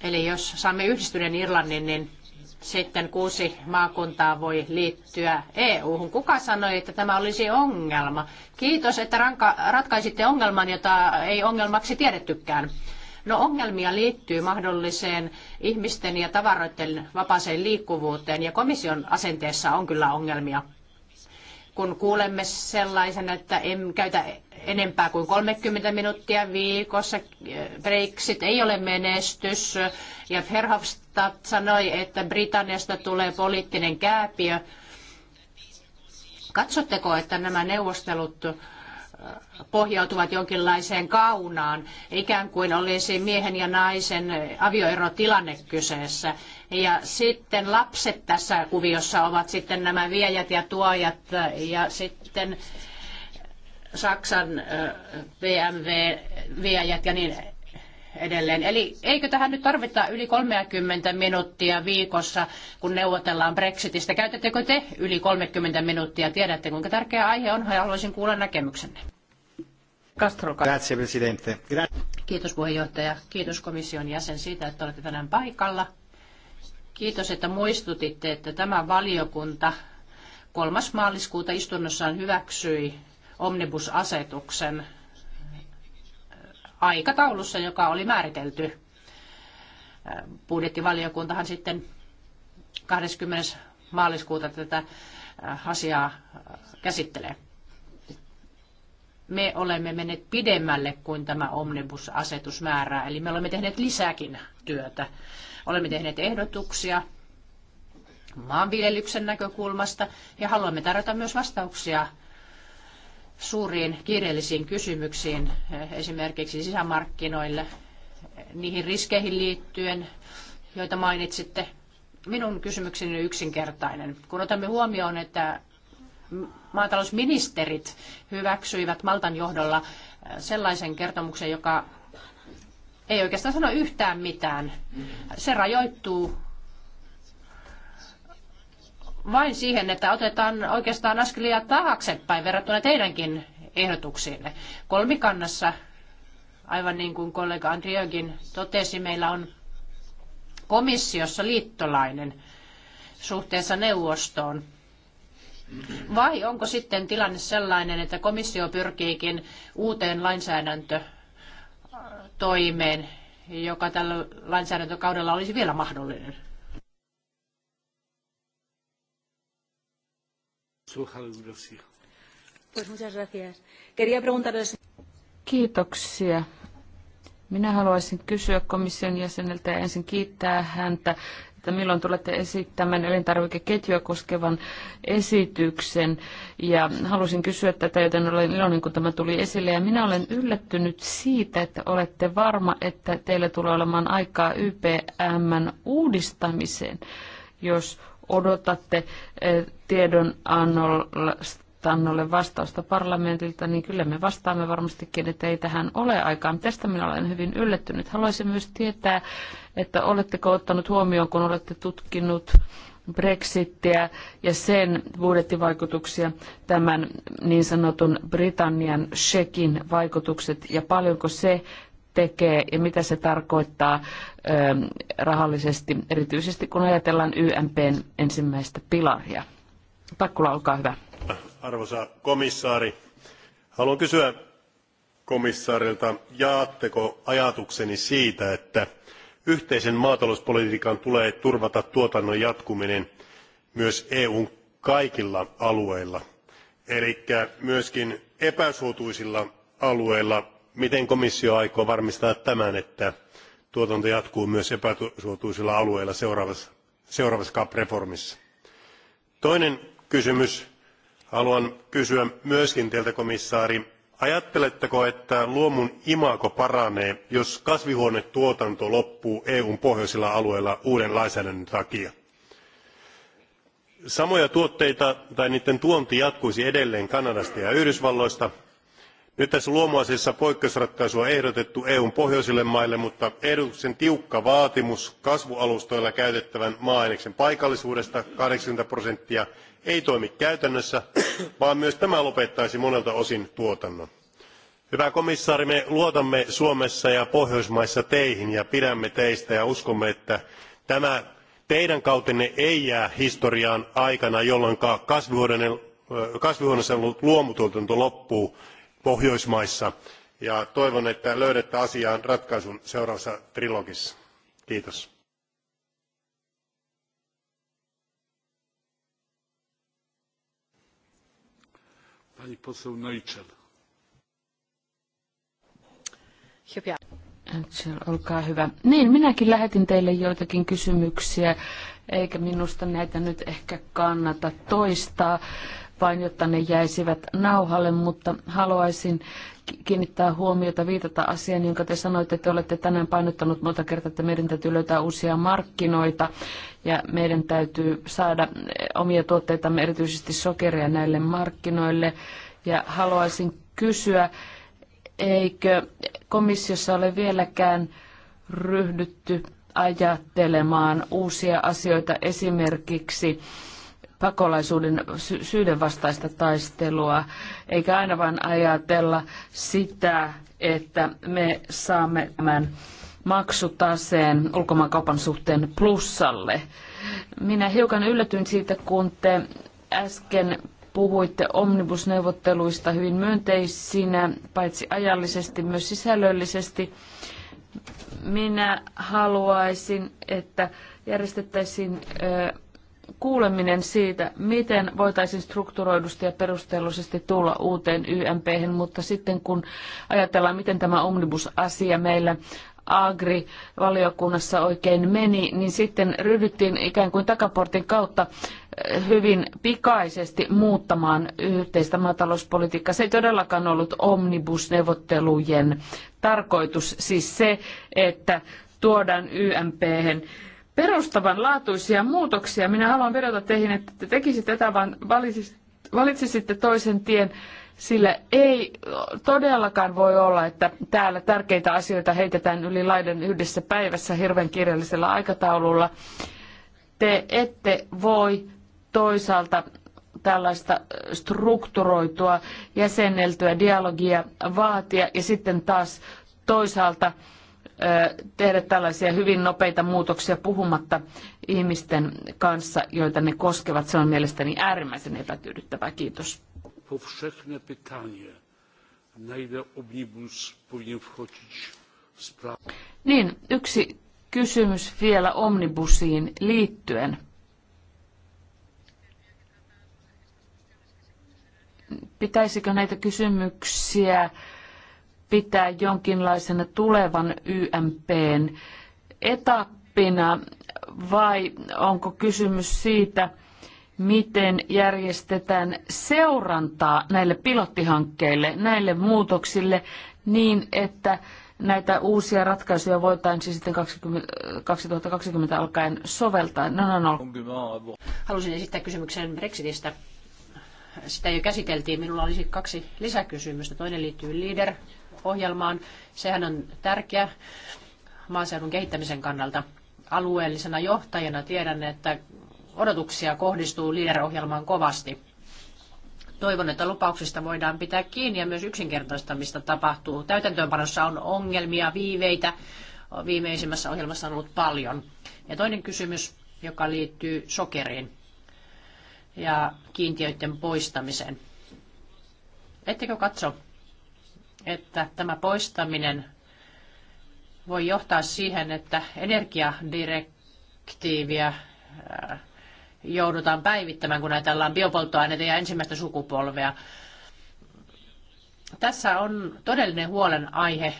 Eli jos saamme yhdistyneen Irlannin, niin sitten kuusi maakuntaa voi liittyä EU-hun. Kuka sanoi, että tämä olisi ongelma? Kiitos, että ranka- ratkaisitte ongelman, jota ei ongelmaksi tiedettykään. No ongelmia liittyy mahdolliseen ihmisten ja tavaroiden vapaaseen liikkuvuuteen ja komission asenteessa on kyllä ongelmia. Kun kuulemme sellaisen, että en käytä enempää kuin 30 minuuttia viikossa, Brexit ei ole menestys ja Verhofstadt sanoi, että Britanniasta tulee poliittinen kääpiö. Katsotteko, että nämä neuvostelut pohjautuvat jonkinlaiseen kaunaan, ikään kuin olisi miehen ja naisen avioerotilanne kyseessä. Ja sitten lapset tässä kuviossa ovat sitten nämä viejät ja tuojat ja sitten Saksan BMW-viejät ja niin edelleen. Eli eikö tähän nyt tarvita yli 30 minuuttia viikossa, kun neuvotellaan Brexitistä? Käytättekö te yli 30 minuuttia? Tiedätte, kuinka tärkeä aihe on haluaisin kuulla näkemyksenne. Castro. Grazie, Presidente. Gra- Kiitos puheenjohtaja. Kiitos komission jäsen siitä, että olette tänään paikalla. Kiitos, että muistutitte, että tämä valiokunta 3. maaliskuuta istunnossaan hyväksyi omnibusasetuksen aikataulussa, joka oli määritelty. Budjettivaliokuntahan sitten 20. maaliskuuta tätä asiaa käsittelee. Me olemme menneet pidemmälle kuin tämä omnibus-asetus määrää, eli me olemme tehneet lisääkin työtä. Olemme tehneet ehdotuksia maanviljelyksen näkökulmasta ja haluamme tarjota myös vastauksia suuriin kiireellisiin kysymyksiin, esimerkiksi sisämarkkinoille, niihin riskeihin liittyen, joita mainitsitte. Minun kysymykseni on yksinkertainen. Kun otamme huomioon, että maatalousministerit hyväksyivät Maltan johdolla sellaisen kertomuksen, joka ei oikeastaan sano yhtään mitään. Se rajoittuu vain siihen, että otetaan oikeastaan askelia taaksepäin verrattuna teidänkin ehdotuksiinne. Kolmikannassa, aivan niin kuin kollega Andriokin totesi, meillä on komissiossa liittolainen suhteessa neuvostoon. Vai onko sitten tilanne sellainen, että komissio pyrkiikin uuteen lainsäädäntötoimeen, joka tällä lainsäädäntökaudella olisi vielä mahdollinen? Kiitoksia. Minä haluaisin kysyä komission jäseneltä ja ensin kiittää häntä, että milloin tulette esittämään elintarvikeketjua koskevan esityksen. Ja halusin kysyä tätä, joten olen iloinen, kun tämä tuli esille. Ja minä olen yllättynyt siitä, että olette varma, että teillä tulee olemaan aikaa YPMn uudistamiseen, jos odotatte eh, tiedonannolle vastausta parlamentilta, niin kyllä me vastaamme varmastikin, että ei tähän ole aikaa. Tästä minä olen hyvin yllättynyt. Haluaisin myös tietää, että oletteko ottanut huomioon, kun olette tutkinut Brexittiä ja sen budjettivaikutuksia, tämän niin sanotun Britannian shekin vaikutukset ja paljonko se tekee ja mitä se tarkoittaa rahallisesti, erityisesti kun ajatellaan YMPn ensimmäistä pilaria. Takkula, olkaa hyvä. Arvoisa komissaari, haluan kysyä komissaarilta, jaatteko ajatukseni siitä, että yhteisen maatalouspolitiikan tulee turvata tuotannon jatkuminen myös EUn kaikilla alueilla, eli myöskin epäsuotuisilla alueilla miten komissio aikoo varmistaa tämän että tuotanto jatkuu myös epäsuotuisilla alueilla seuraavassa, cap reformissa? toinen kysymys haluan kysyä myös teiltä komissaari ajatteletteko että luomun imago paranee jos kasvihuonetuotanto loppuu eun pohjoisilla alueilla uuden lainsäädännön takia? samoja tuotteita tai niiden tuonti jatkuisi edelleen kanadasta ja yhdysvalloista nyt tässä luomuasiassa poikkeusratkaisua on ehdotettu eun pohjoisille maille mutta ehdotuksen tiukka vaatimus kasvualustoilla käytettävän maa aineksen paikallisuudesta kahdeksankymmentä prosenttia ei toimi käytännössä vaan myös tämä lopettaisi monelta osin tuotannon. hyvä komissaari me luotamme suomessa ja pohjoismaissa teihin ja pidämme teistä ja uskomme että tämä teidän kautenne ei jää historiaan aikana jolloin kasvihuoneeseen luomutuotanto loppuu pohjoismaissa ja toivon että löydätte asiaan ratkaisun seuraavassa trilogissa. kiitos. Olkaa hyvä. Niin, minäkin lähetin teille joitakin kysymyksiä, eikä minusta näitä nyt ehkä kannata toistaa vain, jotta ne jäisivät nauhalle, mutta haluaisin kiinnittää huomiota, viitata asiaan, jonka te sanoitte, että olette tänään painottanut monta kertaa, että meidän täytyy löytää uusia markkinoita ja meidän täytyy saada eh, omia tuotteitamme, erityisesti sokeria näille markkinoille. Ja haluaisin kysyä, eikö komissiossa ole vieläkään ryhdytty ajattelemaan uusia asioita esimerkiksi pakolaisuuden sy- syyden vastaista taistelua, eikä aina vain ajatella sitä, että me saamme tämän maksutaseen ulkomaankaupan suhteen plussalle. Minä hiukan yllätyin siitä, kun te äsken puhuitte omnibusneuvotteluista hyvin myönteisinä, paitsi ajallisesti, myös sisällöllisesti. Minä haluaisin, että järjestettäisiin ö, kuuleminen siitä, miten voitaisiin strukturoidusti ja perustellusti tulla uuteen YMP, mutta sitten kun ajatellaan, miten tämä omnibusasia meillä Agri-valiokunnassa oikein meni, niin sitten ryhdyttiin ikään kuin takaportin kautta eh, hyvin pikaisesti muuttamaan yhteistä maatalouspolitiikkaa. Se ei todellakaan ollut omnibusneuvottelujen tarkoitus, siis se, että tuodaan YMP perustavanlaatuisia muutoksia. Minä haluan vedota teihin, että te tekisitte tätä, vaan valitsisitte toisen tien, sillä ei todellakaan voi olla, että täällä tärkeitä asioita heitetään yli laiden yhdessä päivässä hirveän kirjallisella aikataululla. Te ette voi toisaalta tällaista strukturoitua, jäsenneltyä dialogia vaatia ja sitten taas toisaalta tehdä tällaisia hyvin nopeita muutoksia puhumatta ihmisten kanssa, joita ne koskevat. Se on mielestäni äärimmäisen epätyydyttävää. Kiitos. Niin, yksi kysymys vielä omnibusiin liittyen. Pitäisikö näitä kysymyksiä pitää jonkinlaisena tulevan YMPn etappina vai onko kysymys siitä, miten järjestetään seurantaa näille pilottihankkeille, näille muutoksille niin, että näitä uusia ratkaisuja voitaisiin sitten 20, 2020 alkaen soveltaa. No, no, no. Halusin esittää kysymyksen Brexitistä. Sitä jo käsiteltiin. Minulla olisi kaksi lisäkysymystä. Toinen liittyy leader ohjelmaan. Sehän on tärkeä maaseudun kehittämisen kannalta. Alueellisena johtajana tiedän, että odotuksia kohdistuu lider ohjelmaan kovasti. Toivon, että lupauksista voidaan pitää kiinni ja myös yksinkertaistamista tapahtuu. Täytäntöönpanossa on ongelmia, viiveitä. Viimeisimmässä ohjelmassa on ollut paljon. Ja toinen kysymys, joka liittyy sokeriin ja kiintiöiden poistamiseen. Ettekö katso, että tämä poistaminen voi johtaa siihen, että energiadirektiiviä joudutaan päivittämään, kun ajatellaan biopolttoaineita ja ensimmäistä sukupolvea. Tässä on todellinen huolenaihe.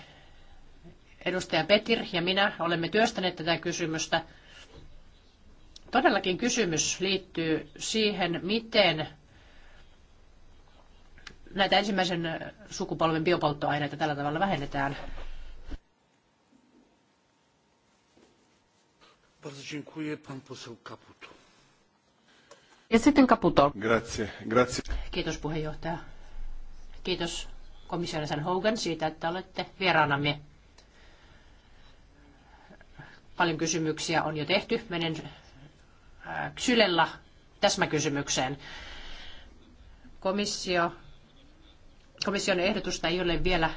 Edustaja Petir ja minä olemme työstäneet tätä kysymystä. Todellakin kysymys liittyy siihen, miten näitä ensimmäisen sukupolven biopolttoaineita tällä tavalla vähennetään? Bardzo dziękuję, pan poseł Caputo. Ja sitten Caputo. Grazie, grazie. Kiitos puheenjohtaja. Kiitos komissaarisen Hogan siitä, että olette vieraanamme. Paljon kysymyksiä on jo tehty. Menen äh, Xylella täsmäkysymykseen. Komissio komission ehdotusta ei ole vielä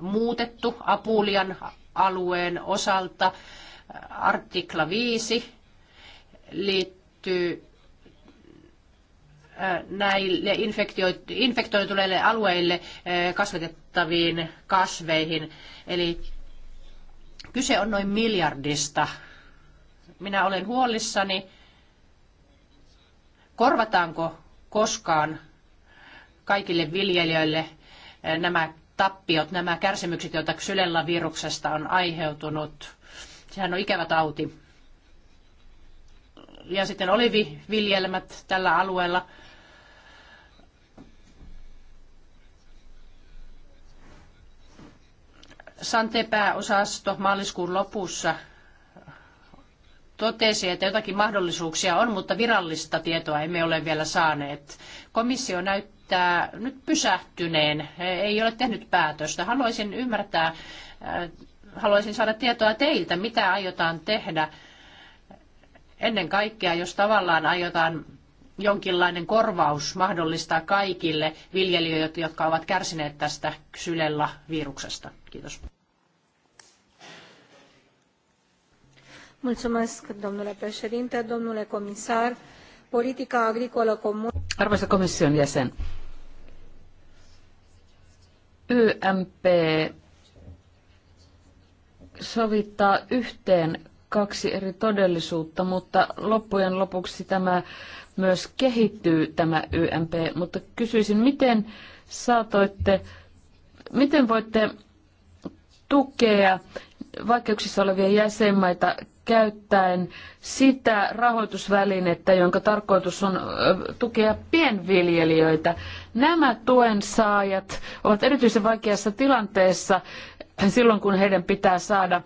muutettu Apulian alueen osalta. Artikla 5 liittyy äh, näille infektoituneille alueille äh, kasvatettaviin kasveihin. Eli kyse on noin miljardista. Minä olen huolissani, korvataanko koskaan kaikille viljelijöille eh, nämä tappiot, nämä kärsimykset, joita Xylella viruksesta on aiheutunut. Sehän on ikävä tauti. Ja sitten oliviviljelmät tällä alueella. Sante-pääosasto maaliskuun lopussa totesi, että jotakin mahdollisuuksia on, mutta virallista tietoa emme ole vielä saaneet. Komissio näyttää näyttää nyt pysähtyneen, ei ole tehnyt päätöstä. Haluaisin ymmärtää, äh, haluaisin saada tietoa teiltä, mitä aiotaan tehdä ennen kaikkea, jos tavallaan aiotaan jonkinlainen korvaus mahdollistaa kaikille viljelijöille, jotka ovat kärsineet tästä sylellä viruksesta. Kiitos. Mulțumesc, domnule președinte, domnule comisar. Arvoisa komission jäsen, YMP sovittaa yhteen kaksi eri todellisuutta, mutta loppujen lopuksi tämä myös kehittyy, tämä YMP. Mutta kysyisin, miten saatoitte, miten voitte tukea vaikeuksissa olevia jäsenmaita käyttäen sitä rahoitusvälinettä, jonka tarkoitus on tukea pienviljelijöitä. Nämä tuen saajat ovat erityisen vaikeassa tilanteessa silloin, kun heidän pitää saada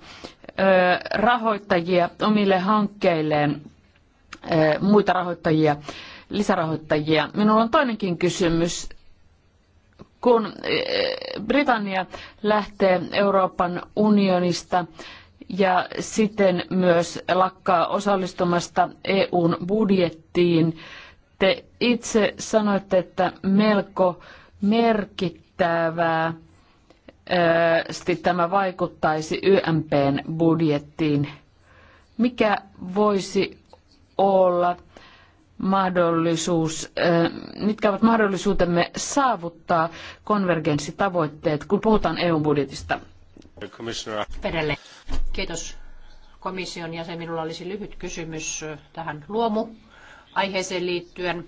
rahoittajia omille hankkeilleen, muita rahoittajia, lisärahoittajia. Minulla on toinenkin kysymys kun Britannia lähtee Euroopan unionista, ja siten myös lakkaa osallistumasta EUn budjettiin. Te itse sanoitte, että melko merkittävää tämä vaikuttaisi YMPn budjettiin. Mikä voisi olla mahdollisuus, mitkä ovat mahdollisuutemme saavuttaa konvergenssitavoitteet, kun puhutaan EU-budjetista? Kiitos komission jäsen. Minulla olisi lyhyt kysymys tähän luomu-aiheeseen liittyen.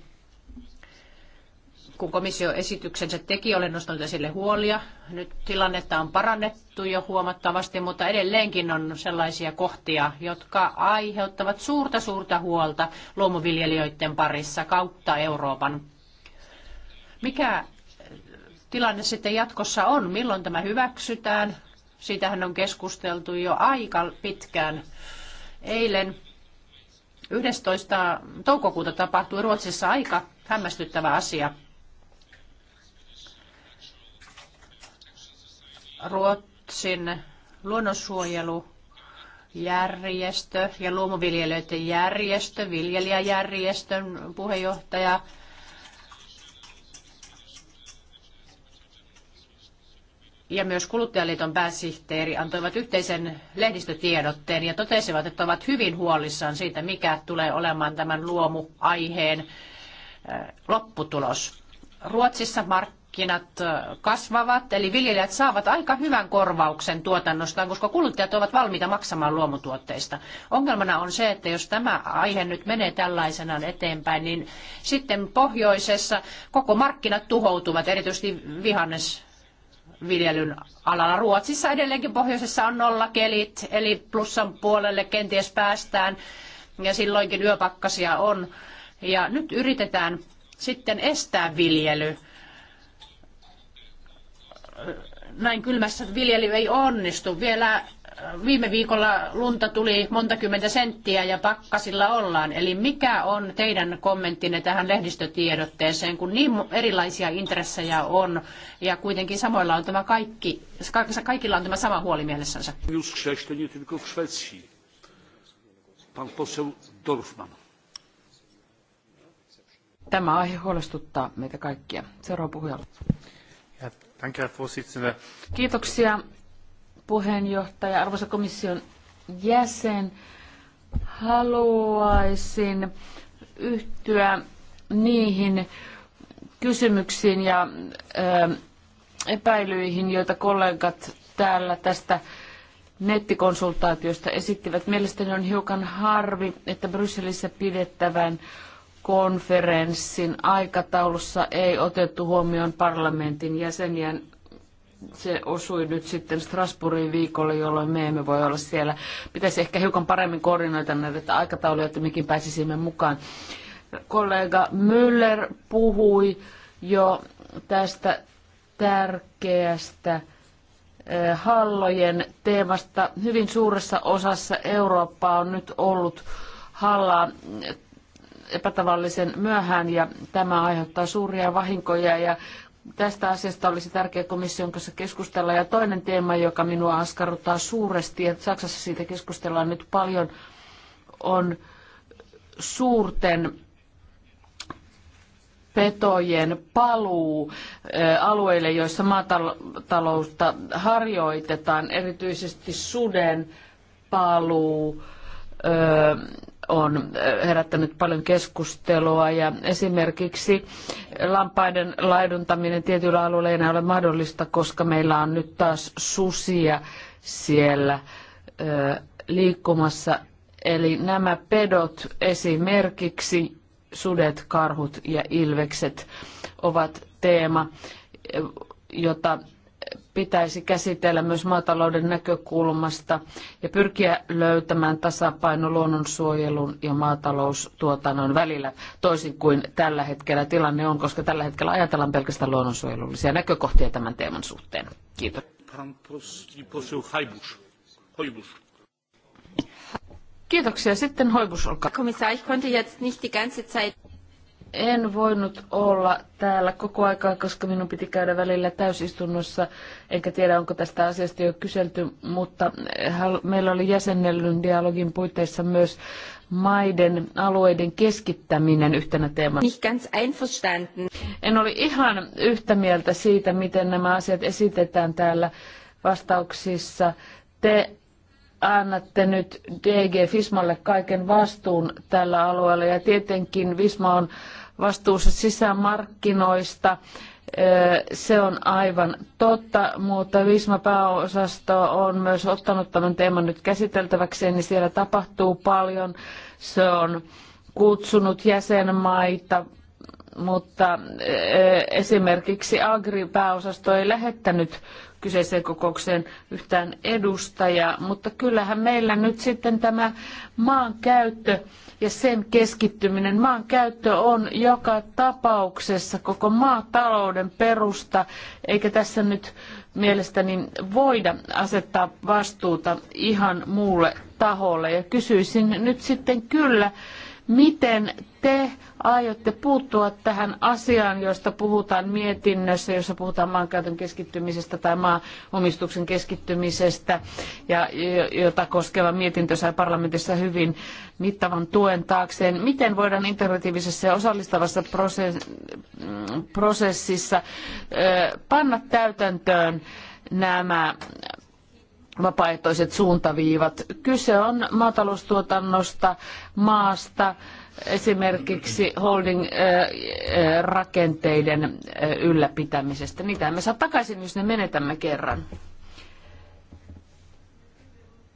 Kun komissio esityksensä teki, olen nostanut esille huolia. Nyt tilannetta on parannettu jo huomattavasti, mutta edelleenkin on sellaisia kohtia, jotka aiheuttavat suurta suurta huolta luomuviljelijöiden parissa kautta Euroopan. Mikä tilanne sitten jatkossa on? Milloin tämä hyväksytään? Siitähän on keskusteltu jo aika pitkään. Eilen 11. toukokuuta tapahtui Ruotsissa aika hämmästyttävä asia. Ruotsin luonnonsuojelujärjestö ja luomuviljelijöiden järjestö, viljelijäjärjestön puheenjohtaja ja myös Kuluttajaliiton pääsihteeri antoivat yhteisen lehdistötiedotteen ja totesivat, että ovat hyvin huolissaan siitä, mikä tulee olemaan tämän luomuaiheen äh, lopputulos. Ruotsissa markkinat äh, kasvavat, eli viljelijät saavat aika hyvän korvauksen tuotannostaan, koska kuluttajat ovat valmiita maksamaan luomutuotteista. Ongelmana on se, että jos tämä aihe nyt menee tällaisenaan eteenpäin, niin sitten pohjoisessa koko markkinat tuhoutuvat, erityisesti vihannes viljelyn alalla. Ruotsissa edelleenkin pohjoisessa on nollakelit, eli plussan puolelle kenties päästään, ja silloinkin yöpakkasia on. Ja nyt yritetään sitten estää viljely. Näin kylmässä viljely ei onnistu. Vielä viime viikolla lunta tuli monta kymmentä senttiä ja pakkasilla ollaan. Eli mikä on teidän kommenttinne tähän lehdistötiedotteeseen, kun niin erilaisia intressejä on ja kuitenkin samoilla on tämä kaikki, kaikilla on tämä sama huoli mielessänsä? Tämä aihe huolestuttaa meitä kaikkia. Seuraava puhuja. Kiitoksia puheenjohtaja, arvoisa komission jäsen, haluaisin yhtyä niihin kysymyksiin ja epäilyihin, joita kollegat täällä tästä nettikonsultaatiosta esittivät. Mielestäni on hiukan harvi, että Brysselissä pidettävän konferenssin aikataulussa ei otettu huomioon parlamentin jäsenien se osui nyt sitten Strasbourgin viikolle, jolloin me emme voi olla siellä. Pitäisi ehkä hiukan paremmin koordinoida näitä aikatauluja, että mekin pääsisimme mukaan. Kollega Müller puhui jo tästä tärkeästä eh, hallojen teemasta. Hyvin suuressa osassa Eurooppaa on nyt ollut hallaa eh, epätavallisen myöhään ja tämä aiheuttaa suuria vahinkoja ja Tästä asiasta olisi tärkeää komission kanssa keskustella. Ja toinen teema, joka minua askarruttaa suuresti, ja Saksassa siitä keskustellaan nyt paljon, on suurten petojen paluu alueille, joissa maataloutta harjoitetaan, erityisesti suden paluu, on eh, herättänyt paljon keskustelua ja esimerkiksi lampaiden laiduntaminen tietyillä alueilla ei enää ole mahdollista, koska meillä on nyt taas susia siellä eh, liikkumassa. Eli nämä pedot esimerkiksi, sudet, karhut ja ilvekset ovat teema, eh, jota pitäisi käsitellä myös maatalouden näkökulmasta ja pyrkiä löytämään tasapaino luonnonsuojelun ja maataloustuotannon välillä, toisin kuin tällä hetkellä tilanne on, koska tällä hetkellä ajatellaan pelkästään luonnonsuojelullisia näkökohtia tämän teeman suhteen. Kiitos. Kiitoksia. Sitten Hoibus, olkaa. Kommissar, ich konnte jetzt nicht die ganze Zeit en voinut olla täällä koko aikaa, koska minun piti käydä välillä täysistunnossa, enkä tiedä onko tästä asiasta jo kyselty, mutta eh, meillä oli jäsennellyn dialogin puitteissa myös maiden alueiden keskittäminen yhtenä teemana. En ole ihan yhtä mieltä siitä, miten nämä asiat esitetään täällä vastauksissa. Te annatte nyt DG Fismalle kaiken vastuun tällä alueella ja tietenkin Visma on vastuussa sisämarkkinoista. Se on aivan totta, mutta Visma pääosasto on myös ottanut tämän teeman nyt käsiteltäväkseen, niin siellä tapahtuu paljon. Se on kutsunut jäsenmaita, mutta esimerkiksi Agri-pääosasto ei lähettänyt kyseiseen kokoukseen yhtään edustajaa, mutta kyllähän meillä nyt sitten tämä maankäyttö ja sen keskittyminen. Maankäyttö on joka tapauksessa koko maatalouden perusta, eikä tässä nyt mielestäni voida asettaa vastuuta ihan muulle taholle. Ja kysyisin nyt sitten kyllä, Miten te aiotte puuttua tähän asiaan, josta puhutaan mietinnössä, jossa puhutaan maankäytön keskittymisestä tai maanomistuksen keskittymisestä, ja jota koskeva mietintö sai parlamentissa hyvin mittavan tuen taakseen. Miten voidaan integratiivisessa ja osallistavassa mm, prosessissa panna täytäntöön nämä vapaaehtoiset suuntaviivat. Kyse on maataloustuotannosta, maasta, esimerkiksi holding-rakenteiden ylläpitämisestä. Niitä emme saa takaisin, jos ne menetämme kerran.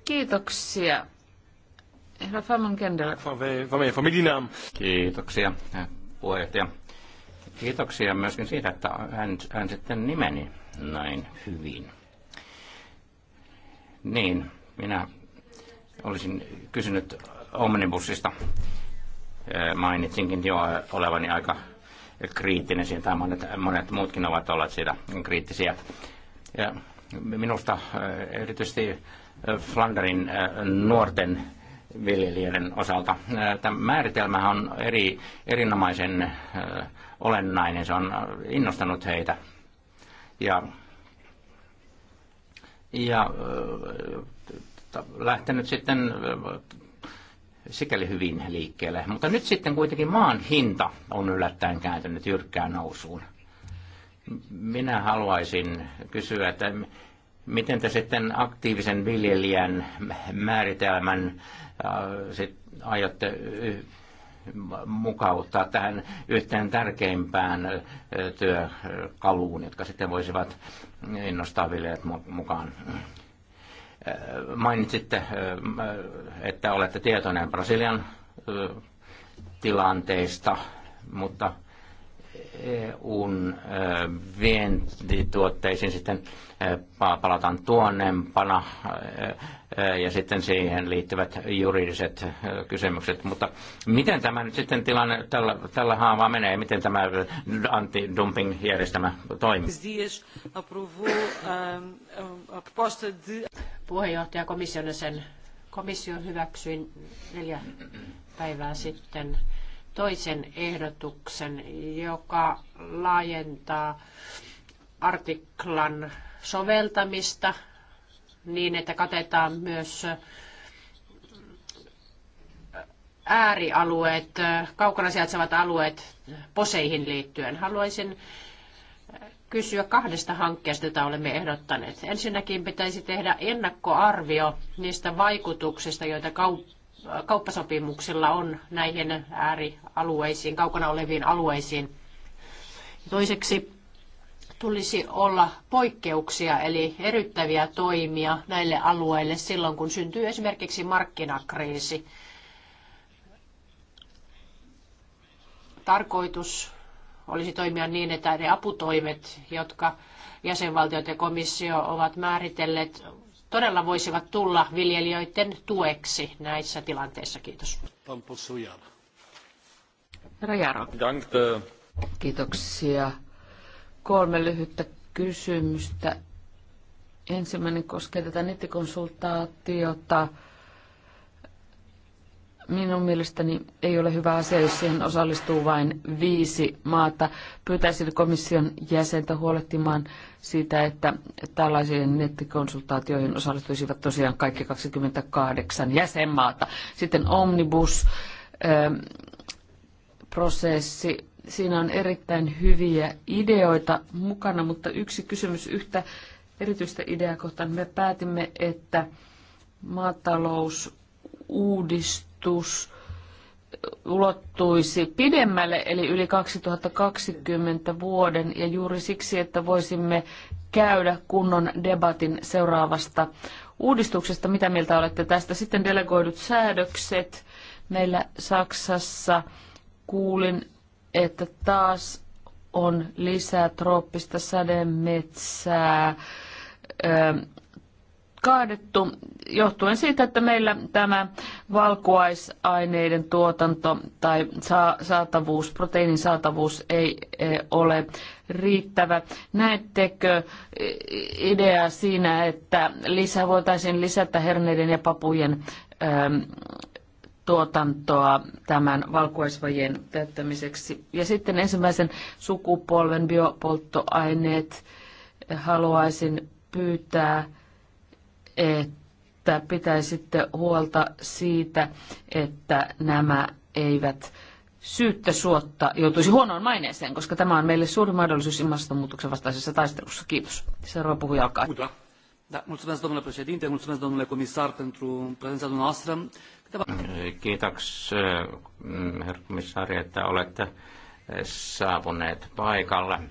Kiitoksia. Herra Kiitoksia, eh, puheenjohtaja. Kiitoksia myöskin siitä, että hän, hän sitten nimeni näin hyvin. Niin, minä olisin kysynyt Omnibusista. Mainitsinkin jo olevani aika kriittinen siitä, monet, monet muutkin ovat olleet siitä kriittisiä. Ja minusta erityisesti Flanderin nuorten viljelijöiden osalta. Tämä määritelmä on eri, erinomaisen olennainen, se on innostanut heitä. Ja ja äh, lähtenyt sitten äh, sikäli hyvin liikkeelle. Mutta nyt sitten kuitenkin maan hinta on yllättäen kääntynyt jyrkkään nousuun. Minä haluaisin kysyä, että miten te sitten aktiivisen viljelijän määritelmän äh, sit aiotte mukauttaa tähän yhteen tärkeimpään työkaluun, jotka sitten voisivat innostaa viljelijät mukaan. Mainitsitte, että olette tietoinen Brasilian tilanteista, mutta EUn vientituotteisiin sitten palataan tuonnempana. Äh, ja sitten siihen liittyvät juridiset äh, kysymykset. Mutta miten tämä nyt sitten tilanne tällä, tällä haavaa menee? Miten tämä anti-dumping-järjestelmä toimii? Ah, Puheenjohtaja komission sen komissio hyväksyi neljä päivää sitten toisen ehdotuksen, joka laajentaa artiklan soveltamista niin, että katetaan myös äärialueet, kaukana sijaitsevat alueet poseihin liittyen. Haluaisin kysyä kahdesta hankkeesta, jota olemme ehdottaneet. Ensinnäkin pitäisi tehdä ennakkoarvio niistä vaikutuksista, joita kauppasopimuksilla on näihin äärialueisiin, kaukana oleviin alueisiin. Toiseksi tulisi olla poikkeuksia eli eryttäviä toimia näille alueille silloin, kun syntyy esimerkiksi markkinakriisi. Tarkoitus olisi toimia niin, että ne aputoimet, jotka jäsenvaltiot ja komissio ovat määritelleet, todella voisivat tulla viljelijöiden tueksi näissä tilanteissa. Kiitos. Rajaro. Eh. Kiitoksia kolme lyhyttä kysymystä. Ensimmäinen koskee tätä nettikonsultaatiota. Minun mielestäni ei ole hyvä asia, jos siihen osallistuu vain viisi maata. Pyytäisin komission jäsentä huolehtimaan siitä, että tällaisiin nettikonsultaatioihin osallistuisivat tosiaan kaikki 28 jäsenmaata. Sitten omnibus prosessi Siinä on erittäin hyviä ideoita mukana, mutta yksi kysymys yhtä erityistä ideaa kohtaan. Me päätimme, että maatalousuudistus ulottuisi pidemmälle, eli yli 2020 vuoden, ja juuri siksi, että voisimme käydä kunnon debatin seuraavasta uudistuksesta. Mitä mieltä olette tästä? Sitten delegoidut säädökset. Meillä Saksassa kuulin, että taas on lisää trooppista sademetsää ö, kaadettu johtuen siitä, että meillä tämä valkuaisaineiden tuotanto tai saatavuus, proteiinin saatavuus ei e, ole riittävä. Näettekö e, idea siinä, että lisää voitaisiin lisätä herneiden ja papujen tuotantoa tämän valkuaisvajien täyttämiseksi. Ja sitten ensimmäisen sukupolven biopolttoaineet haluaisin pyytää, että pitäisitte huolta siitä, että nämä eivät syyttä suotta joutuisi huonoon maineeseen, koska tämä on meille suuri mahdollisuus ilmastonmuutoksen vastaisessa taistelussa. Kiitos. Seuraava puhuja alkaa. Da, mulțumesc, domnule președinte, mulțumesc, domnule comisar, pentru prezența dumneavoastră. Câteva... herra komissaari, että olette eh, saapuneet paikalle.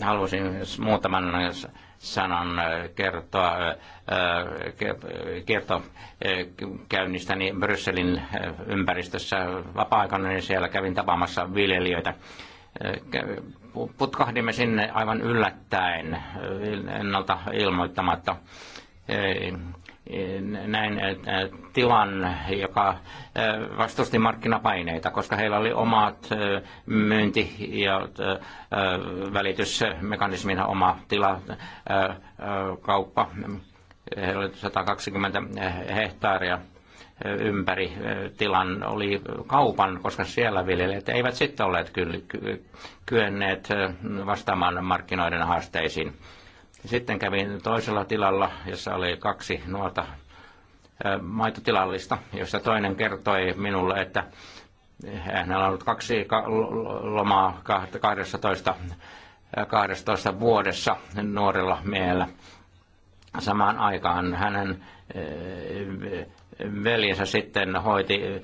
Haluaisin muutaman sanan eh, kertoa, eh, kertoa käynnistäni Brysselin ympäristössä vapaa-aikana, niin siellä kävin tapaamassa viljelijöitä Putkahdimme sinne aivan yllättäen, ennalta ilmoittamatta. Näin tilan, joka vastusti markkinapaineita, koska heillä oli omat myynti- ja välitysmekanismina oma tila, kauppa. Heillä oli 120 hehtaaria ympäri tilan oli kaupan, koska siellä viljelijät eivät sitten olleet kyenneet vastaamaan markkinoiden haasteisiin. Sitten kävin toisella tilalla, jossa oli kaksi nuorta maitotilallista, jossa toinen kertoi minulle, että hänellä on ollut kaksi lomaa 12, 12 vuodessa nuorella miehellä. Samaan aikaan hänen veljensä sitten hoiti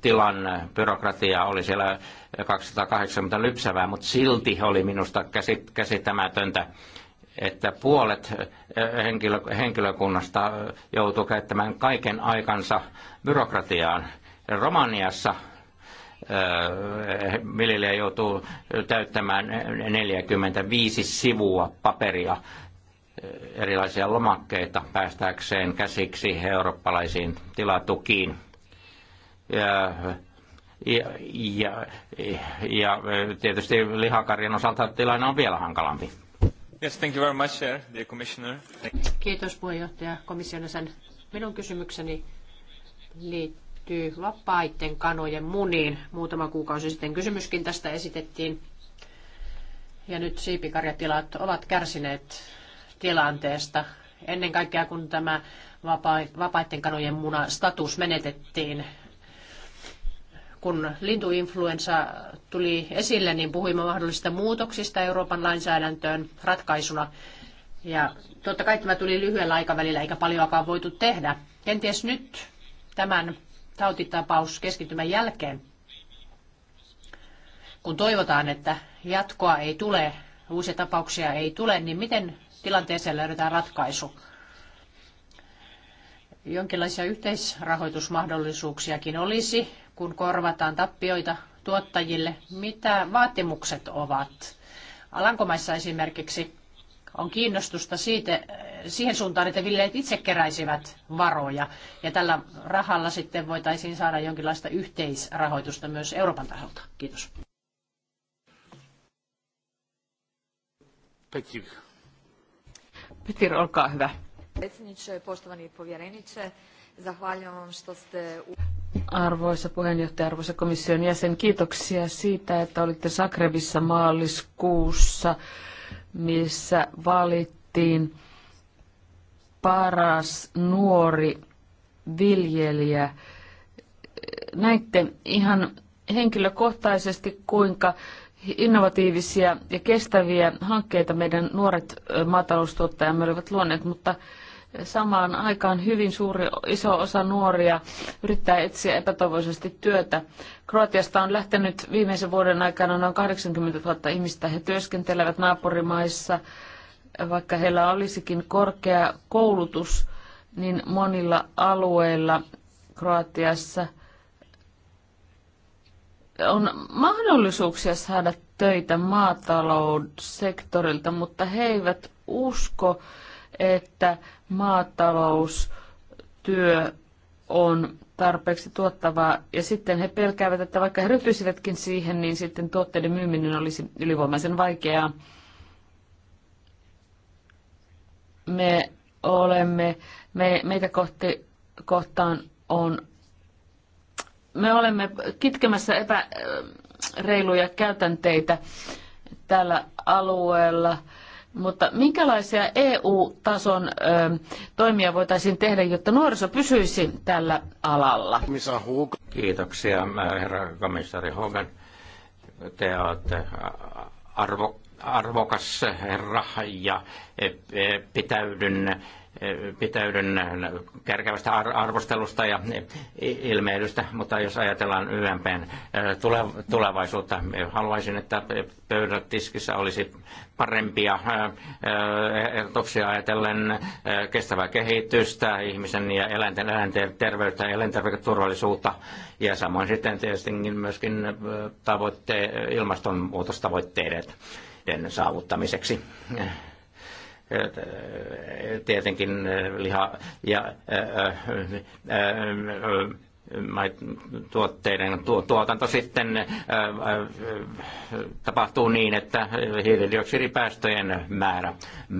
tilan byrokratia oli siellä 280 lypsävää, mutta silti oli minusta käsittämätöntä, että puolet henkilökunnasta joutuu käyttämään kaiken aikansa byrokratiaan. Romaniassa viljelijä joutuu täyttämään 45 sivua paperia erilaisia lomakkeita päästäkseen käsiksi eurooppalaisiin tilatukiin. Ja, ja, ja, ja tietysti lihakarjan osalta tilanne on vielä hankalampi. Yes, thank you very much, dear commissioner. Kiitos puheenjohtaja komission sen. Minun kysymykseni liittyy vapaiden kanojen muniin. Muutama kuukausi sitten kysymyskin tästä esitettiin. Ja nyt siipikarjatilat ovat kärsineet tilanteesta. Ennen kaikkea kun tämä vapaiden kanojen muna status menetettiin, kun lintuinfluenssa tuli esille, niin puhuimme mahdollisista muutoksista Euroopan lainsäädäntöön ratkaisuna. Ja totta kai tämä tuli lyhyellä aikavälillä, eikä paljonkaan voitu tehdä. Kenties nyt tämän tautitapaus keskittymän jälkeen, kun toivotaan, että jatkoa ei tule, uusia tapauksia ei tule, niin miten tilanteeseen löydetään ratkaisu. Jonkinlaisia yhteisrahoitusmahdollisuuksiakin olisi, kun korvataan tappioita tuottajille. Mitä vaatimukset ovat? Alankomaissa esimerkiksi on kiinnostusta siitä, siihen suuntaan, että viljelijät itse keräisivät varoja. Ja tällä rahalla sitten voitaisiin saada jonkinlaista yhteisrahoitusta myös Euroopan taholta. Kiitos. Petir, olkaa hyvä. Arvoisa puheenjohtaja, arvoisa komission jäsen, kiitoksia siitä, että olitte Sakrebissa maaliskuussa, missä valittiin paras nuori viljelijä. Näitte ihan henkilökohtaisesti, kuinka innovatiivisia ja kestäviä hankkeita meidän nuoret maataloustuottajamme olivat luoneet, mutta samaan aikaan hyvin suuri iso osa nuoria yrittää etsiä epätoivoisesti työtä. Kroatiasta on lähtenyt viimeisen vuoden aikana noin 80 000 ihmistä. He työskentelevät naapurimaissa, vaikka heillä olisikin korkea koulutus, niin monilla alueilla Kroatiassa on mahdollisuuksia saada töitä maataloussektorilta, mutta he eivät usko, että maataloustyö on tarpeeksi tuottavaa. Ja sitten he pelkäävät, että vaikka he ryhtyisivätkin siihen, niin sitten tuotteiden myyminen olisi ylivoimaisen vaikeaa. Me olemme, me, meitä kohti, kohtaan on me olemme kitkemässä epäreiluja käytänteitä tällä alueella. Mutta minkälaisia EU-tason toimia voitaisiin tehdä, jotta nuoriso pysyisi tällä alalla? Kiitoksia, herra komissaari Hogan. Te olette arvo, arvokas herra ja e, e, pitäydyn pitäydyn kärkevästä arvostelusta ja ilmeilystä, mutta jos ajatellaan YMPn tulevaisuutta, haluaisin, että pöydätiskissä olisi parempia ehdotuksia ajatellen kestävää kehitystä, ihmisen ja eläinten, eläinten terveyttä ja eläinterveysturvallisuutta ja samoin sitten tietysti myöskin tavoitte, ilmastonmuutostavoitteiden saavuttamiseksi tietenkin eh, liha ja eh, eh, tuotteiden tuotanto sitten tapahtuu niin, että hiilidioksidipäästöjen määrä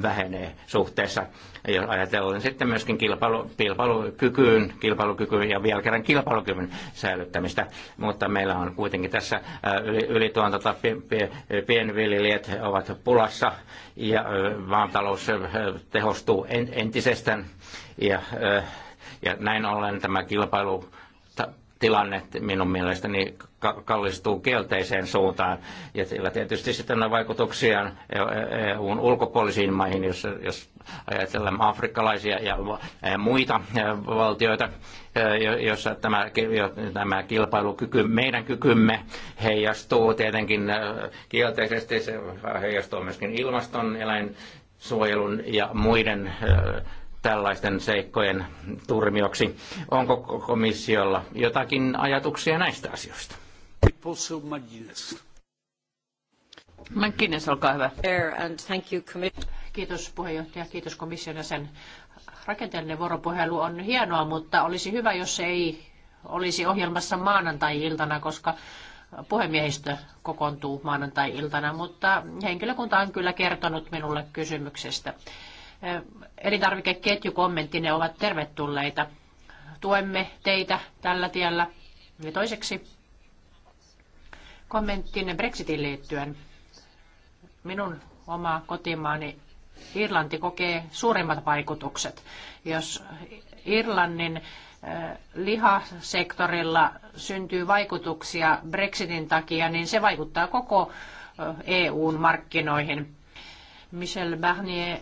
vähenee suhteessa. Jos ajatellaan sitten myöskin kilpailu, kilpailukykyyn, kilpailukykyyn ja vielä kerran kilpailukyvyn säilyttämistä, mutta meillä on kuitenkin tässä yli, tai tota, pienviljelijät ovat pulassa ja maatalous tehostuu entisestään ja ja näin ollen tämä kilpailu tilanne minun mielestäni kallistuu kielteiseen suuntaan. Ja sillä tietysti sitten on vaikutuksia EUn e-, e-, ulkopuolisiin maihin, jos, jos ajatellaan afrikkalaisia ja muita e, valtioita, joissa tämä, tämä kilpailukyky, meidän kykymme heijastuu tietenkin kielteisesti. Se heijastuu myöskin ilmaston, eläinsuojelun ja muiden tällaisten seikkojen turmioksi. Onko komissiolla jotakin ajatuksia näistä asioista? McGuinness, olkaa hyvä. Kiitos puheenjohtaja, kiitos komission sen rakenteellinen vuoropuhelu on hienoa, mutta olisi hyvä, jos ei olisi ohjelmassa maanantai-iltana, koska puhemiehistö kokoontuu maanantai-iltana, mutta henkilökunta on kyllä kertonut minulle kysymyksestä ne ovat tervetulleita. Tuemme teitä tällä tiellä. Ja toiseksi kommenttinne Brexitin liittyen. Minun oma kotimaani Irlanti kokee suurimmat vaikutukset. Jos Irlannin lihasektorilla syntyy vaikutuksia Brexitin takia, niin se vaikuttaa koko EUn markkinoihin. Michel Barnier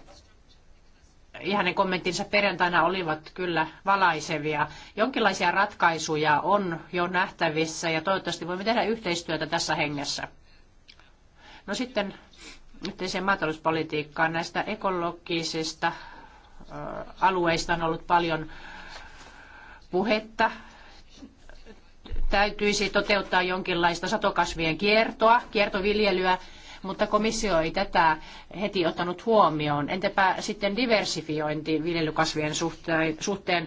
hänen kommenttinsa perjantaina olivat kyllä valaisevia. Jonkinlaisia ratkaisuja on jo nähtävissä ja toivottavasti voimme tehdä yhteistyötä tässä hengessä. No sitten yhteiseen maatalouspolitiikkaan näistä ekologisista alueista on ollut paljon puhetta. Täytyisi toteuttaa jonkinlaista satokasvien kiertoa, kiertoviljelyä mutta komissio ei tätä heti ottanut huomioon. Entäpä sitten diversifiointi viljelykasvien suhteen?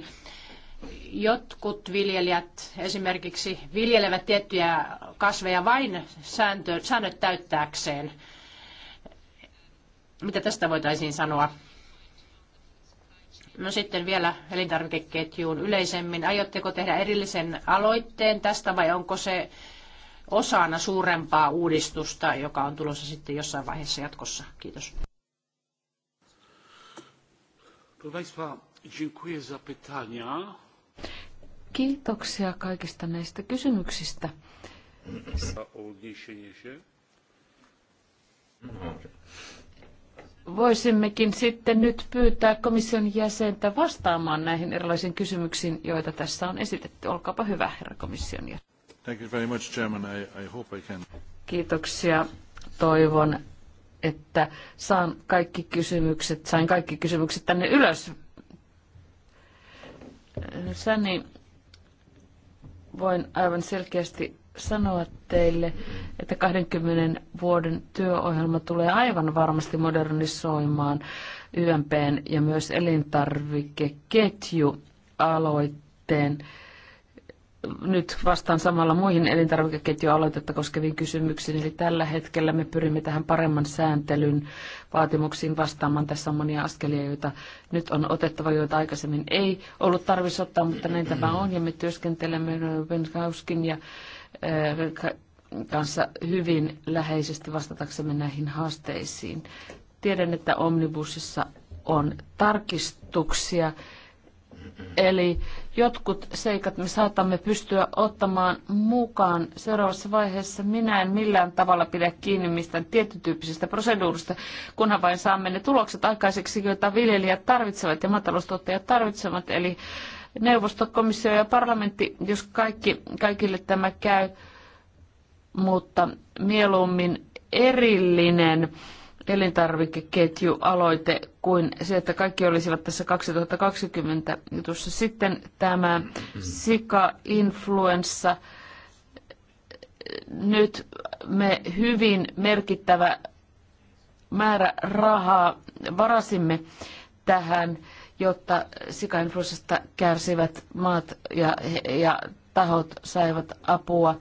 Jotkut viljelijät esimerkiksi viljelevät tiettyjä kasveja vain sääntö, säännöt täyttääkseen. Mitä tästä voitaisiin sanoa? No sitten vielä elintarvikeketjuun yleisemmin. Aiotteko tehdä erillisen aloitteen tästä vai onko se osana suurempaa uudistusta, joka on tulossa sitten jossain vaiheessa jatkossa. Kiitos. Kiitoksia kaikista näistä kysymyksistä. Voisimmekin sitten nyt pyytää komission jäsentä vastaamaan näihin erilaisiin kysymyksiin, joita tässä on esitetty. Olkaapa hyvä, herra komission jäsen. Thank you very much, Chairman. I, hope I can. Kiitoksia. Toivon, että saan kaikki kysymykset, sain kaikki kysymykset tänne ylös. Sani, voin aivan selkeästi sanoa teille, että 20 vuoden työohjelma tulee aivan varmasti modernisoimaan YMPn ja myös elintarvikeketjualoitteen aloitteen nyt vastaan samalla muihin elintarvikeketjualoitetta koskeviin kysymyksiin. Eli tällä hetkellä me pyrimme tähän paremman sääntelyn vaatimuksiin vastaamaan. Tässä on monia askelia, joita nyt on otettava, joita aikaisemmin ei ollut tarvitsisi ottaa, mutta näin tämä on. Ja me työskentelemme Venkauskin ja eh, kanssa hyvin läheisesti vastataksemme näihin haasteisiin. Tiedän, että Omnibusissa on tarkistuksia, eli jotkut seikat me saatamme pystyä ottamaan mukaan seuraavassa vaiheessa. Minä en millään tavalla pidä kiinni mistään tietytyyppisestä proseduurista, kunhan vain saamme ne tulokset aikaiseksi, joita viljelijät tarvitsevat ja maataloustuottajat tarvitsevat. Eli neuvosto, komissio ja parlamentti, jos kaikki, kaikille tämä käy, mutta mieluummin erillinen elintarvikeketjualoite kuin se, että kaikki olisivat tässä 2020 jutussa. Sitten tämä sika-influenssa. Nyt me hyvin merkittävä määrä rahaa varasimme tähän, jotta sika influenssasta kärsivät maat ja, ja tahot saivat apua.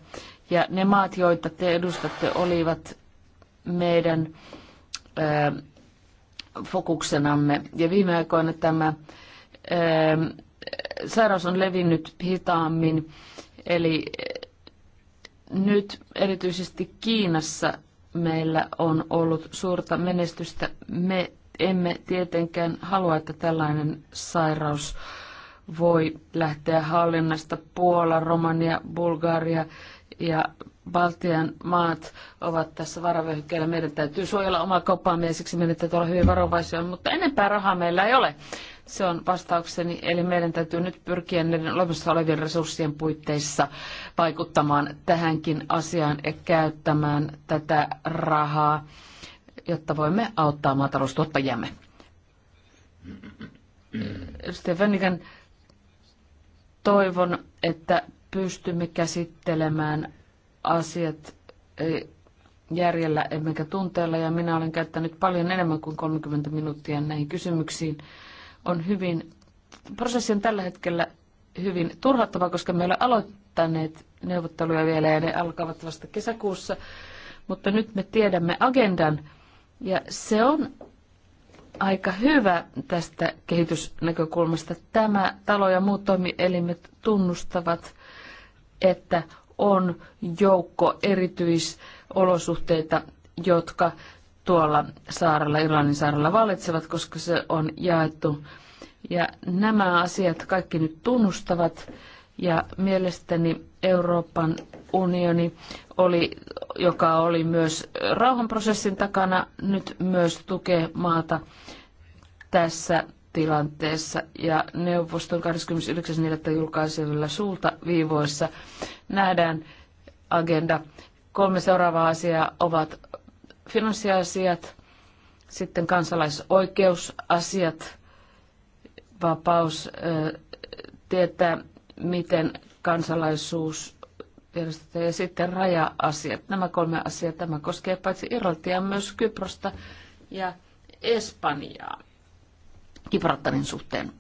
Ja ne maat, joita te edustatte, olivat meidän fokuksenamme. Ja viime aikoina tämä sairaus on levinnyt hitaammin, eli nyt erityisesti Kiinassa meillä on ollut suurta menestystä. Me emme tietenkään halua, että tällainen sairaus voi lähteä hallinnasta. Puola, Romania, Bulgaria ja Baltian maat ovat tässä varavyöhykkeellä. Meidän täytyy suojella omaa koppaamme ja siksi meidän täytyy olla hyvin varovaisia, mutta enempää rahaa meillä ei ole. Se on vastaukseni, eli meidän täytyy nyt pyrkiä näiden olemassa olevien resurssien puitteissa vaikuttamaan tähänkin asiaan ja käyttämään tätä rahaa, jotta voimme auttaa maataloustuottajiamme. Stefanikan toivon, että pystymme käsittelemään asiat järjellä emmekä tunteella ja minä olen käyttänyt paljon enemmän kuin 30 minuuttia näihin kysymyksiin. On hyvin, prosessi on tällä hetkellä hyvin turhattava, koska me olemme aloittaneet neuvotteluja vielä ja ne alkavat vasta kesäkuussa, mutta nyt me tiedämme agendan ja se on aika hyvä tästä kehitysnäkökulmasta. Tämä talo ja muut toimielimet tunnustavat, että on joukko erityisolosuhteita, jotka tuolla saarella, Irlannin saarella vallitsevat, koska se on jaettu. Ja nämä asiat kaikki nyt tunnustavat ja mielestäni Euroopan unioni, oli, joka oli myös rauhanprosessin takana, nyt myös tukee maata tässä tilanteessa ja neuvoston 29.4. julkaisevilla suulta viivoissa nähdään agenda. Kolme seuraavaa asiaa ovat finanssiasiat, sitten kansalaisoikeusasiat, vapaus tietää, miten kansalaisuus järjestetään ja sitten raja-asiat. Nämä kolme asiaa, tämä koskee paitsi Irlantia myös Kyprosta ja Espanjaa. Gibraltarin suhteen.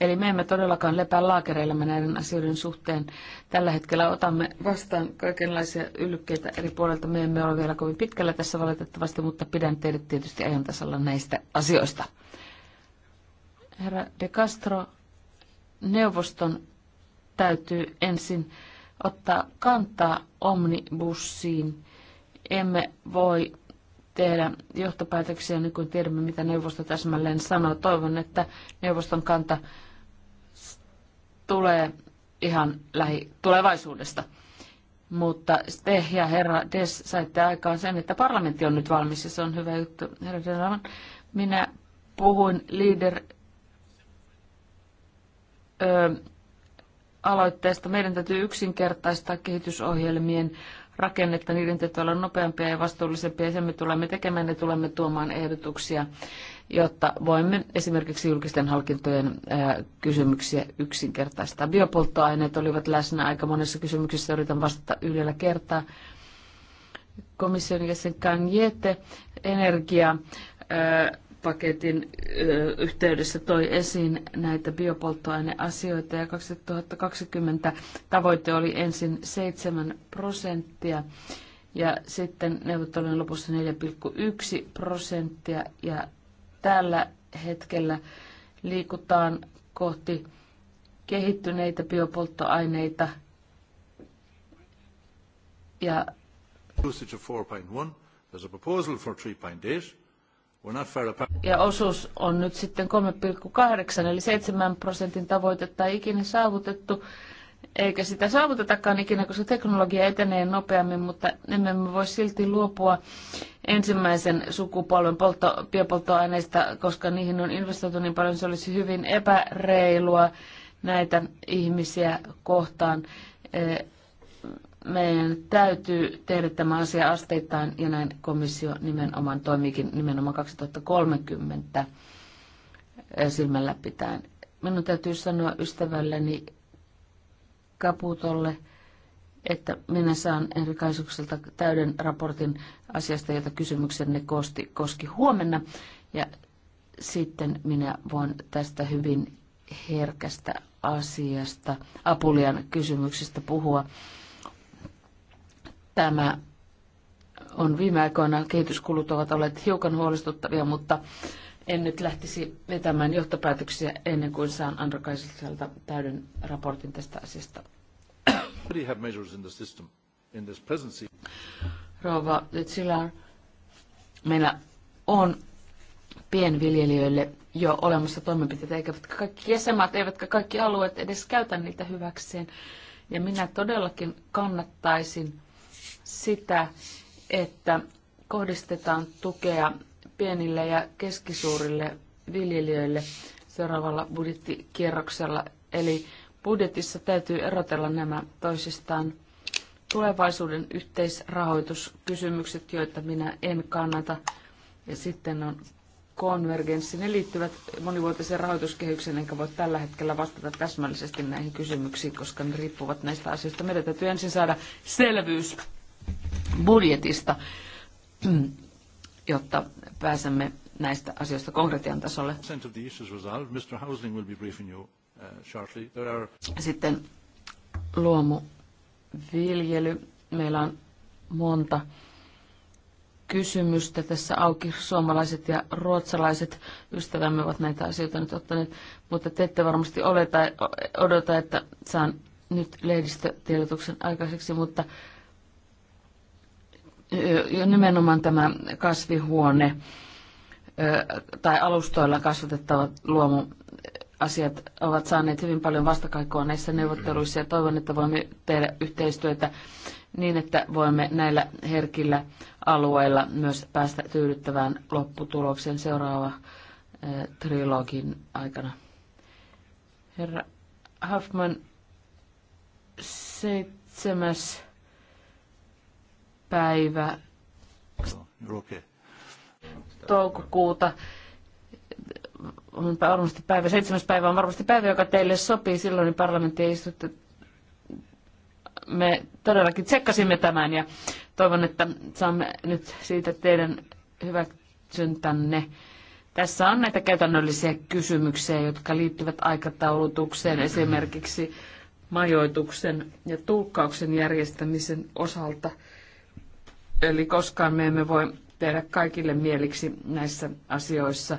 Eli me emme todellakaan lepää laakereillamme näiden asioiden suhteen. Tällä hetkellä otamme vastaan kaikenlaisia yllykkeitä eri puolilta. Me emme ole vielä kovin pitkällä tässä valitettavasti, mutta pidän teidät tietysti ajan tasalla näistä asioista. Herra De Castro, neuvoston täytyy ensin ottaa kantaa omnibussiin. Emme voi tehdä johtopäätöksiä, niin kuin tiedämme, mitä neuvosto täsmälleen sanoo. Toivon, että neuvoston kanta tulee ihan lähitulevaisuudesta. Mutta te ja herra Des saitte aikaan sen, että parlamentti on nyt valmis ja se on hyvä juttu. Herra Delavan, minä puhuin leader ö, aloitteesta. Meidän täytyy yksinkertaistaa kehitysohjelmien rakennetta, niiden täytyy olla nopeampia ja vastuullisempia. Ja sen me tulemme tekemään ja tulemme tuomaan ehdotuksia, jotta voimme esimerkiksi julkisten hankintojen kysymyksiä yksinkertaistaa. Biopolttoaineet olivat läsnä aika monessa kysymyksessä, yritän vastata yhdellä kertaa. Komission jäsen Kanjete, energia, ää, paketin yhteydessä toi esiin näitä biopolttoaineasioita ja 2020 tavoite oli ensin 7 prosenttia ja sitten neuvottelujen lopussa 4,1 prosenttia ja tällä hetkellä liikutaan kohti kehittyneitä biopolttoaineita ja Usage of 4.1, there's a proposal for 3.8. Ja osuus on nyt sitten 3,8 eli 7 prosentin tavoitetta ei ikinä saavutettu. Eikä sitä saavutetakaan ikinä, koska teknologia etenee nopeammin, mutta emme me voi silti luopua ensimmäisen sukupolven poltto, biopolttoaineista, koska niihin on investoitu niin paljon, se olisi hyvin epäreilua näitä ihmisiä kohtaan eh, meidän täytyy tehdä tämä asia asteittain ja näin komissio nimenomaan toimiikin nimenomaan 2030 silmällä pitäen. Minun täytyy sanoa ystävälleni Kaputolle, että minä saan erikaisukselta täyden raportin asiasta, jota kysymyksenne kosti, koski huomenna. Ja sitten minä voin tästä hyvin herkästä asiasta, Apulian kysymyksestä puhua. Tämä on viime aikoina, kehityskulut ovat olleet hiukan huolestuttavia, mutta en nyt lähtisi vetämään johtopäätöksiä ennen kuin saan Andrakaiselta täyden raportin tästä asiasta. Rouva Litsilar, meillä on pienviljelijöille jo olemassa toimenpiteitä, eikä kaikki jäsenmaat, eivätkä kaikki alueet edes käytä niitä hyväkseen. Ja minä todellakin kannattaisin sitä, että kohdistetaan tukea pienille ja keskisuurille viljelijöille seuraavalla budjettikierroksella. Eli budjetissa täytyy erotella nämä toisistaan tulevaisuuden yhteisrahoituskysymykset, joita minä en kannata. Ja sitten on konvergenssi. Ne liittyvät monivuotiseen rahoituskehykseen, enkä voi tällä hetkellä vastata täsmällisesti näihin kysymyksiin, koska ne riippuvat näistä asioista. Meidän täytyy ensin saada selvyys budjetista, jotta pääsemme näistä asioista konkretian tasolle. Uh, Sitten luomuviljely. Meillä on monta kysymystä tässä auki. Suomalaiset ja ruotsalaiset ystävämme ovat näitä asioita nyt ottaneet, mutta te ette varmasti ole tai odota, että saan nyt lehdistötiedotuksen aikaiseksi, mutta nimenomaan tämä kasvihuone tai alustoilla kasvatettavat luomu asiat ovat saaneet hyvin paljon vastakaikkoa näissä neuvotteluissa ja toivon, että voimme tehdä yhteistyötä niin, että voimme näillä herkillä alueilla myös päästä tyydyttävään lopputulokseen seuraava trilogin aikana. Herra Hoffman, seitsemäs päivä toukokuuta on varmasti päivä, seitsemäs päivä on varmasti päivä, joka teille sopii. Silloin niin parlamentti ei että Me todellakin tsekkasimme tämän ja toivon, että saamme nyt siitä teidän hyväksyntänne. Tässä on näitä käytännöllisiä kysymyksiä, jotka liittyvät aikataulutukseen esimerkiksi majoituksen ja tulkkauksen järjestämisen osalta – Eli koskaan me emme voi tehdä kaikille mieliksi näissä asioissa.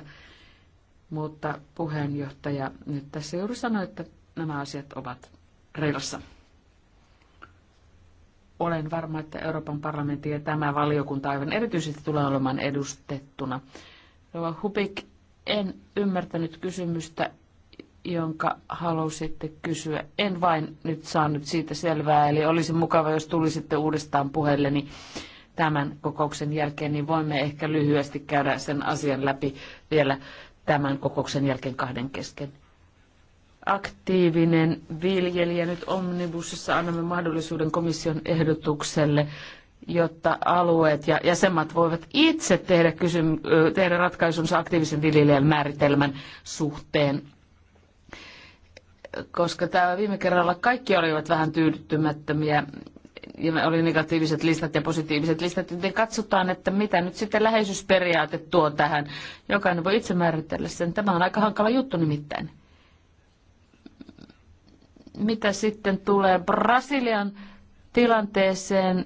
Mutta puheenjohtaja nyt tässä juuri sanoi, että nämä asiat ovat reilassa. Olen varma, että Euroopan parlamentti ja tämä valiokunta aivan erityisesti tulee olemaan edustettuna. Rova Hubik, en ymmärtänyt kysymystä, jonka halusitte kysyä. En vain nyt saanut siitä selvää, eli olisi mukava, jos tulisitte uudestaan puheelleni. Niin tämän kokouksen jälkeen, niin voimme ehkä lyhyesti käydä sen asian läpi vielä tämän kokouksen jälkeen kahden kesken. Aktiivinen viljelijä nyt Omnibusissa annamme mahdollisuuden komission ehdotukselle, jotta alueet ja jäsenmaat voivat itse tehdä, kysym- tehdä ratkaisunsa aktiivisen viljelijän määritelmän suhteen koska tämä viime kerralla kaikki olivat vähän tyydyttymättömiä ja oli negatiiviset listat ja positiiviset listat, joten katsotaan, että mitä nyt sitten läheisyysperiaate tuo tähän. Jokainen voi itse määritellä sen. Tämä on aika hankala juttu nimittäin. Mitä sitten tulee Brasilian tilanteeseen?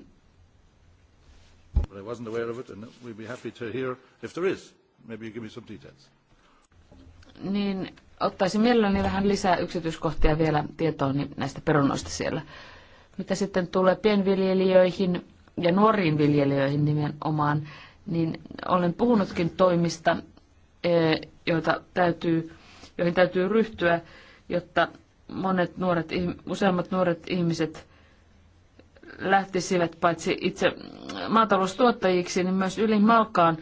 Niin ottaisin mielelläni vähän lisää yksityiskohtia vielä tietoon näistä perunoista siellä. Mitä sitten tulee pienviljelijöihin ja nuoriin viljelijöihin nimenomaan, niin olen puhunutkin toimista, e, joita täytyy, joihin täytyy ryhtyä, jotta monet nuoret, useammat nuoret ihmiset lähtisivät paitsi itse maataloustuottajiksi, niin myös ylimalkaan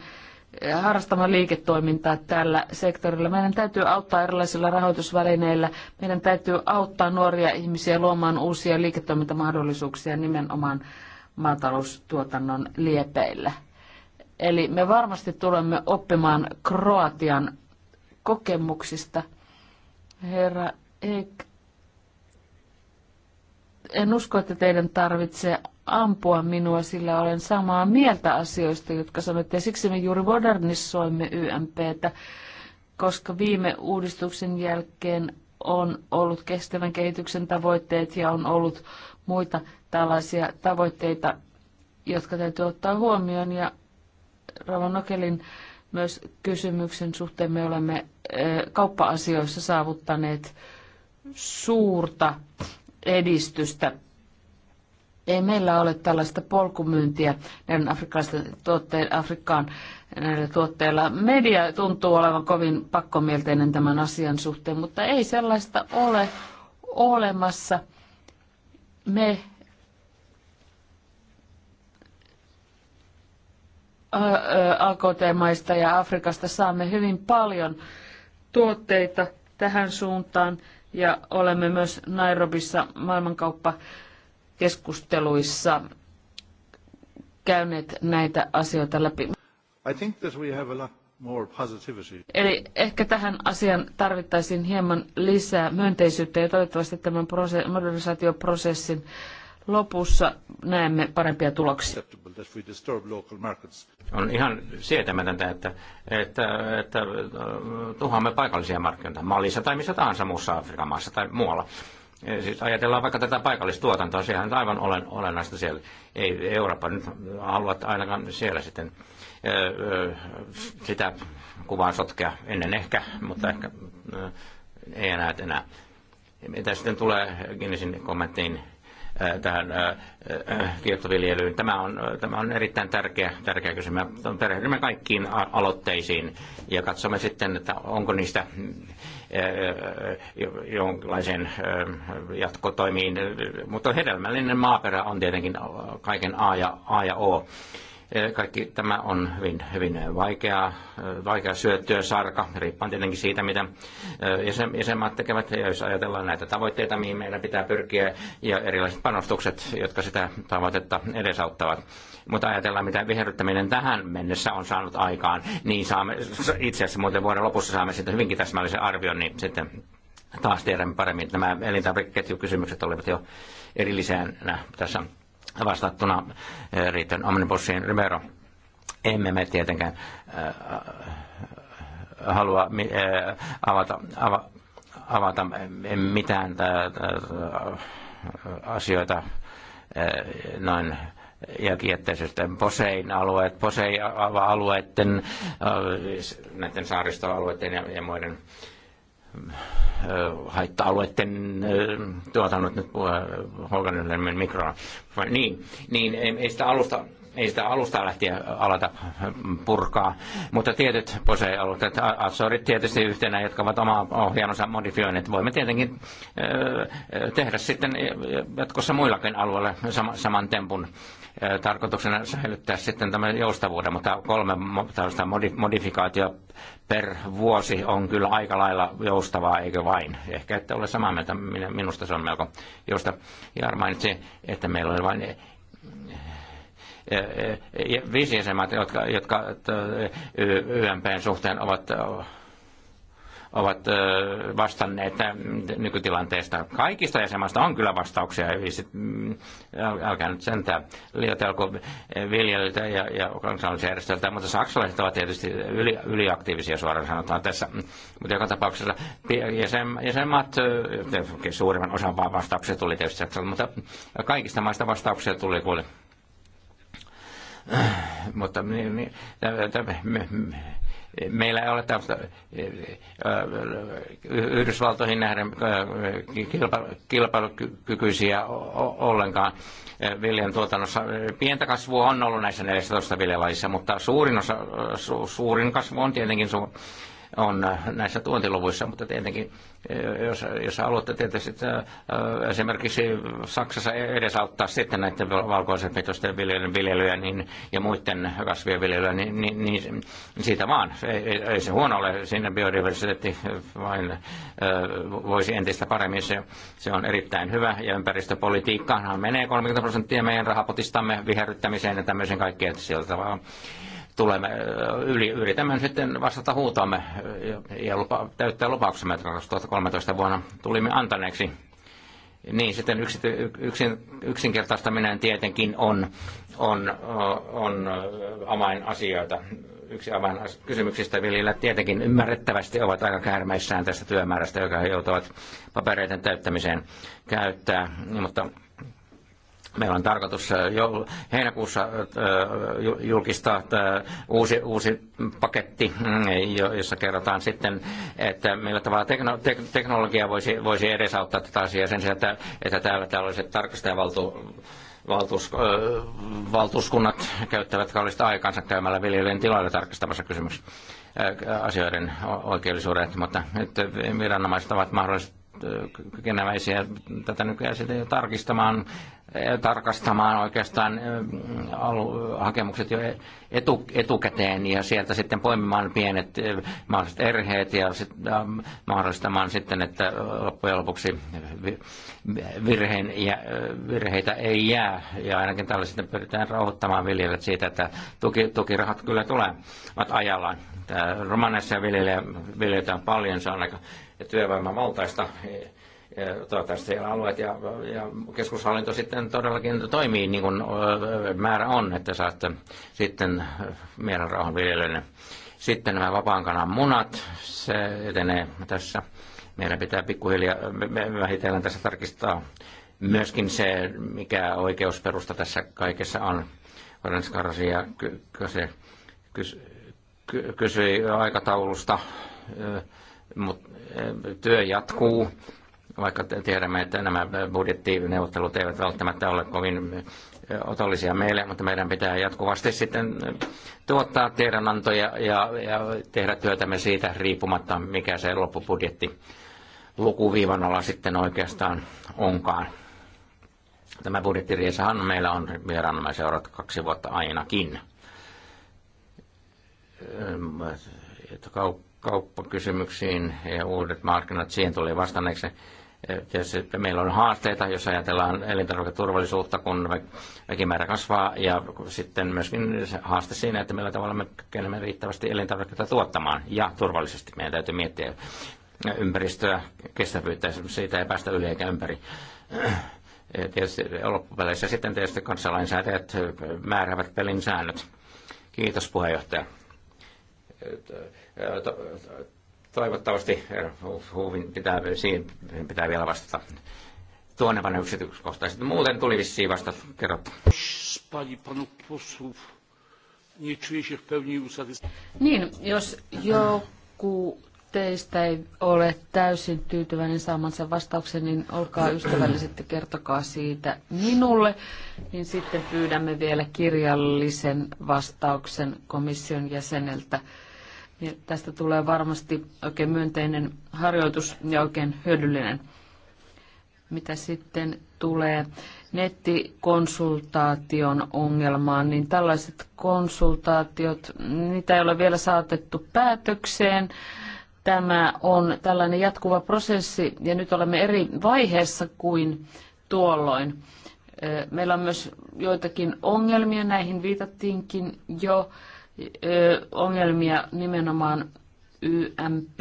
harrastamaan liiketoimintaa tällä sektorilla. Meidän täytyy auttaa erilaisilla rahoitusvälineillä. Meidän täytyy auttaa nuoria ihmisiä luomaan uusia liiketoimintamahdollisuuksia nimenomaan maataloustuotannon liepeillä. Eli me varmasti tulemme oppimaan Kroatian kokemuksista. Herra Ek, en usko, että teidän tarvitsee ampua minua, sillä olen samaa mieltä asioista, jotka sanoitte. Ja siksi me juuri modernisoimme YMPtä, koska viime uudistuksen jälkeen on ollut kestävän kehityksen tavoitteet ja on ollut muita tällaisia tavoitteita, jotka täytyy ottaa huomioon. Ja Rava Nokelin myös kysymyksen suhteen me olemme kauppa-asioissa saavuttaneet suurta edistystä ei meillä ole tällaista polkumyyntiä näiden afrikkalaisten tuotteiden Afrikkaan näillä tuotteilla. Media tuntuu olevan kovin pakkomielteinen tämän asian suhteen, mutta ei sellaista ole olemassa. Me AKT-maista ja Afrikasta saamme hyvin paljon tuotteita tähän suuntaan ja olemme myös Nairobissa maailmankauppa keskusteluissa käyneet näitä asioita läpi. Eli ehkä tähän asiaan tarvittaisiin hieman lisää myönteisyyttä ja toivottavasti tämän modernisaatioprosessin lopussa näemme parempia tuloksia. On ihan sietämätöntä, että, että, että äh, tuhoamme paikallisia markkinoita Malissa tai missä tahansa muussa Afrikan maassa tai muualla. Siis ajatellaan vaikka tätä paikallistuotantoa, sehän on aivan olen, olennaista siellä. Ei Eurooppa nyt halua ainakaan siellä sitten sitä kuvaa sotkea ennen ehkä, mutta ehkä ei enää enää. Mitä sitten tulee Guinnessin kommenttiin Äh, tähän äh, äh, tietoviljelyyn. Tämä on, tämä on erittäin tärkeä, tärkeä kysymys. Perehdymme kaikkiin aloitteisiin ja katsomme sitten, että onko niistä jonkinlaiseen jatkotoimiin. Mutta hedelmällinen maaperä on tietenkin kaiken A ja, A ja O. Kaikki tämä on hyvin, hyvin vaikea, vaikea syöttyä sarka, riippuen tietenkin siitä, mitä jäsenmaat tekevät. Ja jos ajatellaan näitä tavoitteita, mihin meidän pitää pyrkiä, ja erilaiset panostukset, jotka sitä tavoitetta edesauttavat. Mutta ajatellaan, mitä viherryttäminen tähän mennessä on saanut aikaan, niin saamme, itse asiassa muuten vuoden lopussa saamme sitten hyvinkin täsmällisen arvion, niin sitten taas tiedämme paremmin, että nämä elintarvikeketjukysymykset olivat jo erillisenä tässä vastattuna eh, riittävän omnibussiin Rivero. Emme me tietenkään eh, halua eh, avata, ava, avata mitään asioita noin ja kietteisyyttä. Posein alueet, Posein alueiden, näiden saaristoalueiden ja, ja muiden haitta-alueiden tuotannot nyt Hoganille mikroa. Niin, niin ei sitä alusta ei sitä alusta lähtien alata purkaa, mutta tietyt posealueet, Azorit tietysti yhtenä, jotka ovat omaa ohjelmansa modifioineet, voimme tietenkin tehdä sitten jatkossa muillakin alueilla saman tempun tarkoituksena säilyttää sitten tämän joustavuuden, mutta kolme tällaista modifikaatio per vuosi on kyllä aika lailla joustavaa, eikö vain? Ehkä ette ole samaa mieltä, minusta se on melko jousta. Jaar mainitsi, että meillä oli vain viisi jäsenmaata, jotka, jotka YMPn suhteen ovat ovat vastanneet nykytilanteesta. Kaikista jäsenmaista on kyllä vastauksia. Mm, älkää nyt sentää liotelko viljelijöiltä ja, ja kansallisjärjestöiltä, mutta saksalaiset ovat tietysti yli, yliaktiivisia suoraan sanotaan tässä. Mutta joka tapauksessa jäsen, jäsenmaat, suurimman osan vastauksia tuli tietysti mutta kaikista maista vastauksia tuli kuule. mutta niin, niin, me, meillä ei ole tämmöistä eh, eh, eh, Yhdysvaltoihin nähden kilpailukykyisiä ollenkaan viljan tuotannossa. Pientä kasvua on ollut näissä 14 viljelajissa, mutta suurin, osa, su, suurin kasvu on tietenkin su, on näissä tuontiluvuissa, mutta tietenkin jos, jos haluatte tietysti äh, esimerkiksi Saksassa edesauttaa sitten näiden valkoisen petosten viljelyä niin, ja muiden kasvien viljelyä, niin, niin, niin siitä vaan. Ei, ei se huono ole, siinä biodiversiteetti vain äh, voisi entistä paremmin. Se, se on erittäin hyvä ja ympäristöpolitiikkaanhan menee 30 prosenttia meidän rahapotistamme viherryttämiseen ja tämmöisen kaikkeen sieltä vaan tulemme, yli, yritämme sitten vastata huutamme ja lupa, täyttää lupauksemme, että 2013 vuonna tulimme antaneeksi. Niin, sitten yks, yksin, yksinkertaistaminen tietenkin on, on, on asioita Yksi kysymyksistä viljellä tietenkin ymmärrettävästi ovat aika käärmeissään tästä työmäärästä, joka joutuvat papereiden täyttämiseen käyttää, mutta Meillä on tarkoitus äh, jo heinäkuussa äh, äh, julkistaa uusi, uusi paketti, mm, jossa kerrotaan sitten, että millä tavalla tekno, te, teknologia voisi, voisi edesauttaa tätä asiaa sen sijaan, että, että täällä tällaiset tarkastajavaltu valtuus, valtuuskunnat käyttävät kallista aikansa käymällä viljelijän tiloilla tarkistamassa kysymys asioiden oikeellisuudet, mutta nyt viranomaiset ovat mahdollisesti kykeneväisiä tätä nykyään sitten jo tarkistamaan tarkastamaan oikeastaan hakemukset jo etu, etukäteen ja sieltä sitten poimimaan pienet mahdolliset erheet ja sit, mahdollistamaan sitten, että loppujen lopuksi virheen ja, virheitä ei jää. Ja ainakin tällä sitten pyritään rauhoittamaan viljelijät siitä, että tuki, tukirahat kyllä tulevat ajallaan. Romanessa viljelijöitä on paljon, se on aika työvoimavaltaista toivottavasti alueet ja, ja keskushallinto sitten todellakin toimii niin kuin määrä on, että saatte sitten mielenrauhan viljelijöille. Sitten nämä vapaan kanan munat, se etenee tässä. Meidän pitää pikkuhiljaa vähitellen tässä tarkistaa myöskin se, mikä oikeusperusta tässä kaikessa on. Orens Karsia kysyi kysy aikataulusta, mutta työ jatkuu vaikka tiedämme, että nämä budjettineuvottelut eivät välttämättä ole kovin otollisia meille, mutta meidän pitää jatkuvasti sitten tuottaa tiedonantoja ja, ja tehdä työtämme siitä riippumatta, mikä se loppubudjetti lukuviivan alla sitten oikeastaan onkaan. Tämä budjettiriesahan meillä on vieraanamme seurat kaksi vuotta ainakin. Kauppakysymyksiin ja uudet markkinat, siihen tuli vastanneeksi Tietysti meillä on haasteita, jos ajatellaan elintarviketurvallisuutta, kun väkimäärä kasvaa, ja sitten myöskin se haaste siinä, että millä tavalla me kykenemme riittävästi elintarvikkeita tuottamaan ja turvallisesti. Meidän täytyy miettiä ympäristöä, kestävyyttä, siitä ei päästä yli eikä ympäri. Tietysti loppupeleissä sitten tietysti kansalainsäätäjät määräävät pelin säännöt. Kiitos puheenjohtaja Toivottavasti huuvin pitää, siihen pitää vielä vastata tuonnepana yksityiskohtaisesti. Muuten tuli vissiin vasta kerrottu. Niin, jos joku teistä ei ole täysin tyytyväinen saamansa vastauksen, niin olkaa ystävälliset ja kertokaa siitä minulle. Niin sitten pyydämme vielä kirjallisen vastauksen komission jäseneltä ja tästä tulee varmasti oikein myönteinen harjoitus ja oikein hyödyllinen. Mitä sitten tulee nettikonsultaation ongelmaan, niin tällaiset konsultaatiot, niitä ei ole vielä saatettu päätökseen. Tämä on tällainen jatkuva prosessi ja nyt olemme eri vaiheessa kuin tuolloin. Meillä on myös joitakin ongelmia, näihin viitattiinkin jo ongelmia nimenomaan YMP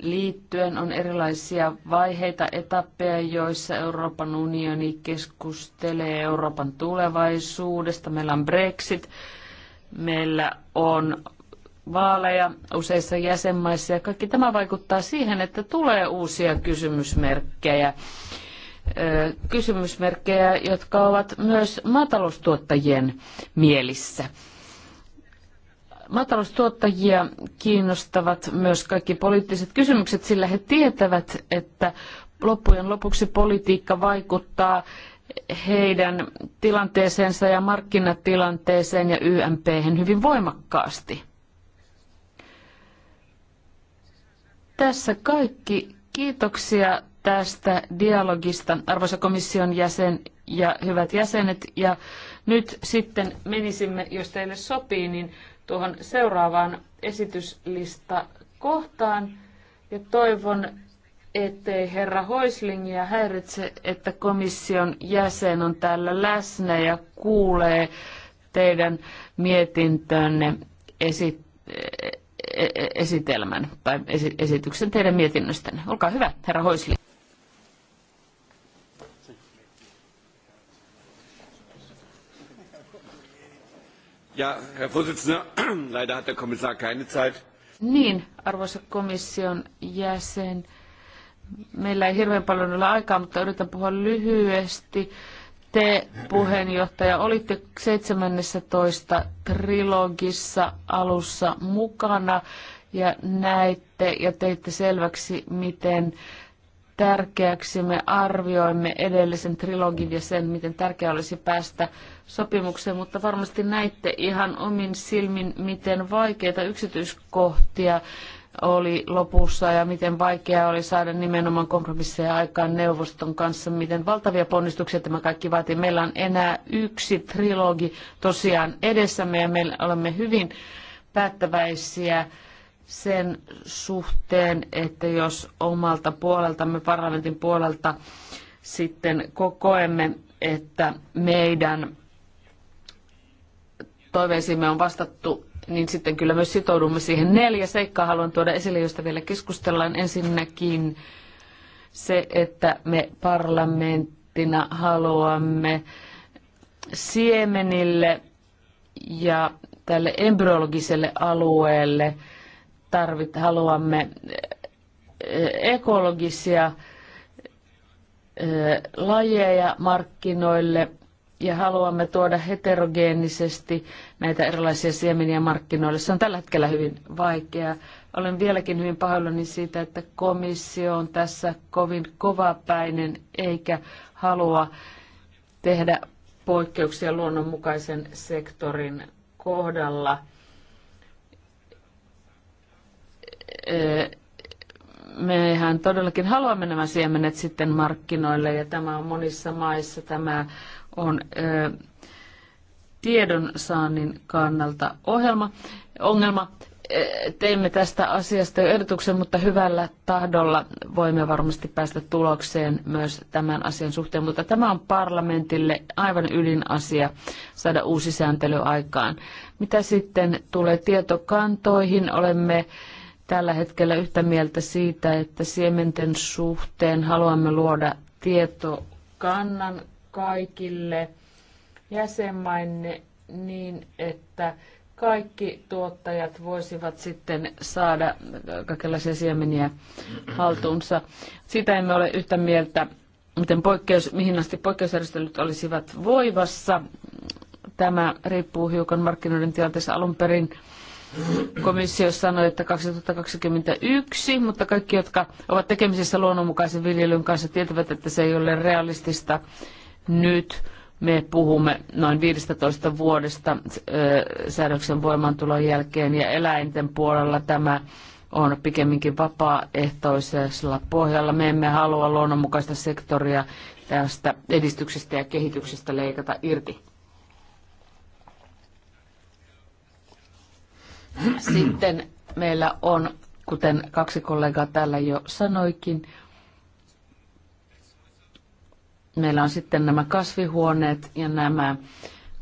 liittyen. On erilaisia vaiheita, etappeja, joissa Euroopan unioni keskustelee Euroopan tulevaisuudesta. Meillä on Brexit, meillä on vaaleja useissa jäsenmaissa ja kaikki tämä vaikuttaa siihen, että tulee uusia kysymysmerkkejä. Kysymysmerkkejä, jotka ovat myös maataloustuottajien mielissä maataloustuottajia kiinnostavat myös kaikki poliittiset kysymykset, sillä he tietävät, että loppujen lopuksi politiikka vaikuttaa heidän tilanteeseensa ja markkinatilanteeseen ja YMP hyvin voimakkaasti. Tässä kaikki. Kiitoksia tästä dialogista, arvoisa komission jäsen ja hyvät jäsenet. Ja nyt sitten menisimme, jos teille sopii, niin tuohon seuraavaan esityslista kohtaan. Ja toivon, ettei herra Hoislingia häiritse, että komission jäsen on täällä läsnä ja kuulee teidän mietintönne esi- e-, e-, e-, esitelmän tai esityksen teidän mietinnöstänne. Olkaa hyvä, herra Hoisling. Ja, Herr Vorsitzender, [CLEARS THROAT] leider hat der Kommissar keine Zeit. Niin, arvoisa komission jäsen. Meillä ei hirveän paljon ole aikaa, mutta yritän puhua lyhyesti. Te, puheenjohtaja, olitte 17. trilogissa alussa mukana ja näitte ja teitte selväksi, miten tärkeäksi. Me arvioimme edellisen trilogin ja sen, miten tärkeää olisi päästä sopimukseen, mutta varmasti näitte ihan omin silmin, miten vaikeita yksityiskohtia oli lopussa ja miten vaikeaa oli saada nimenomaan kompromisseja aikaan neuvoston kanssa, miten valtavia ponnistuksia tämä kaikki vaatii. Meillä on enää yksi trilogi tosiaan edessämme ja me olemme hyvin päättäväisiä sen suhteen, että jos omalta puoleltamme, parlamentin puolelta sitten kokoemme, että meidän toiveisiimme on vastattu, niin sitten kyllä myös sitoudumme siihen. Neljä seikkaa haluan tuoda esille, josta vielä keskustellaan. Ensinnäkin se, että me parlamenttina haluamme siemenille ja tälle embryologiselle alueelle – tarvit, haluamme eh, ekologisia eh, lajeja markkinoille ja haluamme tuoda heterogeenisesti näitä erilaisia siemeniä markkinoille. Se on tällä hetkellä hyvin vaikeaa. Olen vieläkin hyvin pahoillani siitä, että komissio on tässä kovin kovapäinen eikä halua tehdä poikkeuksia luonnonmukaisen sektorin kohdalla – mehän todellakin haluamme nämä siemenet sitten markkinoille ja tämä on monissa maissa, tämä on tiedonsaannin kannalta ohjelma, ongelma. Teimme tästä asiasta jo ehdotuksen, mutta hyvällä tahdolla voimme varmasti päästä tulokseen myös tämän asian suhteen. Mutta tämä on parlamentille aivan ylin asia saada uusi sääntely aikaan. Mitä sitten tulee tietokantoihin, olemme äh, tällä hetkellä yhtä mieltä siitä, että siementen suhteen haluamme luoda tietokannan kaikille jäsenmaille niin, että kaikki tuottajat voisivat sitten saada kaikenlaisia siemeniä haltuunsa. Sitä emme ole yhtä mieltä, miten poikkeus, mihin asti poikkeusjärjestelyt olisivat voivassa. Tämä riippuu hiukan markkinoiden tilanteessa alun perin komissio sanoi, että 2021, mutta kaikki, jotka ovat tekemisissä luonnonmukaisen viljelyn kanssa, tietävät, että se ei ole realistista nyt. Me puhumme noin 15 vuodesta säädöksen voimaantulon jälkeen ja eläinten puolella tämä on pikemminkin vapaaehtoisella pohjalla. Me emme halua luonnonmukaista sektoria tästä edistyksestä ja kehityksestä leikata irti. Sitten meillä on, kuten kaksi kollegaa täällä jo sanoikin, meillä on sitten nämä kasvihuoneet ja nämä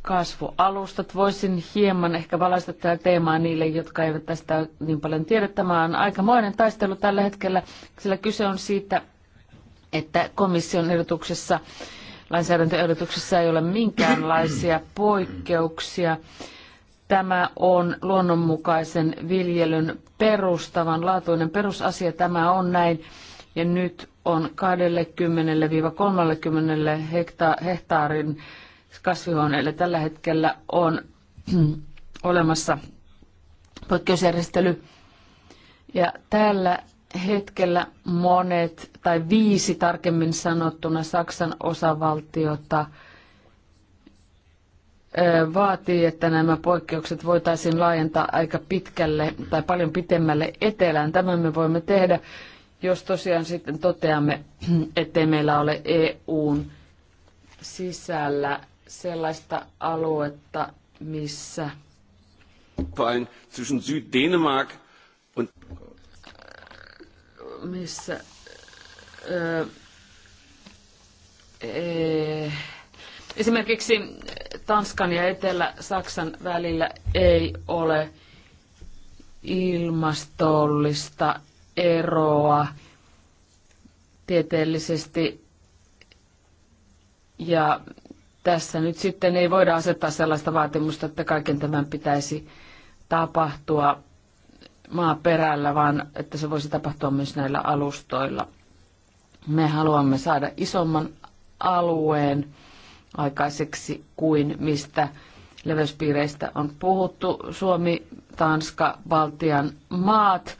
kasvualustat. Voisin hieman ehkä valaista tätä teemaa niille, jotka eivät tästä niin paljon tiedä. Tämä on aikamoinen taistelu tällä hetkellä, sillä kyse on siitä, että komission ehdotuksessa, lainsäädäntöehdotuksessa ei ole minkäänlaisia poikkeuksia Tämä on luonnonmukaisen viljelyn perustavan laatuinen perusasia. Tämä on näin. Ja nyt on 20-30 hehtaarin kasvihuoneelle tällä hetkellä on [CLEARS THROAT] olemassa poikkeusjärjestely. Ja tällä hetkellä monet, tai viisi tarkemmin sanottuna, Saksan osavaltiota – vaatii, että nämä poikkeukset voitaisiin laajentaa aika pitkälle tai paljon pitemmälle etelään. Tämän me voimme tehdä, jos tosiaan sitten toteamme, [CLEARS THROAT] ettei meillä ole EUn sisällä sellaista aluetta, missä... Zwischen Süd-Dänemark und... Missä... E- esimerkiksi Tanskan ja Etelä-Saksan välillä ei ole ilmastollista eroa tieteellisesti. Ja tässä nyt sitten ei voida asettaa sellaista vaatimusta, että kaiken tämän pitäisi tapahtua maaperällä, vaan että se voisi tapahtua myös näillä alustoilla. Me haluamme saada isomman alueen aikaiseksi kuin mistä leveyspiireistä on puhuttu. Suomi, Tanska, Baltian maat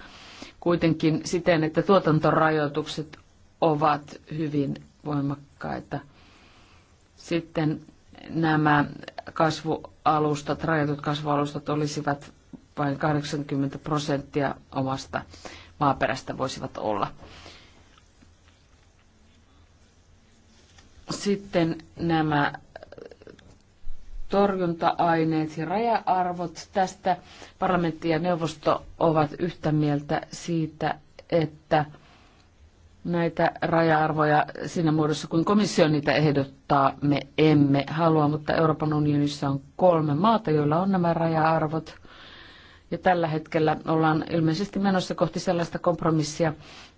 kuitenkin siten, että tuotantorajoitukset ovat hyvin voimakkaita. Sitten nämä kasvualustat, rajatut kasvualustat olisivat vain 80 prosenttia omasta maaperästä voisivat olla. Sitten nämä äh, torjunta-aineet ja raja-arvot. Tästä parlamentti ja neuvosto ovat yhtä mieltä siitä, että näitä raja-arvoja siinä muodossa, kuin komissio niitä ehdottaa, me emme halua, mutta Euroopan unionissa on kolme maata, joilla on nämä raja-arvot. Ja tällä hetkellä ollaan ilmeisesti menossa kohti sellaista kompromissia,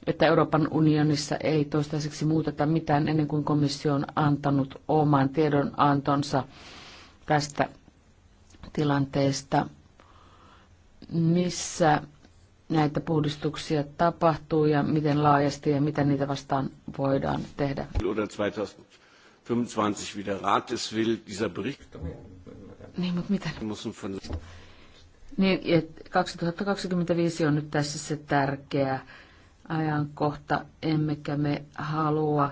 että Euroopan unionissa ei toistaiseksi muuteta mitään ennen kuin komissio on antanut oman tiedonantonsa tästä tilanteesta, missä näitä puhdistuksia tapahtuu ja miten laajasti ja miten niitä vastaan voidaan tehdä. wieder Rat es will, dieser Bericht. Niin, mutta miten? Niin, et 2025 on nyt tässä se tärkeä ajankohta, emmekä me halua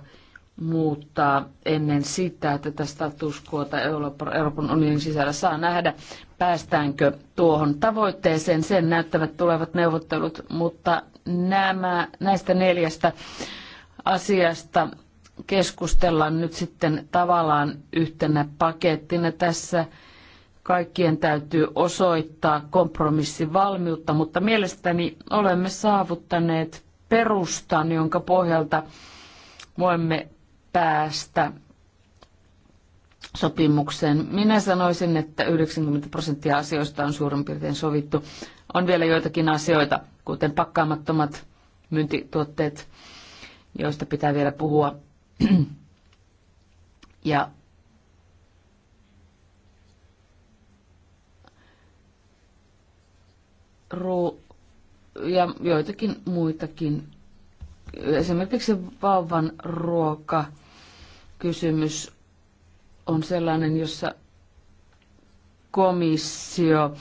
muuttaa ennen sitä, että tästä status quota Euroopan unionin sisällä saa nähdä, päästäänkö tuohon tavoitteeseen. Sen näyttävät tulevat neuvottelut, mutta nämä, näistä neljästä asiasta keskustellaan nyt sitten tavallaan yhtenä pakettina tässä kaikkien täytyy osoittaa kompromissivalmiutta, mutta mielestäni olemme saavuttaneet perustan, jonka pohjalta voimme päästä sopimukseen. Minä sanoisin, että 90 prosenttia asioista on suurin piirtein sovittu. On vielä joitakin asioita, kuten pakkaamattomat myyntituotteet, joista pitää vielä puhua. [CLEARS THROAT] Ja ruu- ja joitakin muitakin. Esimerkiksi vauvan ruoka kysymys on sellainen, jossa komissio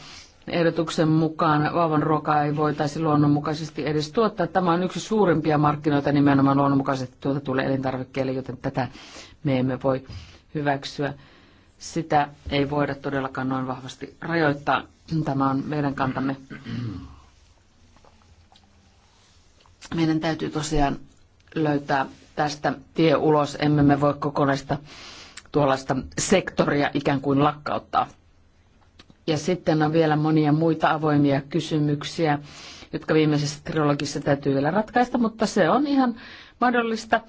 ehdotuksen mukaan vauvan ruokaa ei voitaisi luonnonmukaisesti edes tuottaa. Tämä on yksi suurimpia markkinoita nimenomaan luonnonmukaisesti tuotetulle elintarvikkeelle, joten tätä me emme voi hyväksyä. Sitä ei voida todellakaan noin vahvasti rajoittaa. Tämä on meidän kantamme. Meidän täytyy tosiaan löytää tästä tie ulos. Emme me voi kokonaista tuollaista sektoria ikään kuin lakkauttaa. Ja sitten on vielä monia muita avoimia kysymyksiä, jotka viimeisessä trilogissa täytyy vielä ratkaista, mutta se on ihan mahdollista.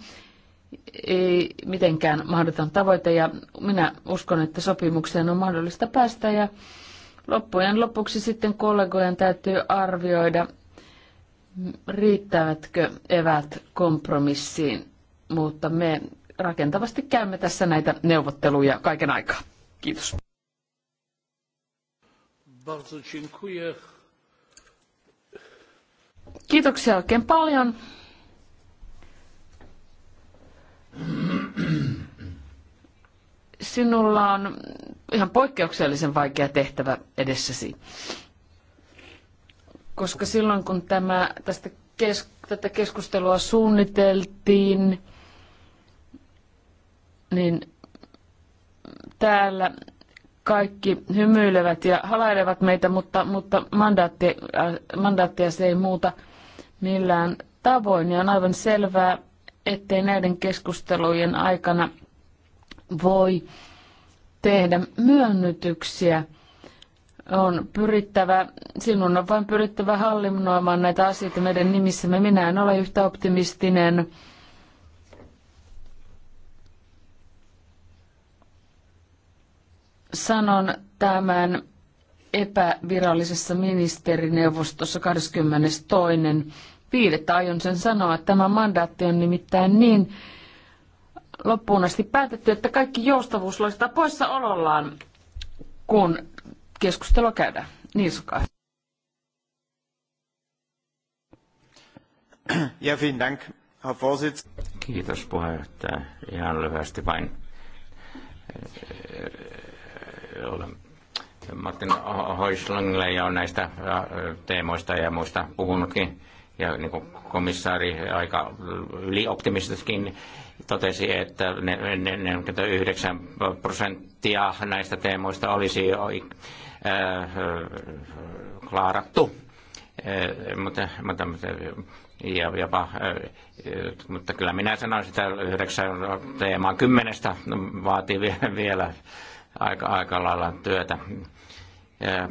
Ei mitenkään mahdoton tavoite ja minä uskon, että sopimukseen on mahdollista päästä ja Loppujen lopuksi sitten kollegojen täytyy arvioida, riittävätkö evät kompromissiin, mutta me rakentavasti käymme tässä näitä neuvotteluja kaiken aikaa. Kiitos. Kiitoksia oikein paljon. Sinulla on ihan poikkeuksellisen vaikea tehtävä edessäsi. Koska silloin kun tämä, tästä kes, tätä keskustelua suunniteltiin, niin täällä kaikki hymyilevät ja halailevat meitä, mutta, mutta mandaatti, äh, mandaattia se ei muuta millään tavoin. Ja on aivan selvää, ettei näiden keskustelujen aikana – voi tehdä myönnytyksiä. On pyrittävä, sinun on vain pyrittävä hallinnoimaan näitä asioita meidän nimissämme. Minä en ole yhtä optimistinen. Sanon tämän epävirallisessa ministerineuvostossa 22.5. Aion sen sanoa, että tämä mandaatti on nimittäin niin loppuun asti päätetty, että kaikki joustavuus loistaa olollaan, kun keskustelua käydään. Niin sukaan. Ja Dank, Kiitos puheenjohtaja. Ihan lyhyesti vain. Eh, Martin Hoislangle on näistä eh, teemoista ja muista puhunutkin ja niin kuin komissaari aika ylioptimistiskin totesi, että 49 prosenttia näistä teemoista olisi jo äh, äh, klaarattu. Äh, mutta, mutta, ja, jopa, mutta kyllä minä sanoin sitä yhdeksän teemaa kymmenestä no, vaatii vielä aika, aika lailla työtä.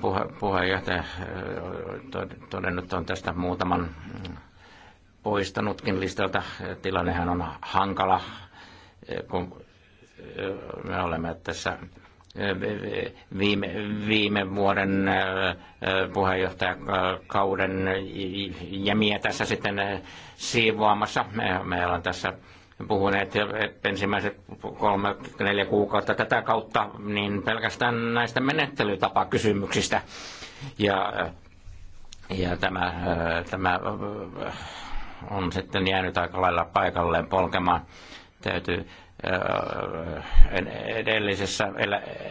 Puhe, puheenjohtaja todennut on tästä muutaman poistanutkin listalta. Tilannehan on hankala, kun me olemme tässä viime, viime vuoden eh, puheenjohtajakauden jämiä tässä sitten siivoamassa. Me, me on tässä puhuneet ensimmäiset kolme, neljä kuukautta tätä kautta niin pelkästään näistä menettelytapakysymyksistä. Ja, ja tämä, eh, tämä on sitten jäänyt aika lailla paikalleen polkemaan. Täytyy edellisessä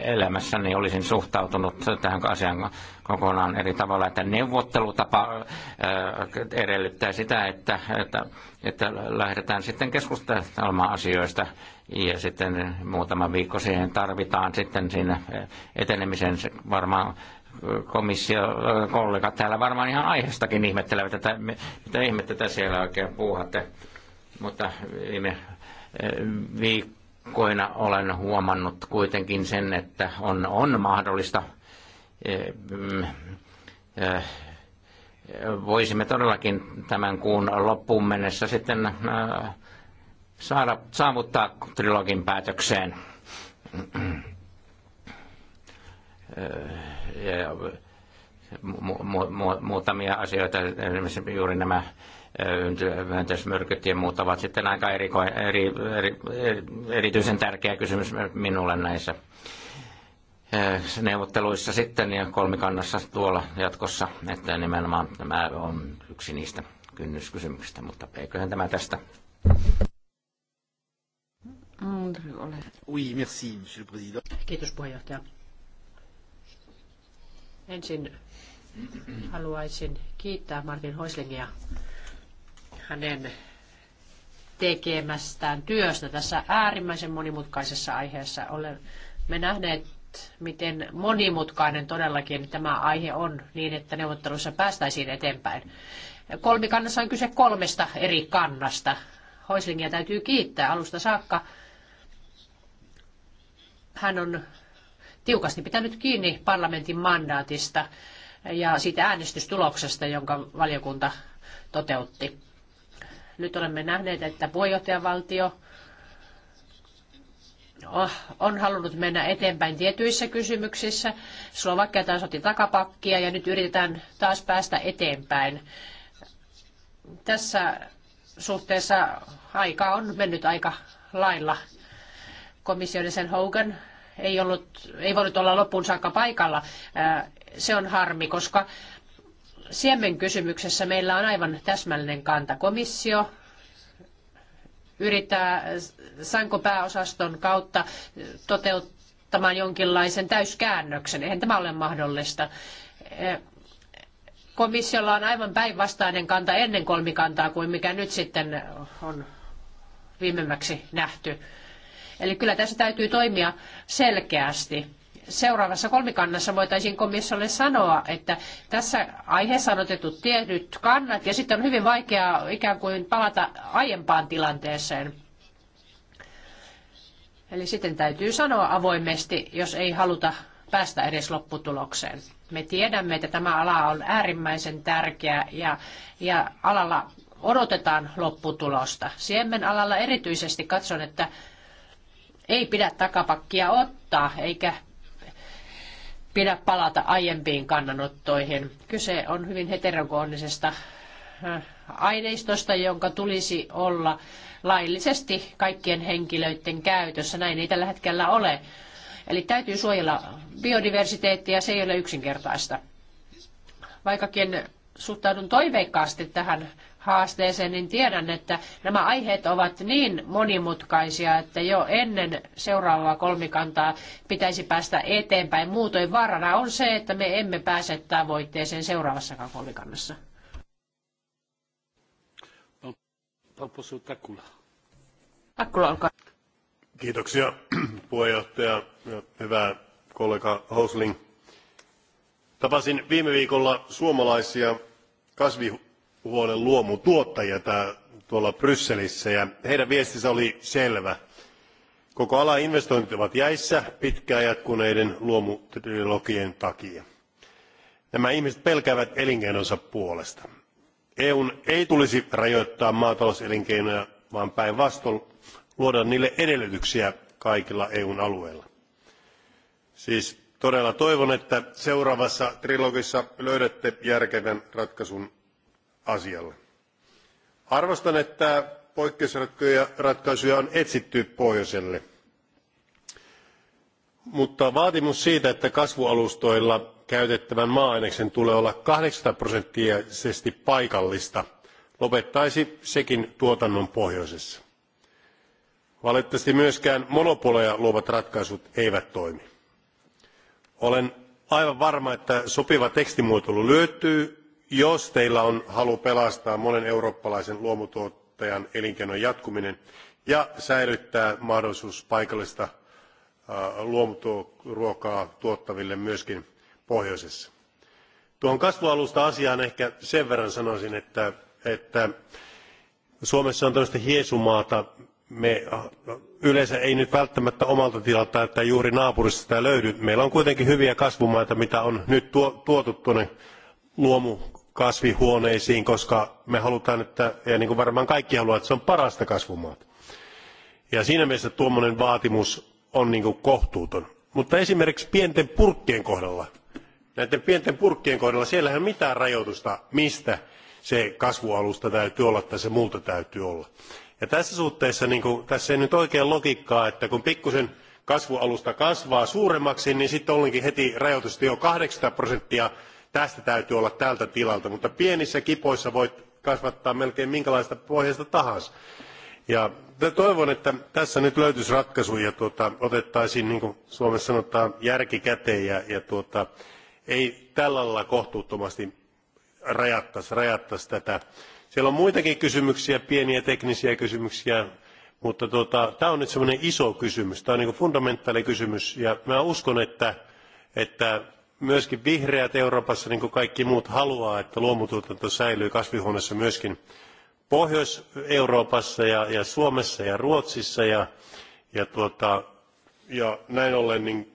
elämässäni niin olisin suhtautunut tähän asiaan kokonaan eri tavalla, että neuvottelutapa edellyttää sitä, että, että, että lähdetään sitten keskustelemaan asioista ja sitten muutama viikko siihen tarvitaan sitten siinä etenemisen varmaan komissio, äh, kollegat täällä varmaan ihan aiheestakin ihmettelevät, että mitä ihmettä siellä oikein puuhatte. Mutta viime äh, viikkoina olen huomannut kuitenkin sen, että on, on mahdollista äh, mm, voisimme todellakin tämän kuun loppuun mennessä sitten saada, saavuttaa trilogin päätökseen muutamia asioita, esimerkiksi juuri nämä myönteismyrkyt ja muut ovat sitten aika eriko, eri, eri, erityisen tärkeä kysymys minulle näissä neuvotteluissa sitten ja kolmikannassa tuolla jatkossa, että nimenomaan tämä on yksi niistä kynnyskysymyksistä, mutta eiköhän tämä tästä. Kiitos puheenjohtaja. Ensin haluaisin kiittää Martin Hoislingia hänen tekemästään työstä tässä äärimmäisen monimutkaisessa aiheessa. Olemme nähneet, miten monimutkainen todellakin tämä aihe on niin, että neuvotteluissa päästäisiin eteenpäin. Kolmikannassa on kyse kolmesta eri kannasta. Hoislingia täytyy kiittää alusta saakka. Hän on tiukasti pitänyt kiinni parlamentin mandaatista ja siitä äänestystuloksesta, jonka valiokunta toteutti. Nyt olemme nähneet, että puheenjohtajavaltio oh, on halunnut mennä eteenpäin tietyissä kysymyksissä. Slovakia taas otti takapakkia ja nyt yritetään taas päästä eteenpäin. Tässä suhteessa aika on mennyt aika lailla. Komissionisen Hogan ei, ollut, ei voinut olla loppuun saakka paikalla. Äh, se on harmi, koska siemen kysymyksessä meillä on aivan täsmällinen kanta. Komissio yrittää Sanko pääosaston kautta toteuttamaan jonkinlaisen täyskäännöksen. Eihän tämä ole mahdollista. Äh, komissiolla on aivan päinvastainen kanta ennen kolmikantaa kuin mikä nyt sitten on viimemmäksi nähty. Eli kyllä tässä täytyy toimia selkeästi. Seuraavassa kolmikannassa voitaisiin komissiolle sanoa, että tässä aiheessa on otettu tietyt kannat ja sitten on hyvin vaikea ikään kuin palata aiempaan tilanteeseen. Eli sitten täytyy sanoa avoimesti, jos ei haluta päästä edes lopputulokseen. Me tiedämme, että tämä ala on äärimmäisen tärkeä ja, ja alalla odotetaan lopputulosta. Siemenalalla erityisesti katson, että ei pidä takapakkia ottaa, eikä pidä palata aiempiin kannanottoihin. Kyse on hyvin heterogoonisesta äh, aineistosta, jonka tulisi olla laillisesti kaikkien henkilöiden käytössä. Näin ei tällä hetkellä ole. Eli täytyy suojella biodiversiteettiä, se ei ole yksinkertaista. Vaikkakin suhtaudun toiveikkaasti tähän haasteeseen, niin tiedän, että nämä aiheet ovat niin monimutkaisia, että jo ennen seuraavaa kolmikantaa pitäisi päästä eteenpäin. Muutoin vaarana on se, että me emme pääse tavoitteeseen seuraavassakaan kolmikannassa. Kiitoksia puheenjohtaja ja hyvä kollega Hosling. Tapasin viime viikolla suomalaisia kasvi huolen luomutuottajia tuolla Brysselissä ja heidän viestinsä oli selvä. Koko alan investoinnit ovat jäissä pitkään jatkuneiden luomutrilogien takia. Nämä ihmiset pelkäävät elinkeinonsa puolesta. EUn ei tulisi rajoittaa maatalouselinkeinoja, vaan päinvastoin luoda niille edellytyksiä kaikilla EUn alueilla. Siis todella toivon, että seuraavassa trilogissa löydätte järkevän ratkaisun asialle. Arvostan, että poikkeusratkaisuja on etsitty pohjoiselle, mutta vaatimus siitä, että kasvualustoilla käytettävän maa-aineksen tulee olla 8 prosenttisesti paikallista, lopettaisi sekin tuotannon pohjoisessa. Valitettavasti myöskään monopoleja luovat ratkaisut eivät toimi. Olen aivan varma, että sopiva tekstimuotoilu löytyy jos teillä on halu pelastaa monen eurooppalaisen luomutuottajan elinkeinon jatkuminen ja säilyttää mahdollisuus paikallista luomuruokaa tuottaville myöskin pohjoisessa. Tuohon kasvualusta asiaan ehkä sen verran sanoisin, että, että Suomessa on tällaista hiesumaata. Me yleensä ei nyt välttämättä omalta tilalta että juuri naapurista sitä löydy. Meillä on kuitenkin hyviä kasvumaita, mitä on nyt tuotu tuonne luomu kasvihuoneisiin, koska me halutaan, että, ja niin kuin varmaan kaikki haluavat, että se on parasta kasvumaata. Ja siinä mielessä tuommoinen vaatimus on niin kuin kohtuuton. Mutta esimerkiksi pienten purkkien kohdalla, näiden pienten purkkien kohdalla, siellä ei ole mitään rajoitusta, mistä se kasvualusta täytyy olla tai se muuta täytyy olla. Ja tässä suhteessa niin kuin, tässä ei nyt oikein logiikkaa, että kun pikkusen kasvualusta kasvaa suuremmaksi, niin sitten onkin heti rajoitusta jo 8 prosenttia Tästä täytyy olla tältä tilalta, mutta pienissä kipoissa voit kasvattaa melkein minkälaista pohjasta tahansa. Ja toivon, että tässä nyt löytyisi ratkaisu ja tuota, otettaisiin, niin kuin Suomessa sanotaan, järki käteen ja, ja tuota, ei tällä lailla kohtuuttomasti rajattaisi, rajattaisi tätä. Siellä on muitakin kysymyksiä, pieniä teknisiä kysymyksiä, mutta tuota, tämä on nyt semmoinen iso kysymys. Tämä on niin fundamentaali kysymys ja mä uskon, että, että myöskin vihreät Euroopassa, niin kuin kaikki muut, haluaa, että luomutuotanto säilyy kasvihuoneessa myöskin Pohjois-Euroopassa ja, Suomessa ja Ruotsissa. Ja, ja, tuota, ja näin ollen niin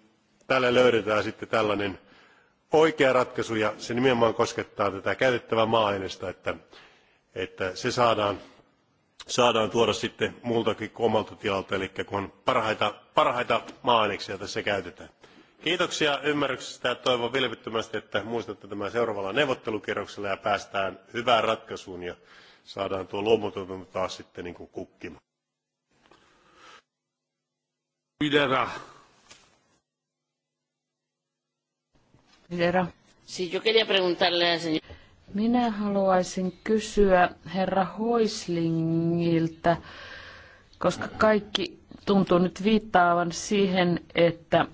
löydetään sitten tällainen oikea ratkaisu ja se nimenomaan koskettaa tätä käytettävää maa-ainesta, että, että se saadaan, saadaan tuoda sitten muultakin kuin omalta tilalta, eli kun parhaita, parhaita maa-aineksia tässä käytetään. Kiitoksia ymmärryksestä ja toivon vilpittömästi, että muistatte tämän seuraavalla neuvottelukierroksella ja päästään hyvään ratkaisuun ja saadaan tuo luomutuotanto taas sitten niin kuin kukkimaan. Si, yo quería preguntarle al señor... Minä haluaisin kysyä herra Hoislingiltä, koska kaikki tuntuu nyt viittaavan siihen, että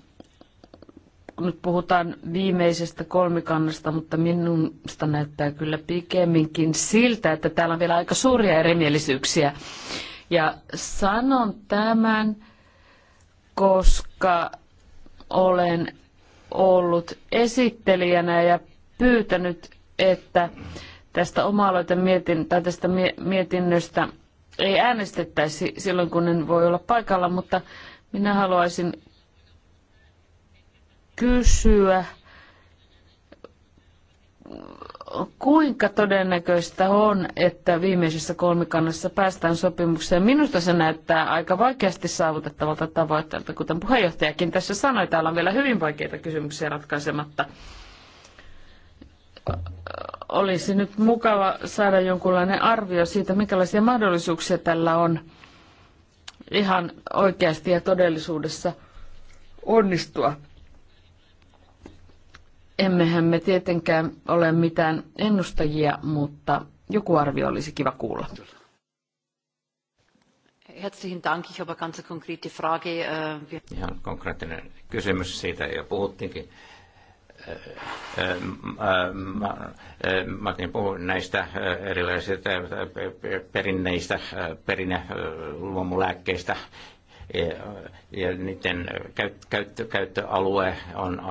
nyt puhutaan viimeisestä kolmikannasta, mutta minusta näyttää kyllä pikemminkin siltä, että täällä on vielä aika suuria erimielisyyksiä. Ja sanon tämän, koska olen ollut esittelijänä ja pyytänyt, että tästä oma mietin, tästä mietinnöstä ei äänestettäisi silloin, kun en voi olla paikalla, mutta minä haluaisin kysyä, kuinka todennäköistä on, että viimeisessä kolmikannassa päästään sopimukseen? Minusta se näyttää aika vaikeasti saavutettavalta tavoitteelta, kuten puheenjohtajakin tässä sanoi. Täällä on vielä hyvin vaikeita kysymyksiä ratkaisematta. Olisi nyt mukava saada jonkunlainen arvio siitä, minkälaisia mahdollisuuksia tällä on ihan oikeasti ja todellisuudessa onnistua. Emmehän me tietenkään ole mitään ennustajia, mutta joku arvio olisi kiva kuulla. Herzlichen Dank. Ich habe eine ganz konkrete Frage. Äh, Ihan konkreettinen kysymys siitä jo puhuttiinkin. Äh, äh, Martin puhui näistä erilaisista perinneistä, perinneluomulääkkeistä, ja niiden käyttöalue on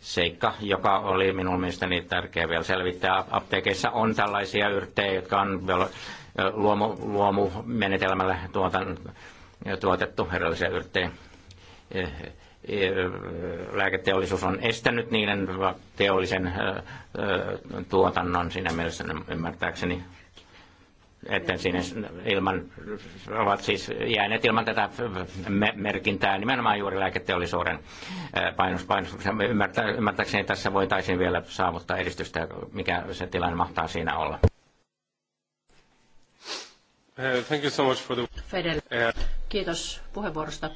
seikka, joka oli minun mielestäni tärkeä vielä selvittää. Apteekeissa on tällaisia yrttejä, jotka on luomu, luomumenetelmällä tuotan, tuotettu erilaisia yrttejä. Lääketeollisuus on estänyt niiden teollisen tuotannon siinä mielessä ymmärtääkseni että sinne ilman, ovat siis jääneet ilman tätä merkintää nimenomaan juuri lääketeollisuuden painos, painos. Ymmärtä, ymmärtääkseni tässä voitaisiin vielä saavuttaa edistystä, mikä se tilanne mahtaa siinä olla. Uh, thank you so much for the... Fedel, uh, kiitos puheenvuorosta.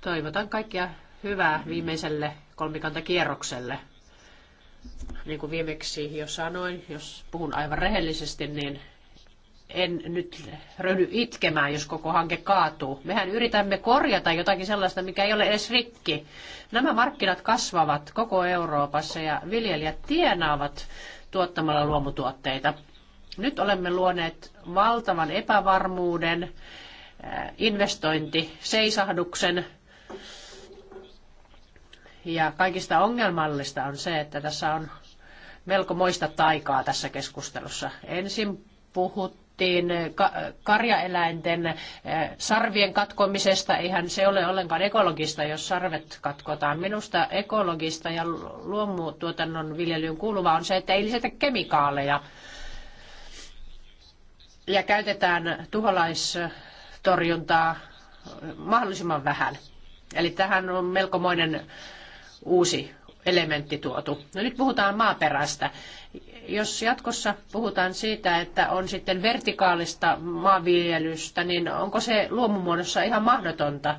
Toivotan kaikkia hyvää viimeiselle kolmikantakierrokselle. Niin kuin viimeksi jo sanoin, jos puhun aivan rehellisesti, niin en nyt röydy itkemään, jos koko hanke kaatuu. Mehän yritämme korjata jotakin sellaista, mikä ei ole edes rikki. Nämä markkinat kasvavat koko Euroopassa ja viljelijät tienaavat tuottamalla luomutuotteita. Nyt olemme luoneet valtavan epävarmuuden, eh, investointiseisahduksen, ja kaikista ongelmallista on se, että tässä on melko moista taikaa tässä keskustelussa. Ensin puhuttiin karjaeläinten eh, sarvien katkomisesta. Eihän se ole ollenkaan ekologista, jos sarvet katkotaan. Minusta ekologista ja luomutuotannon viljelyyn kuuluva on se, että ei lisätä kemikaaleja ja käytetään tuholaistorjuntaa mahdollisimman vähän. Eli tähän on melkomoinen uusi elementti tuotu. No nyt puhutaan maaperästä. Jos jatkossa puhutaan siitä, että on sitten vertikaalista maanviljelystä, niin onko se luomumuodossa ihan mahdotonta?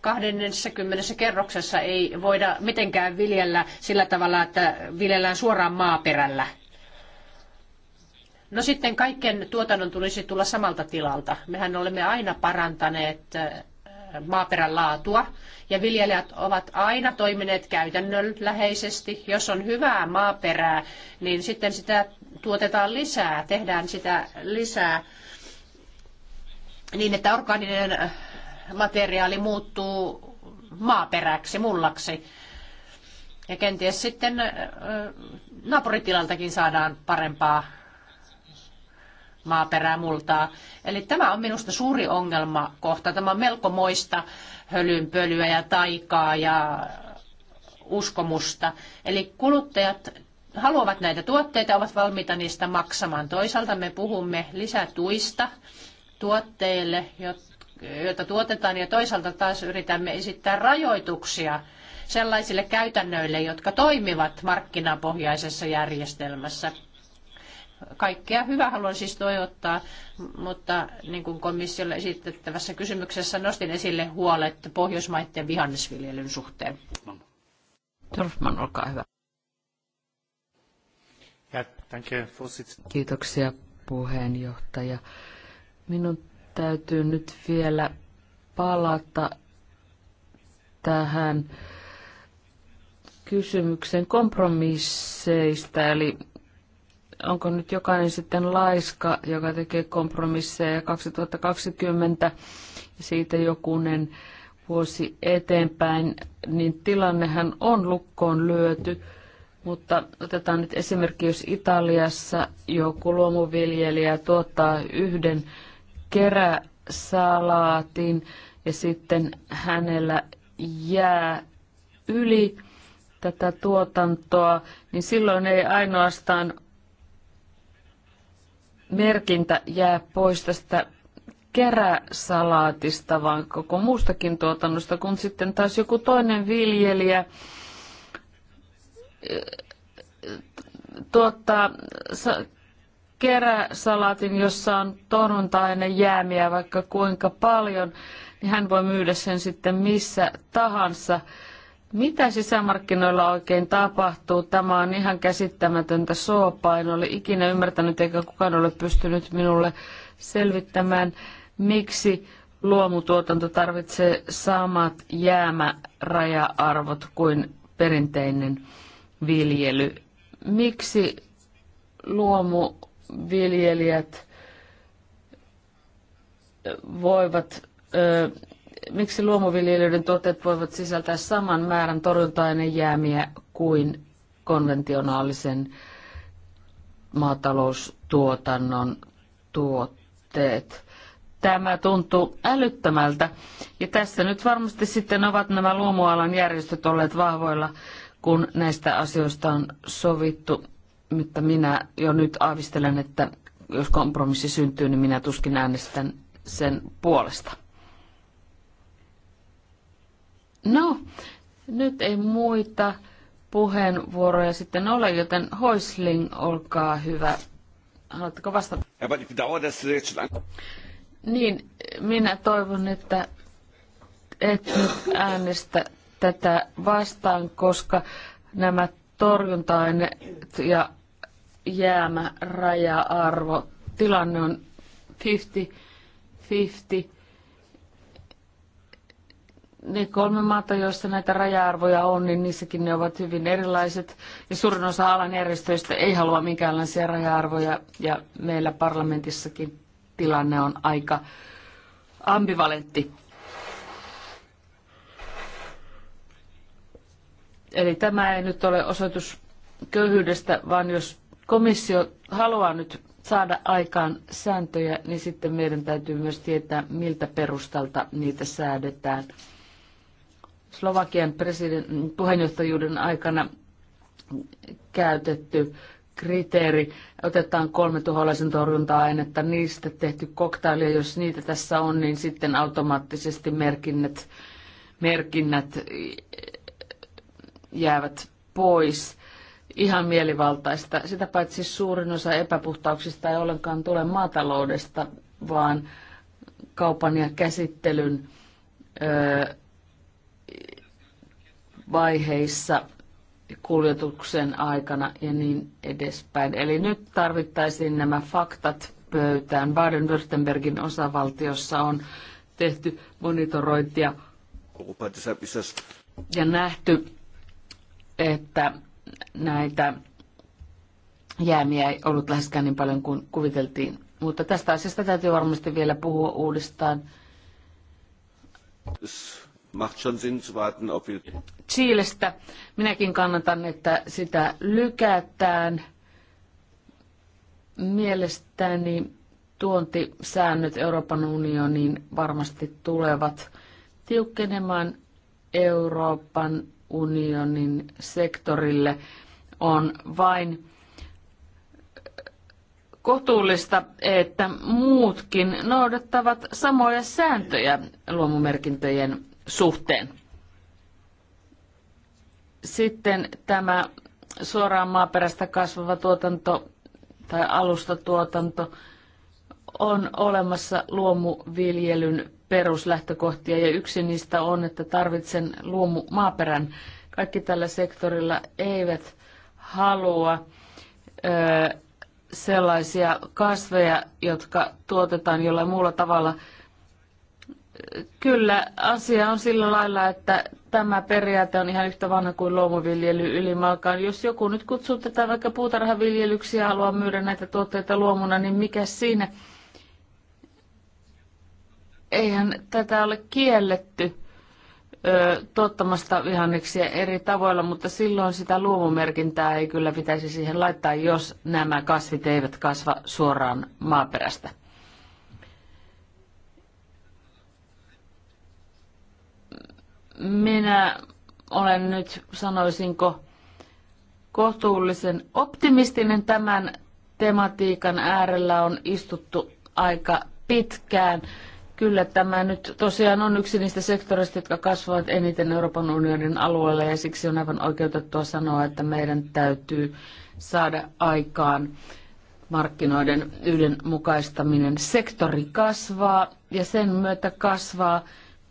20 kerroksessa ei voida mitenkään viljellä sillä tavalla, että viljellään suoraan maaperällä. No sitten kaiken tuotannon tulisi tulla samalta tilalta. Mehän olemme aina parantaneet maaperän laatua ja viljelijät ovat aina toimineet käytännönläheisesti. Jos on hyvää maaperää, niin sitten sitä tuotetaan lisää, tehdään sitä lisää niin, että orgaaninen äh, materiaali muuttuu maaperäksi, mullaksi. Ja kenties sitten äh, naapuritilaltakin saadaan parempaa maaperämultaa. Eli tämä on minusta suuri ongelma kohta. Tämä on melko moista hölynpölyä ja taikaa ja uskomusta. Eli kuluttajat haluavat näitä tuotteita, ovat valmiita niistä maksamaan. Toisaalta me puhumme lisätuista tuotteille, joita tuotetaan, ja toisaalta taas yritämme esittää rajoituksia sellaisille käytännöille, jotka toimivat markkinapohjaisessa järjestelmässä. Kaikkea hyvää haluan siis toivottaa, mutta niin kuin komissiolle esitettävässä kysymyksessä nostin esille huolet pohjoismaiden vihannesviljelyn suhteen. Dorfman, olkaa hyvä. Kiitoksia puheenjohtaja. Minun täytyy nyt vielä palata tähän kysymyksen kompromisseista, eli onko nyt jokainen sitten laiska, joka tekee kompromisseja 2020 ja siitä jokunen vuosi eteenpäin, niin tilannehan on lukkoon lyöty. Mutta otetaan nyt esimerkki, jos Italiassa joku luomuviljelijä tuottaa yhden keräsalaatin ja sitten hänellä jää yli tätä tuotantoa, niin silloin ei ainoastaan merkintä jää pois tästä keräsalaatista, vaan koko muustakin tuotannosta, kun sitten taas joku toinen viljelijä tuottaa keräsalaatin, jossa on torjunta jäämiä vaikka kuinka paljon, niin hän voi myydä sen sitten missä tahansa. Mitä sisämarkkinoilla oikein tapahtuu? Tämä on ihan käsittämätöntä soopaa. En ole ikinä ymmärtänyt eikä kukaan ole pystynyt minulle selvittämään, miksi luomutuotanto tarvitsee samat jäämäraja-arvot kuin perinteinen viljely. Miksi luomuviljelijät voivat miksi luomuviljelijöiden tuotteet voivat sisältää saman määrän torjunta-ainejäämiä kuin konventionaalisen maataloustuotannon tuotteet. Tämä tuntuu älyttömältä. Ja tässä nyt varmasti sitten ovat nämä luomualan järjestöt olleet vahvoilla, kun näistä asioista on sovittu. Mutta minä jo nyt aavistelen, että jos kompromissi syntyy, niin minä tuskin äänestän sen puolesta. No, nyt ei muita puheenvuoroja sitten ole, joten Hoisling, olkaa hyvä. Haluatteko vastata? Niin, minä toivon, että et nyt äänestä tätä vastaan, koska nämä torjunta ja jäämä raja-arvo, tilanne on 50-50 ne kolme maata, joissa näitä raja-arvoja on, niin niissäkin ne ovat hyvin erilaiset. Ja suurin osa alan järjestöistä ei halua minkäänlaisia raja-arvoja. Ja meillä parlamentissakin tilanne on aika ambivalentti. Eli tämä ei nyt ole osoitus köyhyydestä, vaan jos komissio haluaa nyt saada aikaan sääntöjä, niin sitten meidän täytyy myös tietää, miltä perustalta niitä säädetään. Slovakian president, puheenjohtajuuden aikana käytetty kriteeri. Otetaan kolme tuholaisen torjunta-ainetta, niistä tehty koktailia. Jos niitä tässä on, niin sitten automaattisesti merkinnät, merkinnät jäävät pois. Ihan mielivaltaista. Sitä paitsi suurin osa epäpuhtauksista ei ollenkaan tule maataloudesta, vaan kaupan ja käsittelyn öö, vaiheissa kuljetuksen aikana ja niin edespäin. Eli nyt tarvittaisiin nämä faktat pöytään. Baden-Württembergin osavaltiossa on tehty monitorointia ja nähty, että näitä jäämiä ei ollut läheskään niin paljon kuin kuviteltiin. Mutta tästä asiasta täytyy varmasti vielä puhua uudestaan macht schon Sinn zu warten, ob wir... Chilestä. Minäkin kannatan, että sitä lykätään. Mielestäni tuontisäännöt Euroopan unioniin varmasti tulevat tiukkenemaan Euroopan unionin sektorille. On vain kohtuullista, että muutkin noudattavat samoja sääntöjä luomumerkintöjen suhteen. Sitten tämä suoraan maaperästä kasvava tuotanto tai alustatuotanto on olemassa luomuviljelyn peruslähtökohtia ja yksi niistä on, että tarvitsen luomu maaperän. Kaikki tällä sektorilla eivät halua ö, sellaisia kasveja, jotka tuotetaan jollain muulla tavalla kyllä asia on sillä lailla, että tämä periaate on ihan yhtä vanha kuin luomuviljely ylimalkaan. Jos joku nyt kutsuu tätä vaikka puutarhaviljelyksi ja haluaa myydä näitä tuotteita luomuna, niin mikä siinä? Eihän tätä ole kielletty ö, tuottamasta vihanneksia eri tavoilla, mutta silloin sitä luomumerkintää ei kyllä pitäisi siihen laittaa, jos nämä kasvit eivät kasva suoraan maaperästä. Minä olen nyt, sanoisinko, kohtuullisen optimistinen tämän tematiikan äärellä on istuttu aika pitkään. Kyllä tämä nyt tosiaan on yksi niistä sektoreista, jotka kasvavat eniten Euroopan unionin alueella ja siksi on aivan oikeutettua sanoa, että meidän täytyy saada aikaan markkinoiden yhdenmukaistaminen. Sektori kasvaa ja sen myötä kasvaa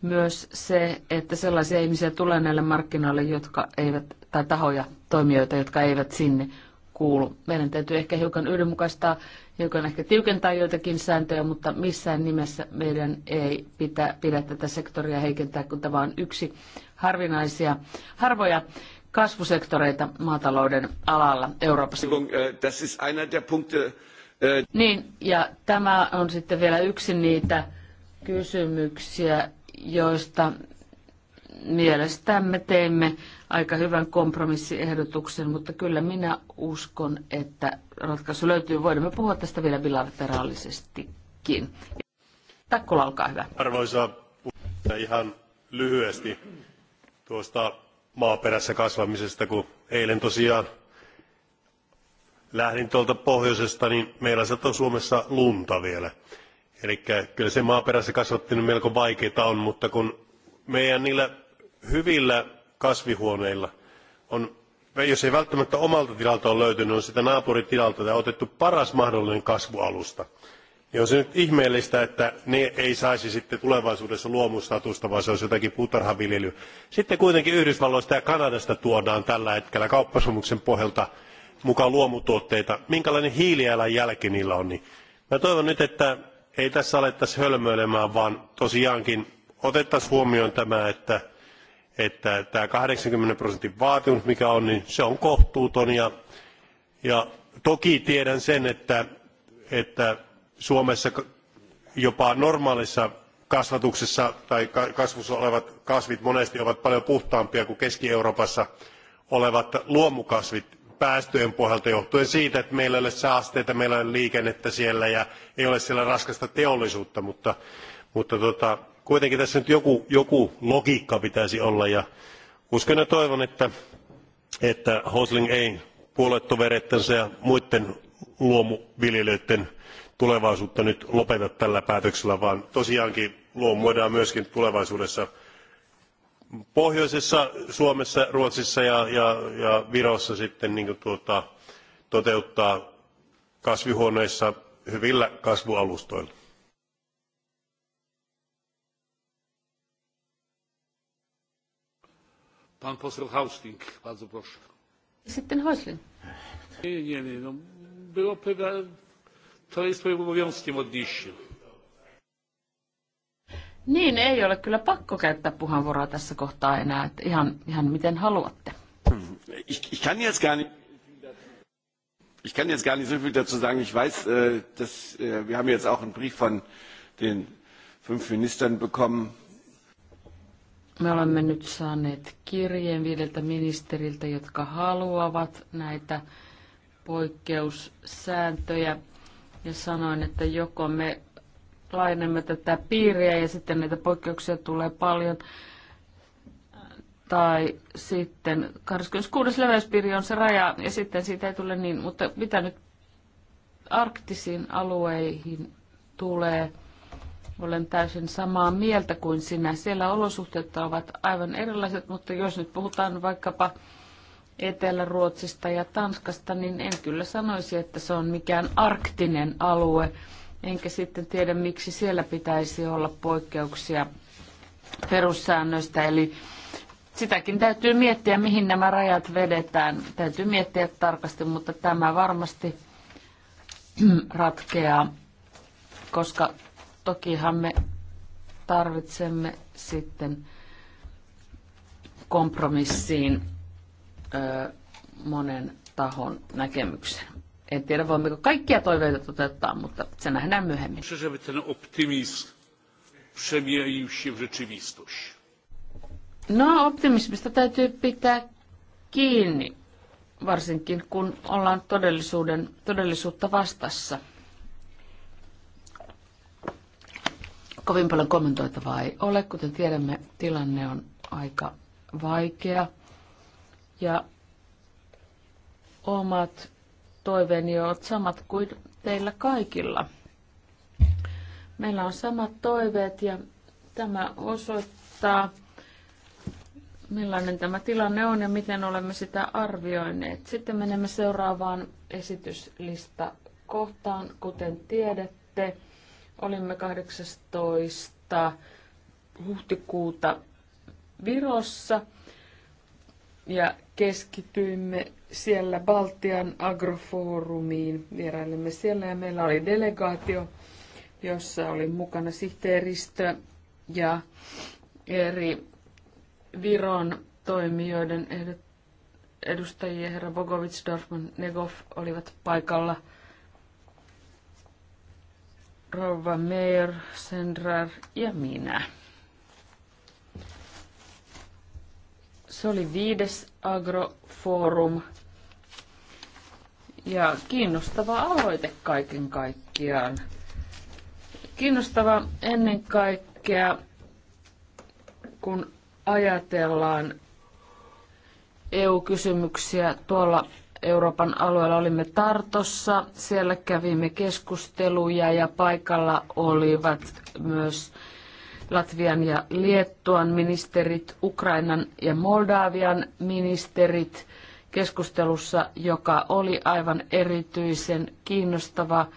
myös se, että sellaisia ihmisiä tulee näille markkinoille, jotka eivät, tai tahoja, toimijoita, jotka eivät sinne kuulu. Meidän täytyy ehkä hiukan yhdenmukaistaa, hiukan ehkä tiukentaa joitakin sääntöjä, mutta missään nimessä meidän ei pitä, pidä tätä sektoria heikentää, kun tämä on yksi harvinaisia, harvoja kasvusektoreita maatalouden alalla Euroopassa. Äh, äh, niin, ja tämä on sitten vielä yksi niitä kysymyksiä, joista mielestämme teimme aika hyvän kompromissiehdotuksen, mutta kyllä minä uskon, että ratkaisu löytyy. Voimme puhua tästä vielä bilateraalisestikin. Takkola, olkaa hyvä. Arvoisa puhuja, ihan lyhyesti tuosta maaperässä kasvamisesta, kun eilen tosiaan lähdin tuolta pohjoisesta, niin meillä satoi Suomessa lunta vielä. Eli kyllä se maaperässä kasvattaminen melko vaikeaa on, mutta kun meidän niillä hyvillä kasvihuoneilla on, jos ei välttämättä omalta tilalta ole löytynyt, on sitä naapuritilalta ja otettu paras mahdollinen kasvualusta. Ja on se nyt ihmeellistä, että ne ei saisi sitten tulevaisuudessa luomustatusta, vaan se olisi jotakin puutarhaviljelyä. Sitten kuitenkin Yhdysvalloista ja Kanadasta tuodaan tällä hetkellä kauppasomuksen pohjalta mukaan luomutuotteita. Minkälainen hiilijalanjälki niillä on, niin mä toivon nyt, että ei tässä alettaisi hölmöilemään vaan tosiaankin otettaisiin huomioon tämä että että tämä 80 prosentin vaatimus mikä on niin se on kohtuuton ja, ja toki tiedän sen että, että Suomessa jopa normaalissa kasvatuksessa tai kasvussa olevat kasvit monesti ovat paljon puhtaampia kuin Keski-Euroopassa olevat luomukasvit päästöjen pohjalta johtuen siitä, että meillä ei ole saasteita, meillä ei ole liikennettä siellä ja ei ole siellä raskasta teollisuutta, mutta, mutta tota, kuitenkin tässä nyt joku, joku logiikka pitäisi olla ja uskon ja toivon, että, että Hosling ei puoluetovereittensä ja muiden luomuviljelijöiden tulevaisuutta nyt lopeta tällä päätöksellä, vaan tosiaankin luomu voidaan myöskin tulevaisuudessa pohjoisessa suomessa ruotsissa ja, ja, ja virossa sitten niin tuota, toteuttaa kasvihuoneissa hyvillä kasvualustoilla. Pan poseł Hausling, bardzo proszę. Sitten Häusling. Nie, nie, nie. No, było, to jest moim obowiązkiem odnieść się. Niin, ei ole kyllä pakko käyttää puheenvuoroa tässä kohtaa enää, että ihan, ihan miten haluatte. Hm, ich, kann jetzt gar nicht ich kann jetzt gar nicht so viel dazu sagen. Ich weiß, äh, dass äh, wir haben jetzt auch einen Brief von den fünf Ministern bekommen. Me olemme nyt saaneet kirjeen viideltä ministeriltä, jotka haluavat näitä poikkeussääntöjä. Ja sanoin, että joko me laajennamme tätä piiriä ja sitten näitä poikkeuksia tulee paljon. Tai sitten 26. leveyspiiri on se raja ja sitten siitä ei tule niin, mutta mitä nyt arktisiin alueihin tulee, olen täysin samaa mieltä kuin sinä. Siellä olosuhteet ovat aivan erilaiset, mutta jos nyt puhutaan vaikkapa Etelä-Ruotsista ja Tanskasta, niin en kyllä sanoisi, että se on mikään arktinen alue enkä sitten tiedä, miksi siellä pitäisi olla poikkeuksia perussäännöistä. Eli sitäkin täytyy miettiä, mihin nämä rajat vedetään. Täytyy miettiä tarkasti, mutta tämä varmasti [CLEARS THROAT] ratkeaa, koska tokihan me tarvitsemme sitten kompromissiin ö, monen tahon näkemyksen. En tiedä, voimmeko kaikkia toiveita toteuttaa, mutta se nähdään myöhemmin. No, optimismista täytyy pitää kiinni, varsinkin kun ollaan todellisuuden, todellisuutta vastassa. Kovin paljon kommentoitavaa ei ole. Kuten tiedämme, tilanne on aika vaikea. Ja omat toiveeni ovat samat kuin teillä kaikilla. Meillä on samat toiveet ja tämä osoittaa, millainen tämä tilanne on ja miten olemme sitä arvioineet. Sitten menemme seuraavaan esityslista kohtaan. Kuten tiedätte, olimme 18. huhtikuuta Virossa ja keskityimme siellä Baltian agrofoorumiin. Vierailimme siellä ja meillä oli delegaatio, jossa oli mukana sihteeristö ja eri Viron toimijoiden edustajia, herra Bogovic, Dorfman, Negov olivat paikalla. Rova Meijer, Sendrar ja minä. Se oli viides agroforum ja kiinnostava aloite kaiken kaikkiaan. Kiinnostava ennen kaikkea, kun ajatellaan EU-kysymyksiä tuolla Euroopan alueella olimme Tartossa, siellä kävimme keskusteluja ja paikalla olivat myös Latvian ja Liettuan ministerit, Ukrainan ja Moldavian ministerit keskustelussa, joka oli aivan erityisen kiinnostava.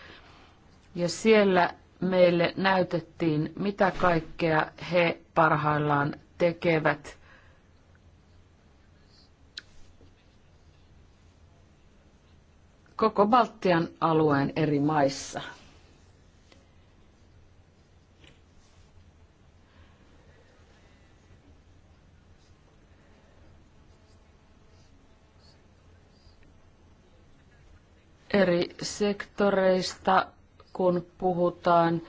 Ja siellä meille näytettiin, mitä kaikkea he parhaillaan tekevät. koko Baltian alueen eri maissa. eri sektoreista, kun puhutaan.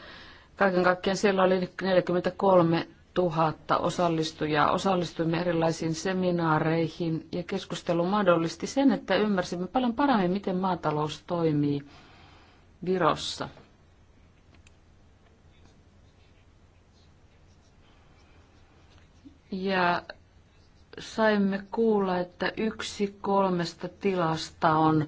Kaiken kaikkiaan siellä oli 43 000 osallistujaa. Osallistuimme erilaisiin seminaareihin ja keskustelu mahdollisti sen, että ymmärsimme paljon paremmin, miten maatalous toimii Virossa. Ja saimme kuulla, että yksi kolmesta tilasta on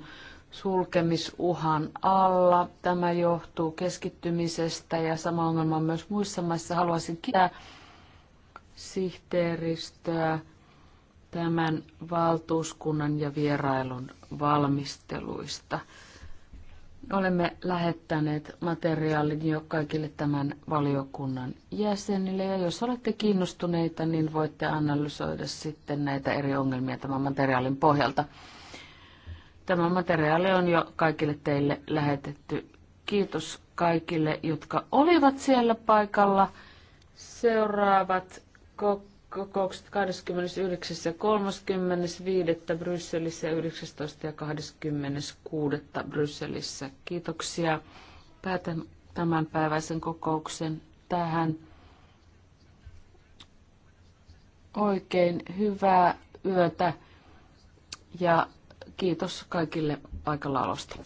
sulkemisuhan alla. Tämä johtuu keskittymisestä ja sama ongelma on myös muissa maissa. Haluaisin kiittää sihteeristöä tämän valtuuskunnan ja vierailun valmisteluista. Olemme lähettäneet materiaalin jo kaikille tämän valiokunnan jäsenille ja jos olette kiinnostuneita, niin voitte analysoida sitten näitä eri ongelmia tämän materiaalin pohjalta. Tämä materiaali on jo kaikille teille lähetetty. Kiitos kaikille, jotka olivat siellä paikalla. Seuraavat kokoukset 29. ja 35. Brysselissä ja 19. ja 26. Brysselissä. Kiitoksia. Päätän tämänpäiväisen kokouksen tähän. Oikein hyvää yötä ja Kiitos kaikille paikallaolosta.